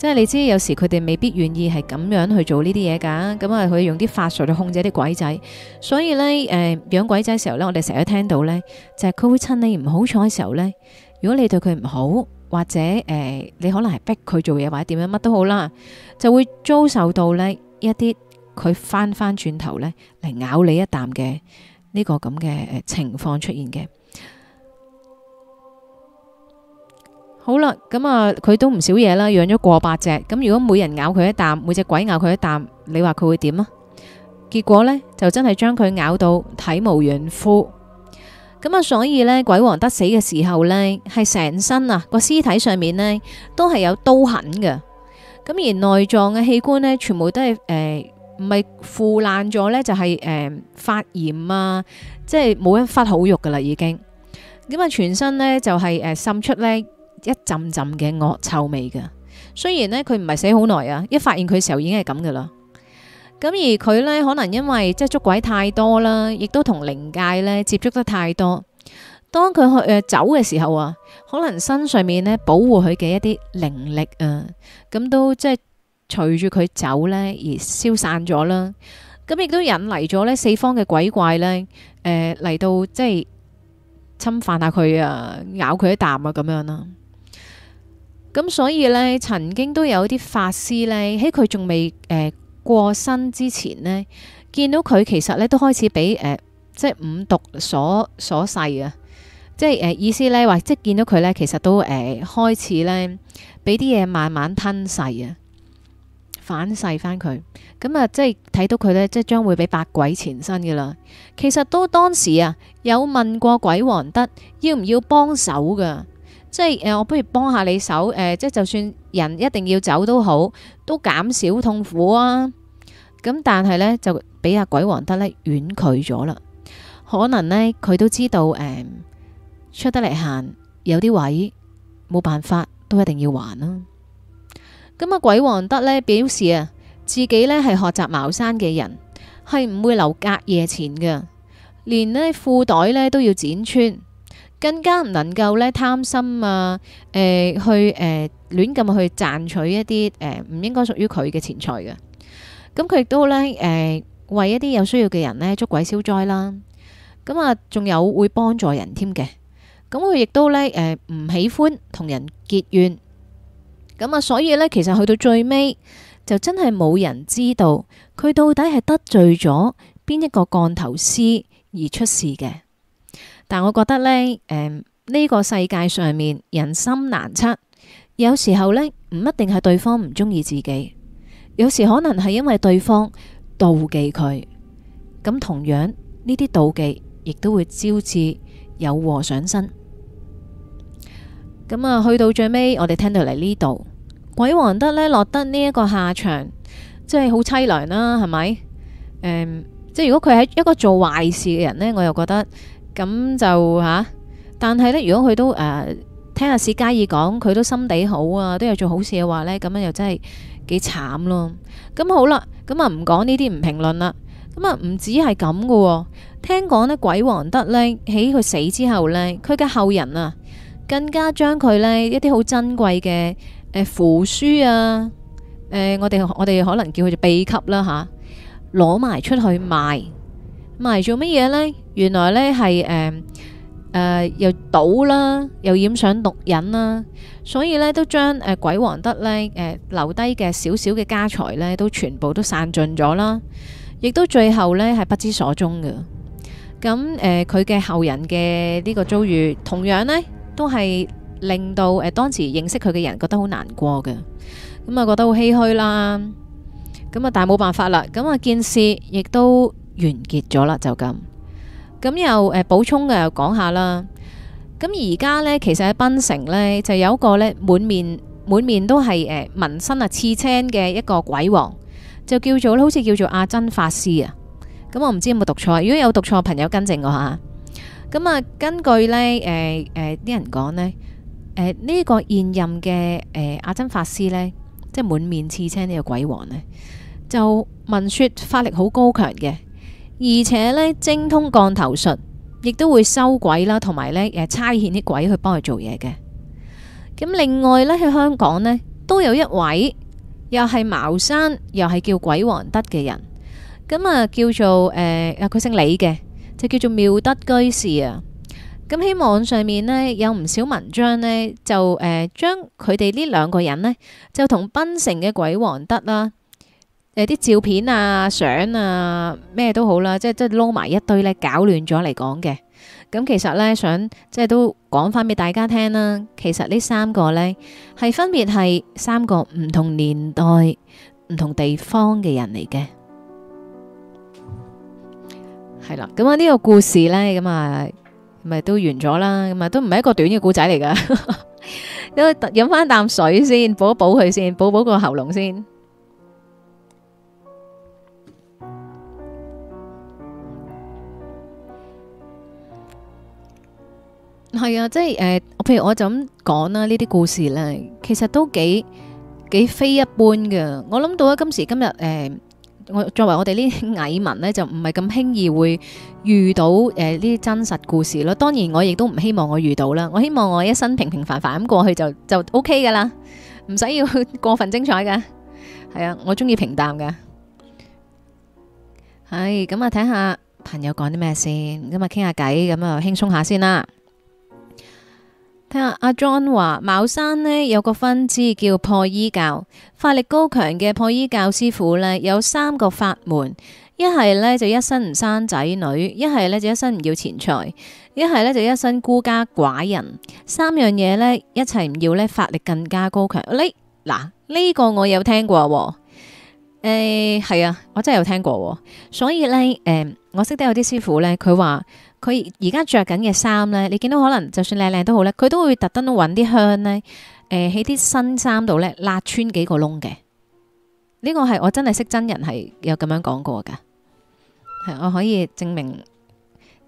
Speaker 1: 即係你知，有時佢哋未必願意係咁樣去做呢啲嘢噶，咁啊佢用啲法術去控制啲鬼仔，所以咧誒養鬼仔嘅時候咧，我哋成日聽到咧就係佢會趁你唔好彩嘅時候咧，如果你對佢唔好或者誒、呃、你可能係逼佢做嘢或者點樣乜都好啦，就會遭受到咧一啲佢翻翻轉頭咧嚟咬你一啖嘅呢個咁嘅誒情況出現嘅。好啦，咁啊，佢都唔少嘢啦，養咗過百隻。咁如果每人咬佢一啖，每隻鬼咬佢一啖，你話佢會點啊？結果呢，就真係將佢咬到體無完膚。咁啊，所以呢，鬼王得死嘅時候呢，係成身啊個屍體上面呢，都係有刀痕嘅。咁而內臟嘅器官呢，全部都係誒唔係腐爛咗呢，就係誒發炎啊，即係冇一忽好肉噶啦已經。咁啊，全身呢，就係誒滲出呢。一陣陣嘅惡臭味㗎，雖然呢，佢唔係死好耐啊，一發現佢嘅時候已經係咁噶啦。咁而佢呢，可能因為即係捉鬼太多啦，亦都同靈界呢接觸得太多。當佢去誒走嘅時候啊，可能身上面呢保護佢嘅一啲靈力啊，咁都即係隨住佢走呢而消散咗啦。咁亦都引嚟咗呢四方嘅鬼怪呢，誒嚟到即係侵犯下佢啊，咬佢一啖啊咁樣啦。咁所以呢，曾經都有啲法師呢，喺佢仲未誒過身之前呢，見到佢其實呢都開始俾誒、呃、即係五毒所所噬啊！即係誒、呃、意思呢，話，即係見到佢呢其實都誒、呃、開始呢，俾啲嘢慢慢吞噬啊，反噬返佢。咁、嗯、啊，即係睇到佢呢，即係將會俾八鬼纏身嘅啦。其實都當時啊，有問過鬼王德要唔要幫手㗎。即係我不如幫下你手誒，即、呃、就算人一定要走都好，都減少痛苦啊。咁但係呢，就俾阿鬼王德呢婉拒咗啦。可能呢，佢都知道、呃、出得嚟行有啲位冇辦法，都一定要還啦。咁、嗯、啊，鬼王德呢表示啊，自己呢係學習茅山嘅人，係唔會留隔夜錢嘅，連呢褲袋呢都要剪穿。更加唔能夠咧貪心啊！誒、呃，去誒、呃、亂咁去賺取一啲誒唔應該屬於佢嘅錢財嘅。咁佢亦都咧誒為一啲有需要嘅人咧捉鬼消災啦。咁啊，仲有會幫助人添嘅。咁佢亦都咧誒唔喜歡同人結怨。咁啊，所以咧其實去到最尾就真係冇人知道佢到底係得罪咗邊一個降頭師而出事嘅。但我覺得誒呢、嗯，這個世界上面人心難測，有時候呢唔一定係對方唔中意自己，有時可能係因為對方妒忌佢。咁同樣呢啲妒忌亦都會招致有禍上身。咁、嗯、啊，去到最尾，我哋聽到嚟呢度，鬼王德呢落得呢一個下場，即係好凄涼啦、啊，係咪、嗯？即係如果佢係一個做壞事嘅人呢，我又覺得。咁就吓、啊，但係呢，如果佢都誒、呃、聽阿史家義講，佢都心地好啊，都有做好事嘅話呢，咁樣又真係幾慘咯。咁好啦，咁啊唔講呢啲唔評論啦。咁啊唔止係咁噶，聽講呢，鬼王德呢，喺佢死之後呢，佢嘅後人啊，更加將佢呢一啲好珍貴嘅誒符書啊，誒、欸、我哋我哋可能叫佢做秘笈啦吓，攞、啊、埋出去賣。埋做乜嘢呢？原來呢係誒誒又賭啦，又染上毒癮啦，所以呢，都將誒、呃、鬼王德呢誒、呃、留低嘅少少嘅家財呢，都全部都散盡咗啦，亦都最後呢係不知所終、不知所蹤嘅。咁誒，佢、呃、嘅後人嘅呢個遭遇，同樣呢都係令到誒、呃、當時認識佢嘅人覺得好難過嘅，咁啊覺得好唏噓啦，咁啊但係冇辦法啦，咁啊件事亦都。完結咗啦，就咁咁又誒補、呃、充嘅，又講下啦。咁而家呢，其實喺檳城呢，就有一個呢滿面滿面都係誒紋身啊刺青嘅一個鬼王，就叫做好似叫做阿珍法師啊。咁我唔知有冇讀錯，如果有讀錯，朋友跟正我吓。咁啊，根據呢誒誒啲人講呢，誒、呃、呢、這個現任嘅誒阿珍法師呢，即係滿面刺青呢個鬼王呢，就聞說法力好高強嘅。而且呢，精通降頭術，亦都會收鬼啦，同埋呢誒差遣啲鬼去幫佢做嘢嘅。咁另外呢，喺香港呢，都有一位又係茅山又係叫鬼王德嘅人，咁啊叫做誒啊佢姓李嘅，就叫做妙德居士啊。咁喺網上面呢，有唔少文章呢，就誒將佢哋呢兩個人呢，就同檳城嘅鬼王德啦。誒，啲照片啊、相啊，咩都好啦，即係即係撈埋一堆咧，搞亂咗嚟講嘅。咁其實咧，想即係都講翻俾大家聽啦。其實呢三個咧，係分別係三個唔同年代、唔同地方嘅人嚟嘅。係啦，咁啊呢個故事咧，咁啊，咪都完咗啦。咁啊，都唔係一個短嘅故仔嚟噶。都飲翻啖水先，補一補佢先，補補個喉嚨先。係啊，即係誒、呃，譬如我就咁講啦，呢啲故事咧，其實都幾幾非一般嘅。我諗到啊，今時今日誒、呃，我作為我哋呢啲蟻民咧，就唔係咁輕易會遇到誒呢啲真實故事咯。當然我亦都唔希望我遇到啦。我希望我一生平平凡凡咁過去就就 OK 噶啦，唔使要過分精彩嘅。係啊，我中意平淡嘅。係咁啊，睇下朋友講啲咩先，咁啊傾下偈，咁啊輕鬆下先啦。聽下阿 John 話，茅山呢有個分支叫破衣教，法力高強嘅破衣教師傅呢，有三個法門，一係呢就一身唔生仔女，一係呢就一身唔要錢財，一係呢就一身孤家寡人，三樣嘢呢，一齊唔要呢，法力更加高強。呢嗱呢個我有聽過，誒、欸、係啊，我真係有聽過，所以呢，誒、欸、我識得有啲師傅呢，佢話。佢而家着緊嘅衫呢，你見到可能就算靚靚都好呢，佢都會特登揾啲香呢，誒喺啲新衫度呢，拉穿幾個窿嘅。呢個係我真係識真人係有咁樣講過噶，係我可以證明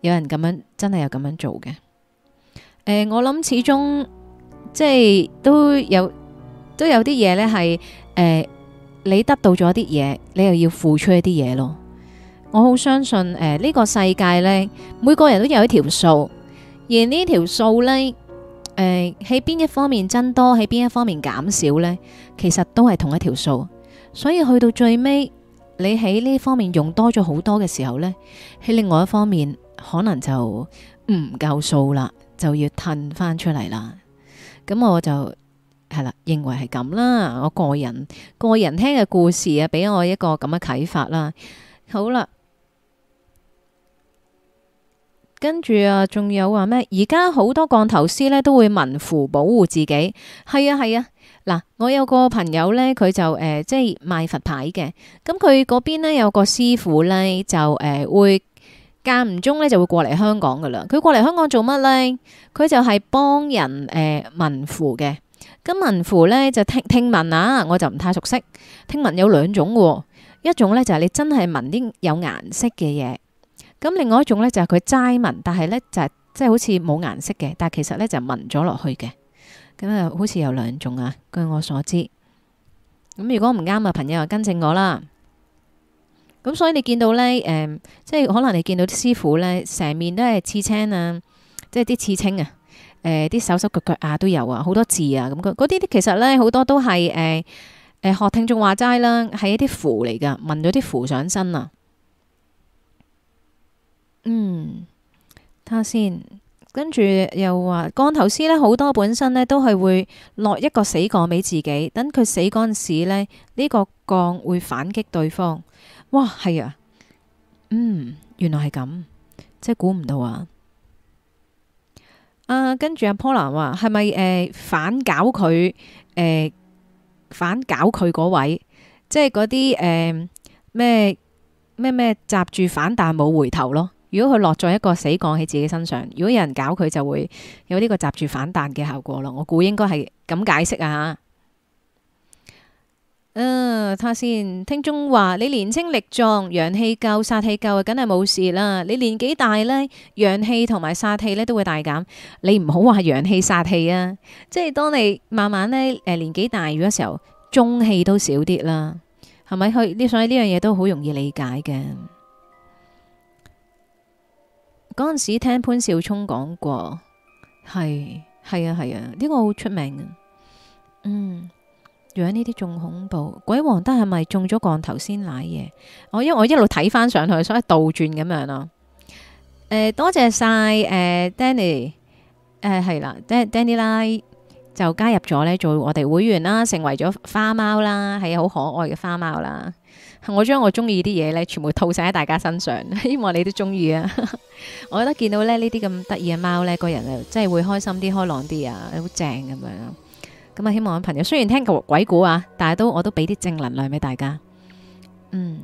Speaker 1: 有人咁樣真係有咁樣做嘅。誒、呃，我諗始終即係都有都有啲嘢呢，係、呃、誒，你得到咗啲嘢，你又要付出一啲嘢咯。我好相信誒，呢個世界呢，每個人都有一條數，而呢條數呢，誒喺邊一方面增多，喺邊一方面減少呢，其實都係同一條數。所以去到最尾，你喺呢方面用多咗好多嘅時候呢，喺另外一方面可能就唔夠數啦，就要褪返出嚟啦。咁我就係啦，認為係咁啦。我個人個人聽嘅故事啊，俾我一個咁嘅啟發啦。好啦。跟住啊，仲有話咩？而家好多降頭師咧，都會文符保護自己。係啊，係啊。嗱，我有個朋友咧，佢就誒即係賣佛牌嘅。咁佢嗰邊咧有個師傅咧，就誒、呃、會間唔中咧就會過嚟香港噶啦。佢過嚟香港做乜咧？佢就係幫人誒、呃、文符嘅。咁文符咧就聽聽聞啊，我就唔太熟悉。聽聞有兩種喎，啊，一種咧就係、是、你真係文啲有顏色嘅嘢。咁另外一種咧就係佢齋紋，但係咧就係即係好似冇顏色嘅，但係其實咧就係紋咗落去嘅。咁啊，好似有兩種啊，據我所知。咁如果唔啱啊，朋友又跟正我啦。咁所以你見到咧，誒、呃，即係可能你見到啲師傅咧，成面都係刺青啊，即係啲刺青啊，誒、呃，啲手手腳腳啊都有啊，好多字啊，咁嗰啲其實咧好多都係誒誒學聽眾話齋啦，係一啲符嚟㗎，紋咗啲符上身啊。嗯，下先跟住又話鋼頭師呢，好多本身呢都係會落一個死槓俾自己，等佢死嗰陣時呢、這個槓會反擊對方。哇，係啊，嗯，原來係咁，即係估唔到啊！啊，跟住阿波 a 話係咪誒反搞佢，誒、呃、反搞佢嗰位，即係嗰啲誒咩咩咩夾住反彈冇回頭咯。如果佢落咗一個死降喺自己身上，如果有人搞佢，就會有呢個閘住反彈嘅效果咯。我估應該係咁解釋啊！嗯、呃，他先聽眾話，你年青力壯，陽氣夠，煞氣夠啊，梗係冇事啦。你年紀大呢，陽氣同埋煞氣呢都會大減。你唔好話陽氣煞氣啊，即係當你慢慢呢，誒、呃、年紀大，嘅時候中氣都少啲啦，係咪去？呢所以呢樣嘢都好容易理解嘅。嗰陣時聽潘少聰講過，係係啊係啊，呢、啊呢個好出名嘅。嗯，仲有呢啲仲恐怖。鬼王德係咪中咗降頭先奶嘢？我因為我一路睇翻上去，所以倒轉咁樣咯。誒、呃、多謝晒誒、呃、Danny，誒、呃、係啦，Danny Lie 就加入咗咧做我哋會員啦，成為咗花貓啦，係好可愛嘅花貓啦。我將我中意啲嘢呢，全部套晒喺大家身上，希望你都中意啊！ 我覺得見到咧呢啲咁得意嘅貓呢，個人又真係會開心啲、開朗啲啊，好正咁樣。咁、嗯、啊，希望我朋友雖然聽過鬼故啊，但係都我都俾啲正能量俾大家。嗯，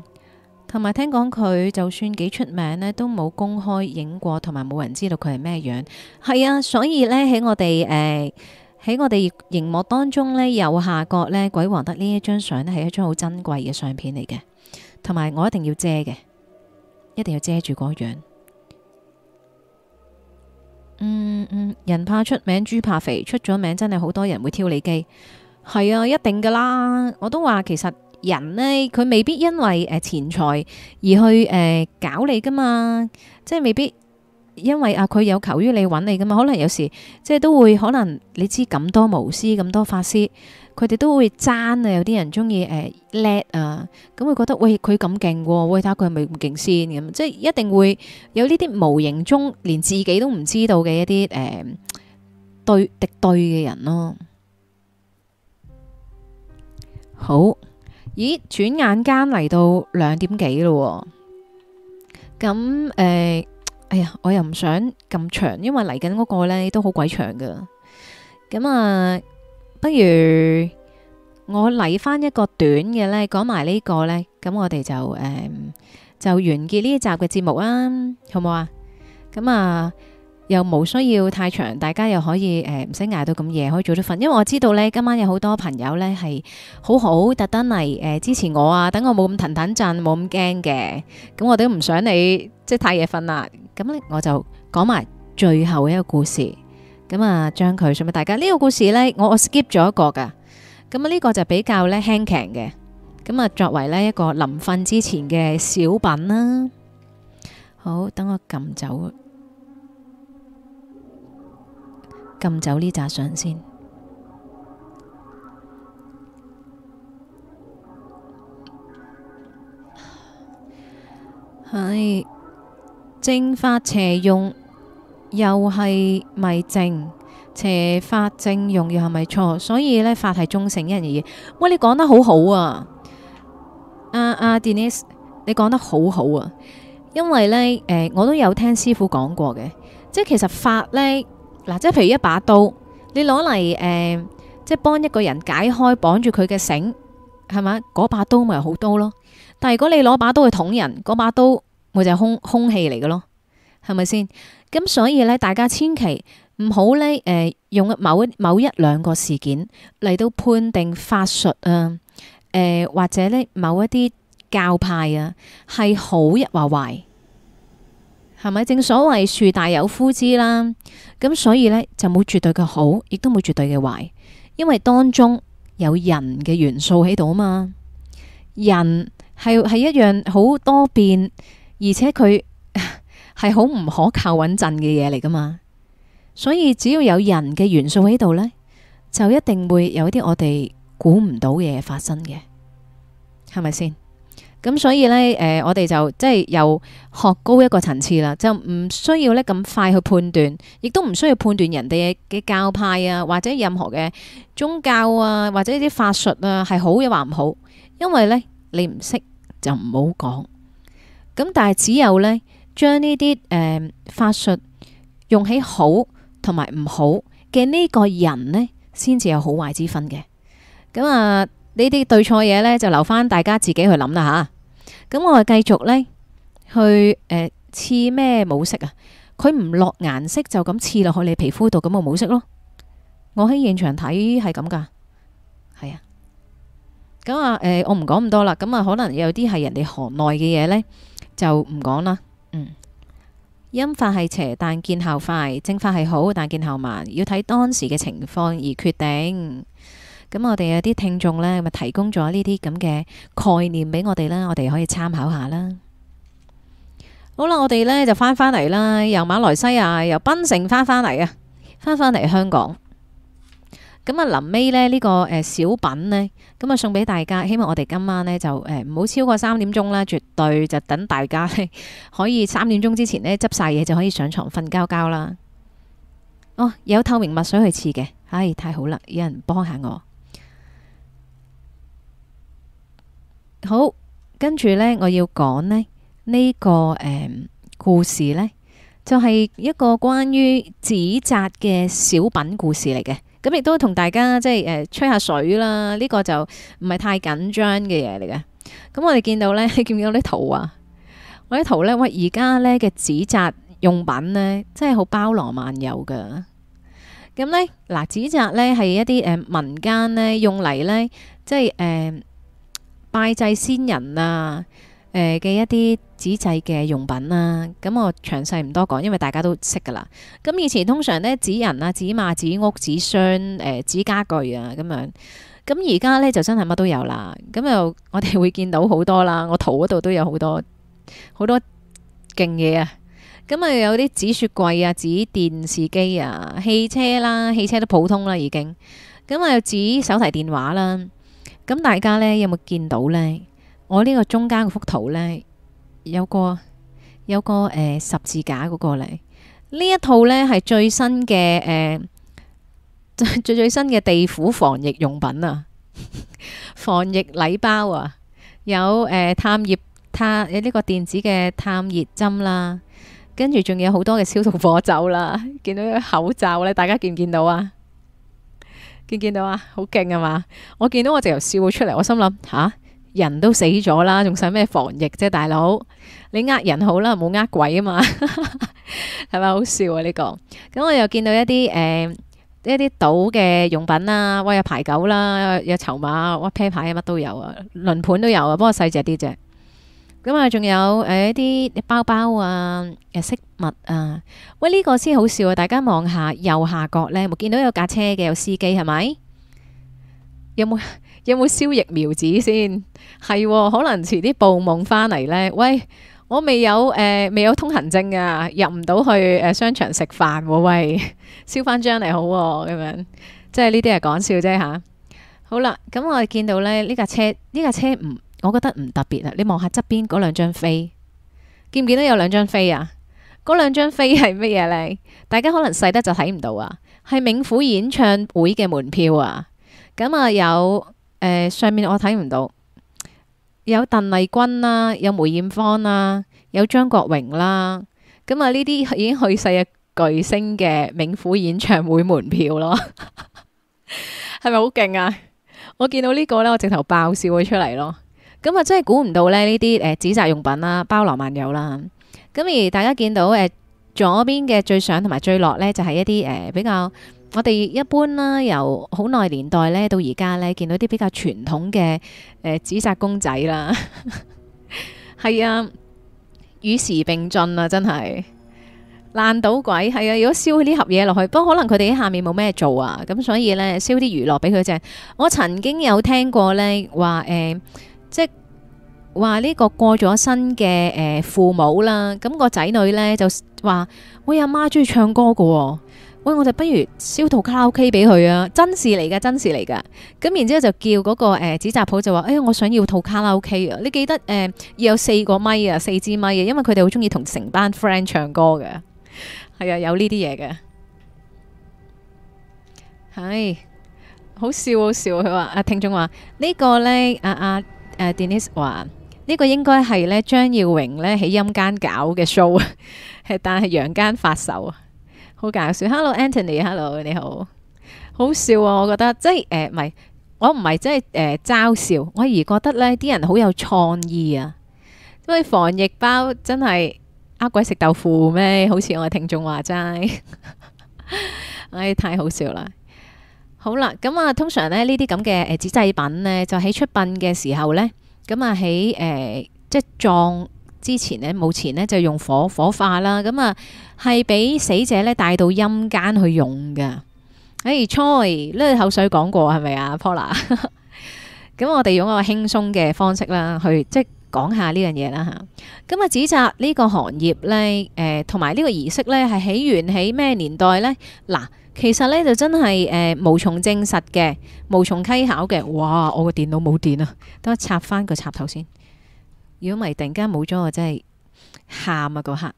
Speaker 1: 同埋聽講佢就算幾出名呢，都冇公開影過，同埋冇人知道佢係咩樣。係啊，所以呢，喺我哋誒。呃喺我哋熒幕當中呢，右下角呢鬼王德呢一張相呢係一張好珍貴嘅相片嚟嘅，同埋我一定要遮嘅，一定要遮住嗰樣。嗯嗯，人怕出名豬怕肥，出咗名真係好多人會挑你機，係啊，一定噶啦。我都話其實人呢，佢未必因為誒錢財而去誒、呃、搞你噶嘛，即係未必。因為啊，佢有求於你搵你㗎嘛，可能有時即係都會可能你知咁多巫師咁多法師，佢哋都會爭啊，有啲人鍾意誒叻啊，咁會覺得喂佢咁勁喎，喂睇下佢係咪咁勁先咁，即係一定會有呢啲無形中連自己都唔知道嘅一啲誒、呃、對敵對嘅人咯。好，咦？轉眼間嚟到兩點幾喇喎，咁誒。呃哎呀，我又唔想咁長，因為嚟緊嗰個呢都好鬼長噶。咁啊，不如我嚟翻一個短嘅呢講埋呢個呢。咁我哋就誒、嗯、就完結呢集嘅節目啊，好唔好啊？咁啊，又冇需要太長，大家又可以誒唔使捱到咁夜，可以早啲瞓。因為我知道呢，今晚有好多朋友呢係好好特登嚟誒支持我啊，等我冇咁騰騰震，冇咁驚嘅。咁我都唔想你即係太夜瞓啦。咁咧，我就講埋最後一個故事，咁啊，將佢送俾大家。呢個故事咧，我 skip 咗一個噶，咁啊，呢個就比較咧輕鬆嘅，咁啊，作為咧一個臨瞓之前嘅小品啦。好，等我撳走，撳走呢紮相先。唉。正法邪用，又係咪正？邪法正用，又係咪錯？所以咧，法係中性，因人而異。喂，你講得好好啊，阿、啊、阿、啊、Dennis，你講得好好啊。因為咧，誒、呃，我都有聽師傅講過嘅，即係其實法咧，嗱，即係譬如一把刀，你攞嚟誒，即係幫一個人解開綁住佢嘅繩，係咪？嗰把刀咪好刀咯。但係如果你攞把刀去捅人，嗰把刀。佢就空空氣嚟嘅咯，係咪先？咁所以咧，大家千祈唔好咧，誒、呃，用某一某一兩個事件嚟到判定法術啊，誒、呃，或者咧某一啲教派啊係好亦或壞，係咪？正所謂樹大有枯枝啦，咁所以咧就冇絕對嘅好，亦都冇絕對嘅壞，因為當中有人嘅元素喺度啊嘛，人係係一樣好多變。而且佢係好唔可靠穩陣嘅嘢嚟噶嘛，所以只要有人嘅元素喺度呢，就一定會有一啲我哋估唔到嘅嘢發生嘅，係咪先？咁所以呢，誒、呃，我哋就即係又學高一個層次啦，就唔需要呢咁快去判斷，亦都唔需要判斷人哋嘅教派啊，或者任何嘅宗教啊，或者一啲法術啊，係好嘅話唔好，因為呢，你唔識就唔好講。咁但係只有呢將呢啲誒法術用起好同埋唔好嘅呢個人呢，先至有好壞之分嘅。咁啊呢啲對錯嘢呢，就留翻大家自己去諗啦吓。咁我繼續呢去誒刺咩模式啊？佢唔落顏色就咁刺落去你皮膚度，咁嘅模式咯。我喺現場睇係咁噶，係啊。咁啊誒，我唔講咁多啦。咁啊，可能有啲係人哋行內嘅嘢呢。就唔講啦。嗯，陰法係邪，但見效快；正法係好，但見效慢。要睇當時嘅情況而決定。咁我哋有啲聽眾呢，咪提供咗呢啲咁嘅概念俾我哋啦，我哋可以參考下啦。嗯、好啦，我哋呢就翻翻嚟啦，由馬來西亞由檳城翻翻嚟啊，翻翻嚟香港。咁啊，臨尾呢，呢、這個誒小品呢，咁啊送俾大家。希望我哋今晚呢，就誒唔好超過三點鐘啦，絕對就等大家可以三點鐘之前呢，執晒嘢就可以上床瞓覺覺啦。哦，有透明墨水去刺嘅，唉、哎，太好啦！有人幫下我。好，跟住呢，我要講呢，呢、這個誒、嗯、故事呢，就係、是、一個關於紙紮嘅小品故事嚟嘅。咁亦都同大家即係誒、呃、吹下水啦，呢、這個就唔係太緊張嘅嘢嚟嘅。咁、嗯、我哋見到咧，你見唔見到啲圖啊？我啲圖咧，喂而家咧嘅紙紮用品咧，真係好包羅萬有噶。咁咧嗱，紙紮咧係一啲誒、呃、民間咧用嚟咧，即係誒、呃、拜祭先人啊，誒、呃、嘅一啲。紙製嘅用品啦、啊，咁我詳細唔多講，因為大家都識噶啦。咁以前通常呢，紙人啊、紙馬、紙屋、紙箱、誒、呃、紙家具啊，咁樣。咁而家呢，就真係乜都有啦。咁又我哋會見到好多啦。我圖嗰度都有好多好多勁嘢啊！咁啊，有啲紙雪櫃啊、紙電視機啊、汽車啦，汽車都普通啦已經。咁啊，紙手提電話啦。咁大家呢，有冇見到呢？我呢個中間幅圖呢。有個有個誒、呃、十字架嗰、那個嚟，呢一套呢係最新嘅誒、呃、最最新嘅地府防疫用品啊，防疫禮包啊，有誒、呃、探熱探呢、這個電子嘅探熱針啦、啊，跟住仲有好多嘅消毒火酒啦、啊，見到啲口罩呢，大家見唔見到啊？見唔見到啊，好勁啊嘛！我見到我就由笑出嚟，我心諗吓。啊人都死咗啦，仲使咩防疫啫，大佬？你呃人好啦，冇呃鬼啊嘛，係 咪好笑啊？呢、這個，咁我又見到一啲誒、呃、一啲賭嘅用品啦，喂，有牌九啦，有，有籌碼，喂，啤牌乜都有啊，輪盤都有啊，不過細隻啲啫。咁啊，仲有誒一啲包包啊，誒飾物啊，喂，呢、這個先好笑啊！大家望下右下角咧，冇見到有架車嘅，有司機係咪？有冇？有冇燒疫苗紙先？係、哦、可能遲啲報夢翻嚟呢。喂，我未有誒、呃，未有通行證噶，入唔到去誒、呃、商場食飯。喂，燒翻張嚟好咁、啊、樣，即係呢啲係講笑啫吓、啊。好啦，咁、嗯、我哋見到咧呢架、這個、車呢架、這個、車唔，我覺得唔特別啊。你望下側邊嗰兩張飛，見唔見到有兩張飛啊？嗰兩張飛係乜嘢呢？大家可能細得就睇唔到啊。係冥府演唱會嘅門票啊。咁、嗯、啊、嗯、有。誒、呃，上面我睇唔到，有鄧麗君啦，有梅艷芳啦，有張國榮啦，咁啊呢啲已經去世嘅巨星嘅冥府演唱會門票咯，係咪好勁啊？我見到呢個呢，我直頭爆笑咗出嚟咯，咁、嗯、啊、嗯、真係估唔到咧，呢啲誒紙紮用品啦，包羅萬有啦，咁、嗯、而大家見到誒、呃、左邊嘅最上同埋最落呢，就係、是、一啲誒、呃、比較。我哋一般啦，由好耐年代咧到而家咧，見到啲比較傳統嘅誒紙紮公仔啦，係 啊，與時並進啊，真係爛到鬼，係啊！如果燒呢盒嘢落去，不過可能佢哋喺下面冇咩做啊，咁所以咧燒啲娛樂俾佢啫。我曾經有聽過咧話，誒、呃，即係話呢個過咗身嘅誒父母啦，咁、那個仔女咧就話我阿媽中意唱歌噶、哦。喂、哎，我就不如燒套卡拉 OK 俾佢啊！真事嚟噶，真事嚟噶。咁然之後就叫嗰、那個誒、呃、紙紮鋪就話：誒、哎，我想要套卡拉 OK 啊！你記得誒、呃、要有四個咪啊，四支咪啊，因為佢哋好中意同成班 friend 唱歌嘅。係啊，有呢啲嘢嘅。係好笑好笑，佢話阿聽眾話、這個、呢個咧，阿、啊、阿誒、啊啊、Denise 話呢、這個應該係咧張耀榮咧喺陰間搞嘅 show，啊。」但係陽間發售啊！好搞笑，Hello Anthony，Hello 你好，好笑啊！我覺得即係誒，唔、呃、係我唔係即係誒嘲笑，我而覺得咧啲人好有創意啊！因為防疫包真係呃、啊、鬼食豆腐咩？好似我聽眾話齋，唉、 哎、太好笑啦！好啦，咁啊通常咧呢啲咁嘅誒紙製品咧就喺出殯嘅時候咧，咁啊喺誒即係之前呢，冇錢呢，就用火火化啦，咁啊係俾死者咧帶到陰間去用嘅。哎，Choy，呢口水講過係咪啊？Paula，咁 我哋用一個輕鬆嘅方式啦，去即係講下呢樣嘢啦嚇。咁啊，指責呢個行業咧，誒同埋呢個儀式咧係起源喺咩年代咧？嗱，其實咧就真係誒、呃、無從證實嘅，無從稽考嘅。哇，我個電腦冇電啊，等我插翻個插頭先。如果唔係突然間冇咗我真係喊啊！嗰刻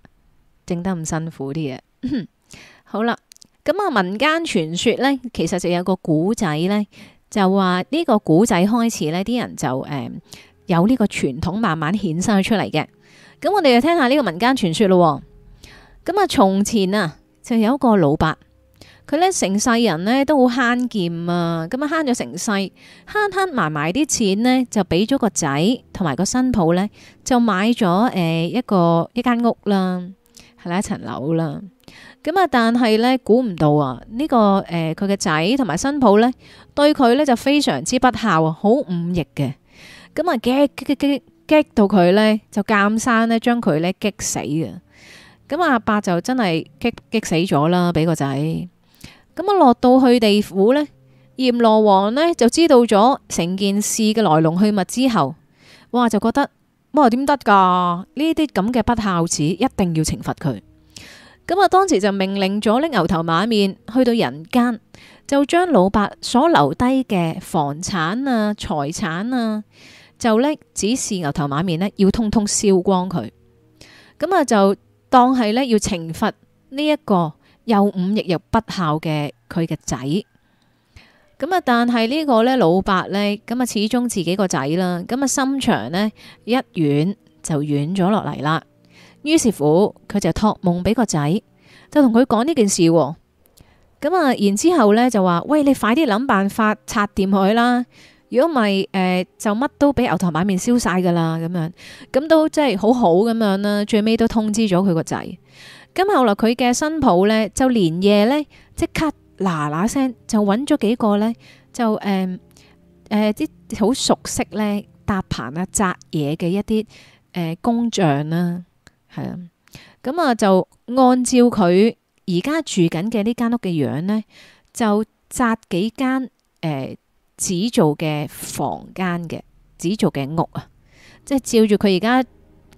Speaker 1: 整得咁辛苦啲嘢， 好啦，咁啊民間傳說呢，其實就有個古仔呢，就話呢個古仔開始呢，啲人就誒、嗯、有呢個傳統，慢慢衍生出嚟嘅。咁我哋就聽下呢個民間傳說咯。咁啊從前啊，就有一個老伯。佢咧成世人咧都好慳儉啊，咁啊慳咗成世，慳慳埋埋啲錢咧就俾咗個仔同埋個新抱咧就買咗誒、呃、一個一間屋啦，係啦一層樓啦。咁啊，但係咧估唔到啊呢個誒佢嘅仔同埋新抱咧對佢咧就非常之不孝啊，好忤逆嘅咁啊，激激激激，激到佢咧就監生咧將佢咧激死啊。咁、嗯、阿伯就真係激激死咗啦，俾個仔。咁啊，落到去地府咧，閻羅王咧就知道咗成件事嘅來龍去脈之後，哇，就覺得，哇，點得噶？呢啲咁嘅不孝子，一定要懲罰佢。咁啊，當時就命令咗拎牛頭馬面去到人間，就將老伯所留低嘅房產啊、財產啊，就呢指示牛頭馬面呢，要通通燒光佢。咁啊，就當係呢要懲罰呢一個。.又忤逆又不孝嘅佢嘅仔，咁啊！但係呢個咧老伯呢，咁啊始終自己個仔啦，咁啊心腸呢，一軟就軟咗落嚟啦。於是乎，佢就託夢俾個仔，就同佢講呢件事。咁啊，然之後咧就話，喂，你快啲諗辦法拆掂佢啦！如果唔係，誒、呃、就乜都俾牛頭馬面燒晒噶啦。咁樣咁都即係好好咁樣啦。最尾都通知咗佢個仔。咁後來佢嘅新抱咧，就連夜咧即刻嗱嗱聲就揾咗幾個咧，就誒誒啲好熟悉咧搭棚啊、紮嘢嘅一啲誒、呃、工匠啦，係啊，咁啊就按照佢而家住緊嘅呢間屋嘅樣咧，就紮幾間誒紙做嘅房間嘅紙做嘅屋啊，即係照住佢而家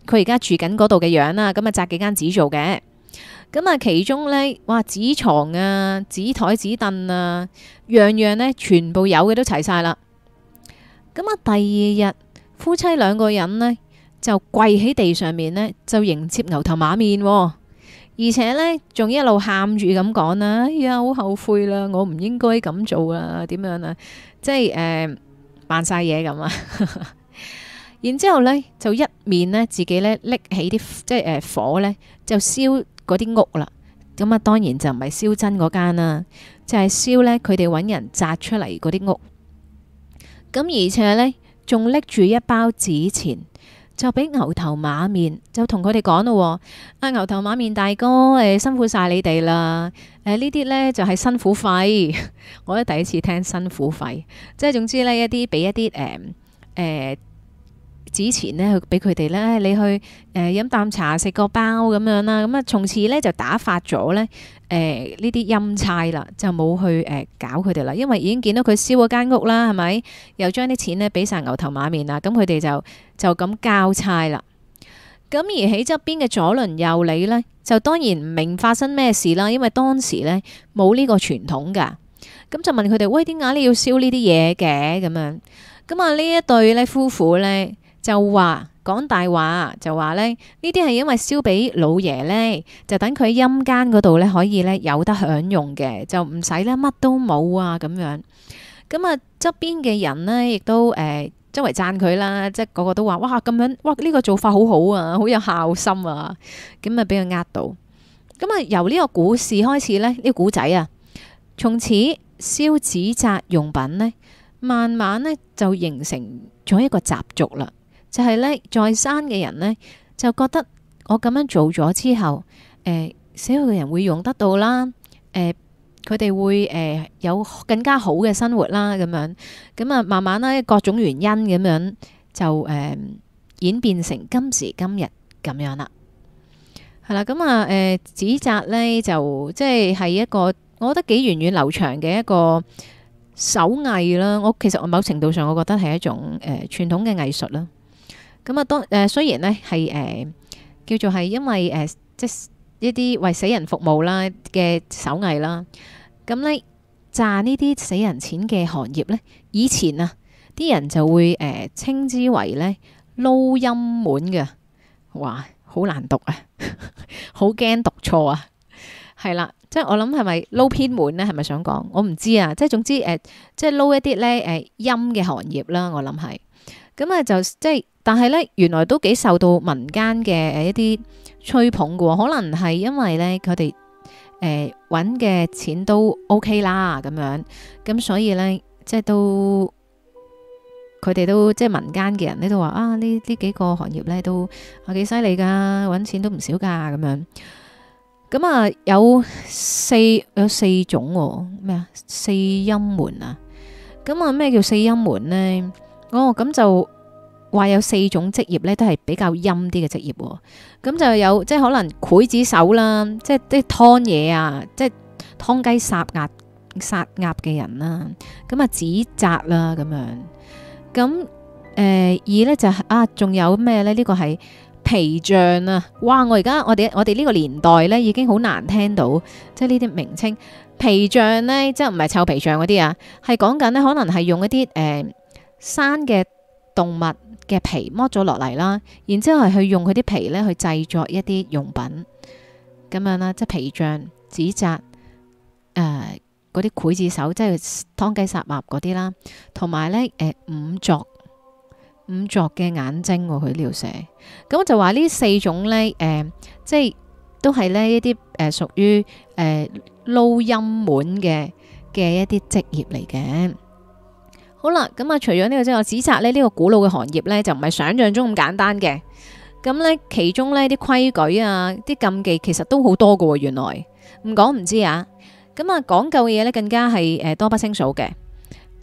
Speaker 1: 佢而家住緊嗰度嘅樣啦，咁啊紮幾間紙做嘅。咁啊，其中呢，哇，紙床啊，紙台紙凳啊，樣樣呢，全部有嘅都齊晒啦。咁啊，第二日夫妻兩個人呢，就跪喺地上面呢，就迎接牛頭馬面，哦，而且呢，仲一路喊住咁講啊，哎呀，好後悔啦，我唔應該咁做啊，點樣啊，即係誒，扮晒嘢咁啊。樣 然之後呢，就一面呢，自己呢，拎起啲即係誒、呃、火呢，就燒。嗰啲屋啦，咁啊當然就唔係燒真嗰間啦，就係燒呢。佢哋揾人拆出嚟嗰啲屋，咁而且呢，仲拎住一包紙錢，就俾牛頭馬面就同佢哋講咯，啊牛頭馬面大哥，誒、哎、辛苦晒你哋啦，誒呢啲呢，就係、是、辛苦費， 我都第一次聽辛苦費，即係總之呢，一啲俾一啲誒誒。嗯嗯之前呢，去俾佢哋咧，你去誒飲啖茶、食個包咁樣啦，咁啊，從此咧就打發咗咧誒呢啲陰差啦，就冇去誒、呃、搞佢哋啦，因為已經見到佢燒嗰間屋啦，係咪？又將啲錢咧俾曬牛頭馬面啊，咁佢哋就就咁交差啦。咁而喺側邊嘅左鄰右里呢，就當然唔明發生咩事啦，因為當時呢冇呢個傳統㗎，咁就問佢哋：喂，點解你要燒呢啲嘢嘅？咁樣咁啊，呢一對咧夫婦咧。就話講大話，就話呢呢啲係因為燒俾老爺呢，就等佢喺陰間嗰度呢可以呢有得享用嘅，就唔使呢乜都冇啊咁樣。咁啊側邊嘅人呢，亦都誒、欸、周圍讚佢啦，即係個個都話哇咁樣哇呢、呢個做法好好啊，好有孝心啊。咁啊俾佢呃到咁啊，由呢個故事開始呢呢、呢個古仔啊，從此燒紙紮用品呢，慢慢呢，就形成咗一個習俗啦。就係咧，在生嘅人咧，就覺得我咁樣做咗之後，誒社會嘅人會用得到啦，誒佢哋會誒、呃、有更加好嘅生活啦，咁樣咁啊，慢慢咧各種原因咁樣就誒、呃、演變成今時今日咁樣啦。係、呃、啦，咁啊誒紙紮咧，就即係係一個我覺得幾源遠流長嘅一個手藝啦。我其實我某程度上，我覺得係一種誒傳、呃、統嘅藝術啦。咁啊，當誒、嗯、雖然咧係誒叫做係因為誒、呃、即係一啲為死人服務啦嘅手藝啦，咁、嗯、咧賺呢啲死人錢嘅行業咧，以前啊啲人就會誒、呃、稱之為咧撈陰門嘅，嘩好難讀啊，好 驚讀錯啊，係啦，即係我諗係咪撈偏門咧？係咪想講？我唔知啊，即係總之誒、呃，即係撈一啲咧誒陰嘅行業啦。我諗係，咁、嗯、啊就即係。但係咧，原來都幾受到民間嘅誒一啲吹捧嘅喎、哦，可能係因為咧佢哋誒揾嘅錢都 OK 啦咁樣，咁所以咧即係都佢哋都即係民間嘅人咧都話啊呢呢幾個行業咧都啊幾犀利噶，揾錢都唔少噶咁樣。咁啊有四有四種喎、哦，咩啊四陰門啊？咁啊咩叫四陰門咧？哦咁就。話有四種職業咧，都係比較陰啲嘅職業、啊，咁就有即係可能劊子手啦，即係即係劏嘢啊，即係劏雞殺鴨殺鴨嘅人啦、啊，咁啊指責啦咁樣，咁誒二咧就係啊仲有咩咧？呢、這個係皮匠啊！哇！我而家我哋我哋呢個年代咧已經好難聽到，即係呢啲名稱皮匠咧，即係唔係臭皮匠嗰啲啊，係講緊呢，可能係用一啲誒、呃、生嘅動物。嘅皮剝咗落嚟啦，然之後係去用佢啲皮咧去製作一啲用品，咁樣啦，即係皮匠、紙紮，嗰啲劊子手，即係劏雞殺鴨嗰啲啦，同埋咧誒仵作仵作嘅眼睛去描寫，咁就話呢四種咧、呃、即係都係咧一啲誒屬於誒撈音門嘅嘅一啲職業嚟嘅。好啦，咁、嗯、啊，除咗呢個之外，紙紮咧，呢、這個古老嘅行業咧就唔係想象中咁簡單嘅。咁、嗯、咧，其中咧啲規矩啊、啲禁忌其實都好多噶、啊，原來唔講唔知啊。咁、嗯、啊，講究嘅嘢咧更加係誒、呃、多不勝數嘅。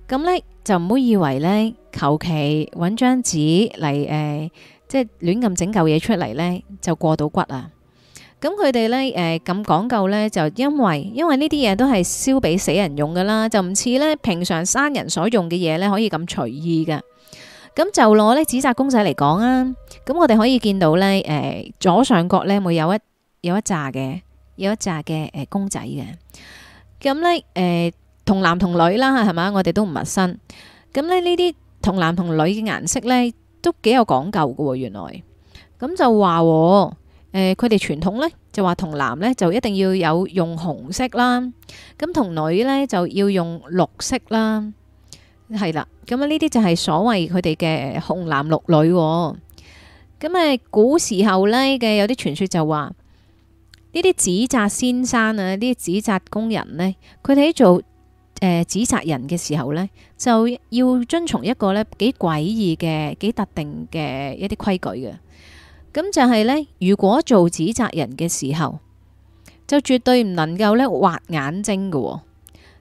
Speaker 1: 咁、嗯、咧就唔好以為咧求其搵張紙嚟誒，即係亂咁整舊嘢出嚟咧就過到骨啊。咁佢哋呢，誒咁講究呢，就因為因為呢啲嘢都係燒俾死人用嘅啦，就唔似呢平常生人所用嘅嘢呢，可以咁隨意嘅。咁就攞呢紙紮公仔嚟講啊，咁我哋可以見到呢，誒左上角呢會有一有一紮嘅，有一紮嘅誒公仔嘅。咁呢誒同男同女啦，係嘛？我哋都唔陌生。咁呢呢啲同男同女嘅顏色呢都幾有講究嘅喎，原來。咁就話。誒佢哋傳統咧就話同男咧就一定要有用紅色啦，咁同女咧就要用綠色啦，係啦，咁啊呢啲就係所謂佢哋嘅紅男綠女，哦。咁、嗯、啊古時候咧嘅有啲傳說就話呢啲紙紮先生啊，呢啲紙紮工人呢，佢哋喺做誒紙紮人嘅時候呢，就要遵從一個咧幾詭異嘅幾特定嘅一啲規矩嘅。咁就係呢，如果做紙紮人嘅時候，就絕對唔能夠呢畫眼睛嘅、哦。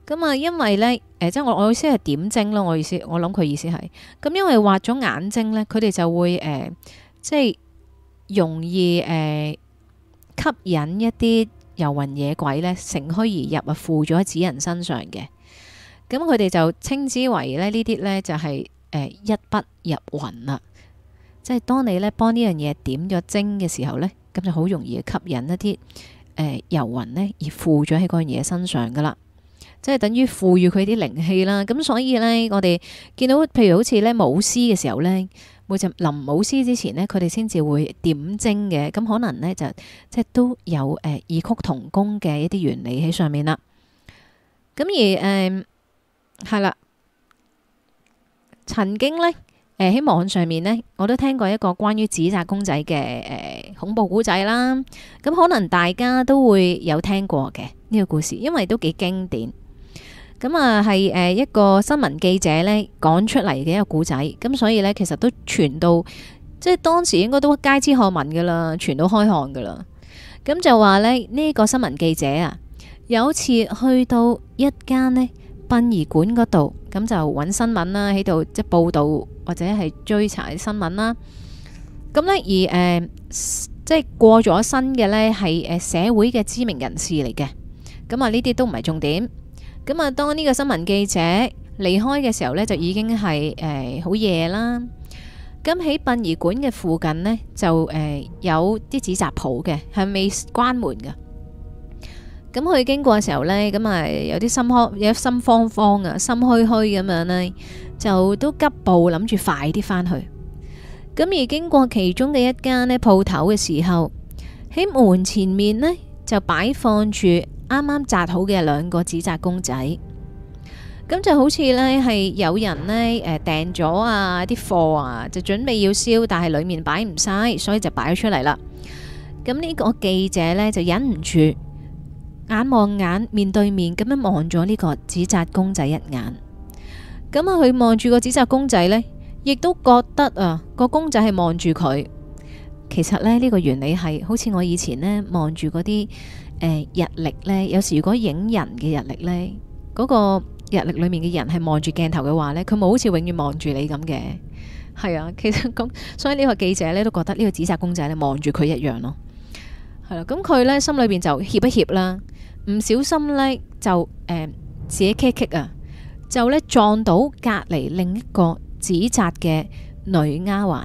Speaker 1: 咁、嗯、啊，因為呢，誒、呃，即係我我意思係點睛咯。我意思，我諗佢意思係，咁、嗯、因為畫咗眼睛呢，佢哋就會誒、即、呃、係、就是、容易誒、呃、吸引一啲遊魂野鬼呢乘虛而入啊，附咗喺紙人身上嘅。咁佢哋就稱之為咧呢啲呢，就係、是、誒、呃、一筆入魂啦。即係當你咧幫呢樣嘢點咗睛嘅時候咧，咁就好容易吸引一啲誒、呃、遊魂咧，而附咗喺嗰樣嘢身上噶啦，即係等於賦予佢啲靈氣啦。咁所以咧，我哋見到譬如好似咧舞獅嘅時候咧，每隻林舞獅之前咧，佢哋先至會點睛嘅，咁可能咧就即係都有誒、呃、異曲同工嘅一啲原理喺上面啦。咁而誒係啦，曾經咧。誒，喺網上面呢，我都聽過一個關於紙紮公仔嘅誒恐怖故仔啦。咁可能大家都會有聽過嘅呢個故事，因為都幾經典。咁啊，係誒一個新聞記者呢講出嚟嘅一個故仔，咁所以呢，其實都傳到即係當時應該都街知巷聞噶啦，傳到開巷噶啦。咁就話呢，呢個新聞記者啊，有一次去到一間呢，殯儀館嗰度，咁就揾新聞啦，喺度即係報道。或者係追查啲新聞啦，咁呢，而誒、呃，即係過咗身嘅呢，係誒社會嘅知名人士嚟嘅，咁啊呢啲都唔係重點。咁啊，當呢個新聞記者離開嘅時候呢，就已經係誒好夜啦。咁喺殯儀館嘅附近呢，就誒、呃、有啲紙紮鋪嘅係未關門嘅。咁佢經過嘅時候呢，咁啊有啲心慌，有心慌慌啊，心虛虛咁樣呢，就都急步諗住快啲翻去。咁而經過其中嘅一間呢鋪頭嘅時候，喺門前面呢，就擺放住啱啱紮好嘅兩個紙紮公仔，咁就好似呢，係有人呢誒訂咗啊啲貨啊，貨就準備要燒，但係裏面擺唔晒，所以就擺咗出嚟啦。咁呢個記者呢，就忍唔住。眼望眼，面對面咁樣望咗呢個紙紮公仔一眼。咁啊，佢望住個紙紮公仔呢，亦都覺得啊，個公仔係望住佢。其實呢，呢個原理係好似我以前呢望住嗰啲日曆呢，有時如果影人嘅日曆呢，嗰個日曆裏面嘅人係望住鏡頭嘅話呢，佢冇好似永遠望住你咁嘅。係啊，其實咁，所以呢個記者呢，都覺得呢個紙紮公仔呢望住佢一樣咯。係啦、啊，咁佢呢，心裏邊就怯一怯啦。唔小心呢，就誒、呃、自己棘棘啊，就呢撞到隔籬另一個紙紮嘅女丫鬟。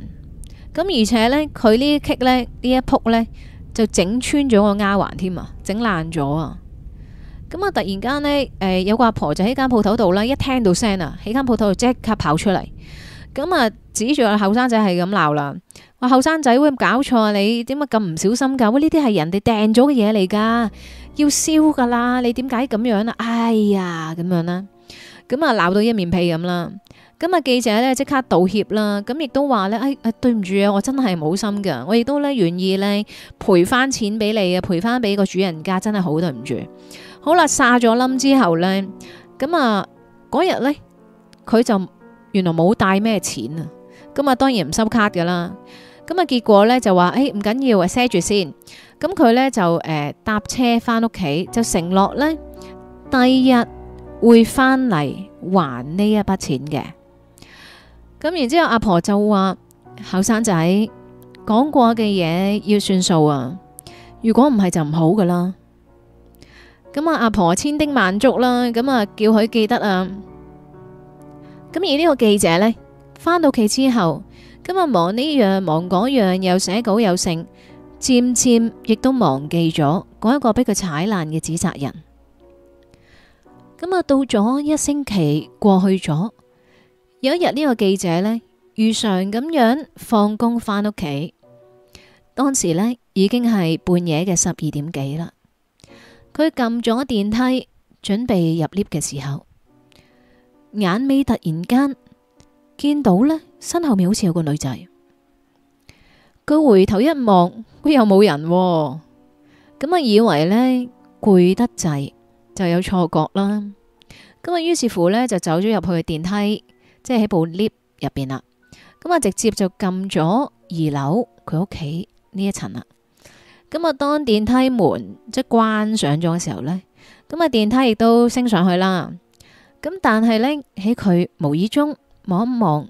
Speaker 1: 咁，而且呢，佢呢棘呢，呢一仆呢，就整穿咗個丫鬟添啊，整爛咗啊。咁啊，突然間呢，誒、呃、有個阿婆就喺間鋪頭度呢，一聽到聲啊，喺間鋪頭度即刻跑出嚟，咁啊指住個後生仔係咁鬧啦，話後生仔會唔搞錯啊？你點解咁唔小心噶？喂，呢啲係人哋訂咗嘅嘢嚟噶。要燒噶啦，你點解咁樣啊？哎呀，咁樣啦，咁啊鬧到一面屁咁啦，咁啊記者咧即刻道歉啦，咁亦都話咧，哎，哎對唔住啊，我真係冇心噶，我亦都咧願意咧賠翻錢俾你啊，賠翻俾個主人家，真係好對唔住。好啦，殺咗冧之後咧，咁啊嗰日咧佢就原來冇帶咩錢啊，咁啊當然唔收卡噶啦。咁啊！結果呢，就話，誒、哎、唔緊要啊，賒住先。咁、嗯、佢呢，就誒、呃、搭車翻屋企，就承諾呢，第日會翻嚟還呢一筆錢嘅。咁、嗯、然之後，阿婆就話：後生仔講過嘅嘢要算數啊！如果唔係就唔好㗎啦。咁、嗯、啊，阿婆千叮萬囑啦，咁、嗯、啊叫佢記得啊。咁、嗯、而呢個記者呢，翻到屋企之後。咁啊，忙呢樣忙嗰樣，又寫稿又剩，漸漸亦都忘記咗嗰一個俾佢踩爛嘅指責人。咁啊，到咗一星期過去咗，有一日呢個記者呢，如常咁樣放工返屋企，當時呢，已經係半夜嘅十二點幾啦。佢撳咗電梯，準備入 lift 嘅時候，眼尾突然間見到呢。身後面好似有個女仔，佢回頭一望，佢又冇人咁、哦、啊，以為呢攰，得滯就有錯覺啦。咁啊，於是乎呢，就走咗入去電梯，即係喺部 lift 入邊啦。咁啊，直接就撳咗二樓佢屋企呢一層啦。咁啊，當電梯門即係關上咗嘅時候呢，咁啊，電梯亦都升上去啦。咁但係呢，喺佢無意中望一望。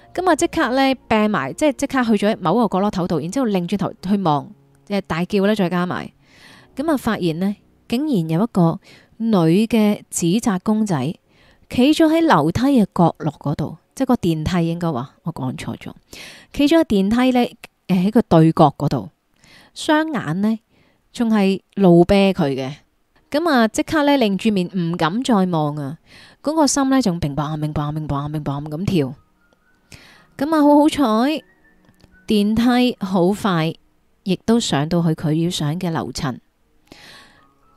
Speaker 1: 咁啊！即刻咧病埋，即係即刻去咗某個角落頭度。然之後，擰轉頭去望，誒大叫咧，再加埋。咁啊，發現呢，竟然有一個女嘅紙紮公仔企咗喺樓梯嘅角落嗰度， 即係個電梯應該話我講錯咗，企咗喺電梯咧，誒喺個對角嗰度，雙眼呢，仲係怒啤佢嘅。咁啊，即刻咧擰住面，唔敢再望啊！嗰個心咧仲砰砰砰砰砰砰砰咁跳。咁啊，好好彩，電梯好快，亦都上到去佢要上嘅樓層。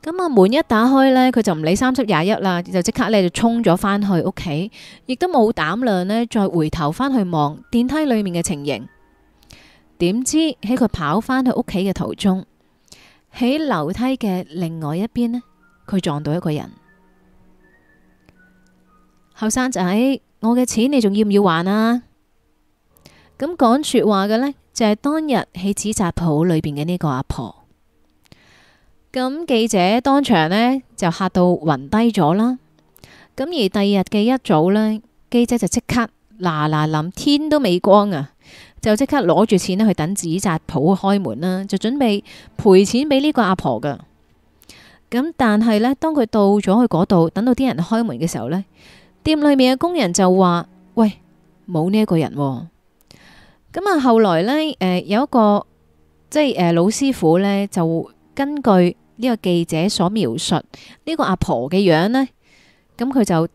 Speaker 1: 咁啊，門一打開呢，佢就唔理三七廿一啦，就即刻呢就衝咗返去屋企，亦都冇膽量呢，再回頭返去望電梯裏面嘅情形。點知喺佢跑返去屋企嘅途中，喺樓梯嘅另外一邊呢，佢撞到一個人。後生仔，我嘅錢你仲要唔要還啊？咁講說話嘅呢，就係當日喺紙紮鋪裏邊嘅呢個阿婆。咁記者當場呢，就嚇到暈低咗啦。咁而第二日嘅一早呢，記者就即刻嗱嗱臨，天都未光啊，就即刻攞住錢呢去等紙紮鋪開門啦，就準備賠錢俾呢個阿婆嘅。咁但係呢，當佢到咗去嗰度，等到啲人開門嘅時候呢，店裏面嘅工人就話：喂，冇呢一個人啊。咁啊，後來呢，誒、呃、有一個即係誒、呃、老師傅呢，就根據呢個記者所描述呢個阿婆嘅樣呢，咁佢就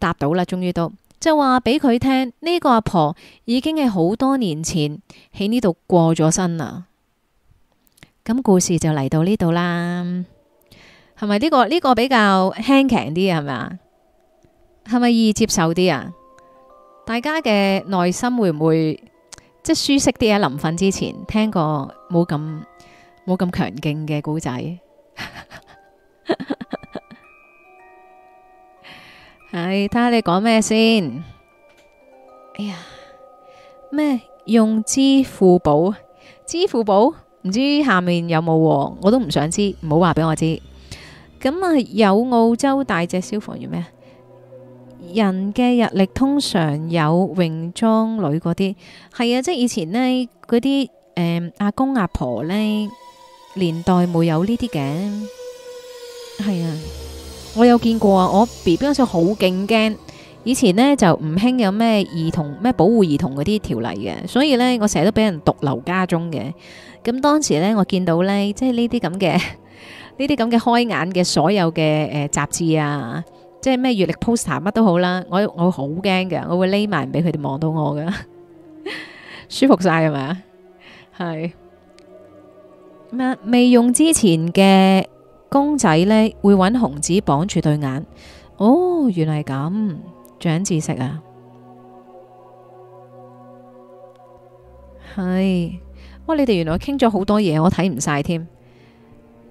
Speaker 1: 答到啦。終於都即係話俾佢聽呢、呢個阿婆已經係好多年前喺呢度過咗身啦。咁故事就嚟到呢度啦，係咪呢個呢、呢個比較輕強啲啊？係咪啊？係咪易接受啲啊？大家嘅內心會唔會？即係舒適啲喺臨瞓之前聽過冇咁冇咁強勁嘅古仔。係，睇下你講咩先？哎呀，咩用支付寶？支付寶？唔知下面有冇喎？我都唔想知，唔好話畀我知。咁啊，有澳洲大隻消防員咩？人嘅日曆通常有泳裝女嗰啲，係啊，即係以前呢嗰啲誒阿公阿婆呢年代冇有呢啲嘅，係啊，我有見過啊，我 BB 嗰時好勁驚，以前呢就唔興有咩兒童咩保護兒童嗰啲條例嘅，所以呢我成日都俾人獨留家中嘅，咁當時呢我見到呢即係呢啲咁嘅呢啲咁嘅開眼嘅所有嘅誒雜誌啊。即係咩月曆 poster 乜都好啦。我我好驚嘅，我會匿埋唔俾佢哋望到我噶。 舒服晒係咪啊？係咩未用之前嘅公仔呢，會揾紅紙綁住對眼。哦，原來係咁，長知識啊！係哇、哦，你哋原來傾咗好多嘢，我睇唔晒添。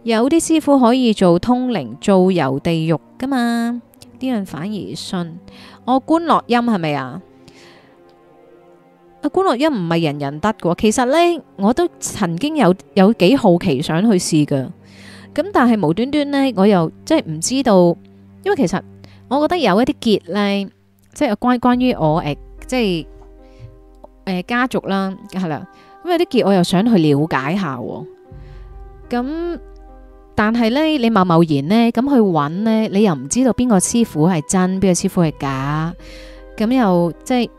Speaker 1: 有啲師傅可以做通靈，做遊地獄噶嘛。啲人反而信我觀落陰係咪啊？阿觀落陰唔係人人得嘅，其實咧我都曾經有有幾好奇想去試嘅，咁但係無端端咧我又即係唔知道，因為其實我覺得有一啲結咧，即係關關於我誒，即係誒家族啦，係啦，咁有啲結我又想去了解下，咁。但係咧，你貿貿然咧，咁去揾咧，你又唔知道邊個師傅係真，邊個師傅係假，咁又即係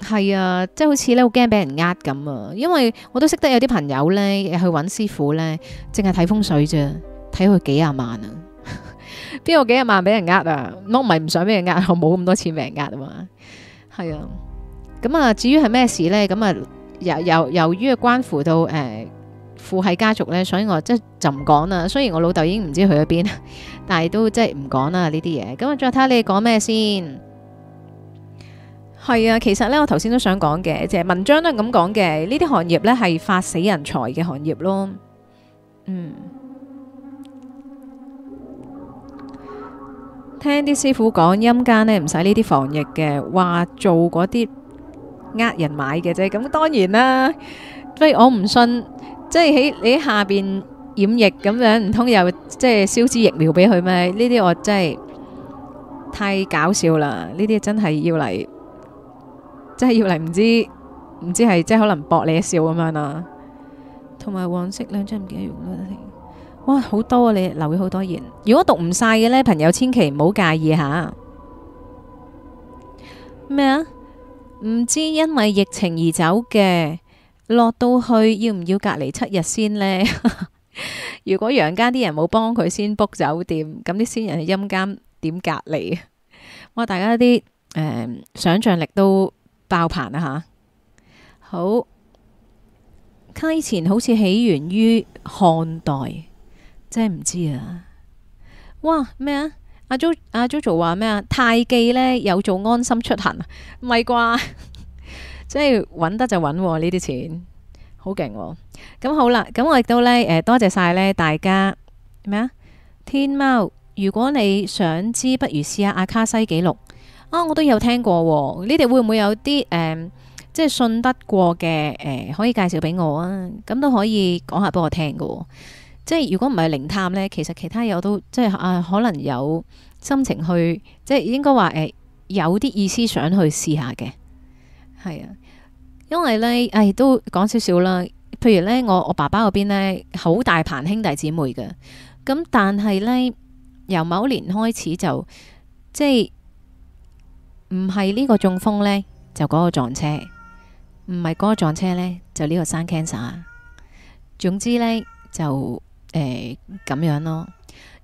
Speaker 1: 係啊，即係好似咧好驚俾人呃咁啊，因為我都識得有啲朋友咧去揾師傅咧，淨係睇風水啫，睇佢幾廿萬啊，邊 個幾廿萬俾人呃啊，我唔係唔想俾人呃，我冇咁多錢俾人呃啊嘛，係啊，咁啊，至於係咩事咧，咁啊由由由於關乎到誒。呃富係家族咧，所以我即係就唔講啦。雖然我老豆已經唔知去咗邊，但係都即係唔講啦呢啲嘢。咁啊，再睇下你講咩先。係啊，其實咧我頭先都想講嘅，即係文章都係咁講嘅。呢啲行業咧係發死人財嘅行業咯。嗯，聽啲師傅講陰間咧唔使呢啲防疫嘅，話做嗰啲呃人買嘅啫。咁當然啦，所以我唔信。即係喺你下邊掩疫咁樣，唔通又即係燒支疫苗俾佢咩？呢啲我真係太搞笑啦！呢啲真係要嚟，真係要嚟唔知唔知係即係可能博你一笑咁樣啊。同埋黃色兩張唔記得用啦！哇，好多啊！你留咗好多言。如果讀唔晒嘅呢，朋友千祈唔好介意吓。咩啊麼？唔知因為疫情而走嘅。落到去要唔要隔離七日先呢？ 如果陽間啲人冇幫佢先 book 酒店，咁啲先人喺陰間點隔離啊？哇！大家啲誒、呃、想像力都爆棚啊！嚇！好，溪錢好似起源於漢代，真係唔知啊！哇！咩啊？阿 jo 阿 jojo 話咩啊？太記呢有做安心出行，唔係啩？即係揾得就揾喎、哦，呢啲錢、哦、好勁喎。咁好啦，咁我亦都呢，多謝晒呢大家咩啊？天貓，如果你想知，不如試下阿卡西記錄啊！我都有聽過喎、哦。你哋會唔會有啲誒、呃，即係信得過嘅、呃、可以介紹俾我啊？咁都可以講下俾我聽喎、哦！即係如果唔係靈探呢，其實其他嘢我都即係啊，可能有心情去，即係應該話、呃、有啲意思想去試下嘅。係啊，因為呢，誒、哎，都講少少啦。譬如呢，我我爸爸嗰邊呢，好大棚兄弟姊妹嘅。咁但係呢，由某年開始就即係唔係呢個中風呢，就嗰個撞車；唔係嗰個撞車呢，就呢個生 cancer。總之呢，就誒咁、呃、樣咯。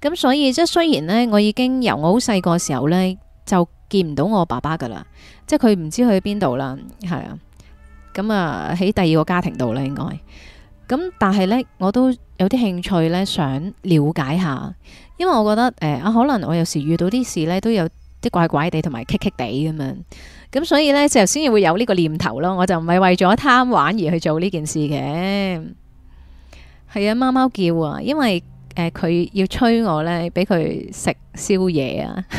Speaker 1: 咁所以即係雖然呢，我已經由我好細個時候呢，就。見唔到我爸爸噶啦，即係佢唔知去邊度啦，係啊，咁啊喺第二個家庭度啦，應該。咁但係呢，我都有啲興趣呢，想了解下，因為我覺得誒、呃、啊，可能我有時遇到啲事呢，都有啲怪怪地同埋棘棘地咁樣。咁所以呢，就先至會有呢個念頭咯，我就唔係為咗貪玩而去做呢件事嘅。係啊，貓貓叫啊，因為誒佢、呃、要催我呢，俾佢食宵夜啊。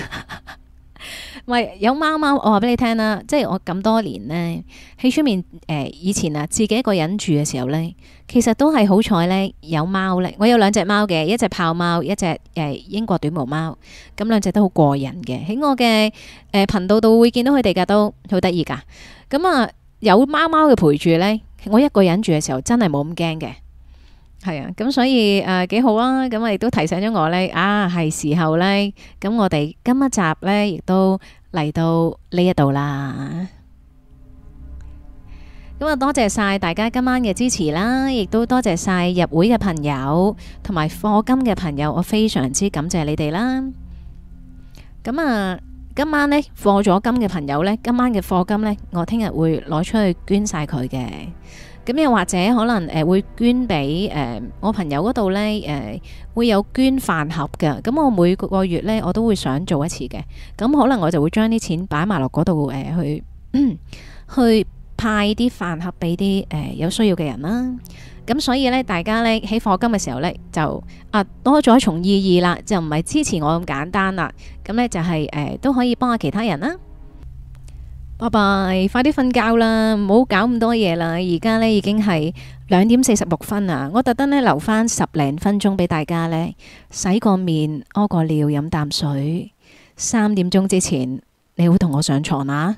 Speaker 1: 喂，有貓貓，我話俾你聽啦，即係我咁多年呢，喺出面誒、呃、以前啊，自己一個人住嘅時候呢，其實都係好彩呢，有貓呢，我有兩隻貓嘅，一隻豹貓，一隻誒英國短毛貓，咁兩隻都好過癮嘅，喺我嘅誒、呃、頻道度會見到佢哋噶，都好得意噶，咁啊有貓貓嘅陪住呢，我一個人住嘅時候真係冇咁驚嘅。係啊，咁所以誒幾好啊，咁我亦都提醒咗我呢，啊係時候呢，咁我哋今一集呢亦都嚟到呢度啦。咁啊多謝晒大家今晚嘅支持啦，亦都多謝晒入會嘅朋友同埋課金嘅朋友，我非常之感謝你哋啦。咁啊，今晚呢課咗金嘅朋友呢，今晚嘅課金呢，我聽日會攞出去捐晒佢嘅。咁又或者可能誒、呃、會捐俾誒、呃、我朋友嗰度咧，誒會有捐飯盒嘅，咁我每個月咧，我都會想做一次嘅，咁可能我就會將啲錢擺埋落嗰度，誒去去派啲飯盒俾啲誒有需要嘅人啦。咁所以咧，大家咧喺課金嘅時候咧，就啊多咗一重意義啦，就唔係支持我咁簡單啦。咁咧就係、是、誒、呃、都可以幫下其他人啦。拜拜，bye bye，快啲瞓覺啦，唔好搞咁多嘢啦。而家呢已經係兩點四十六分啊，我特登呢留翻十零分鐘俾大家呢，洗個面、屙個尿、飲啖水，三點鐘之前你會同我上床啊。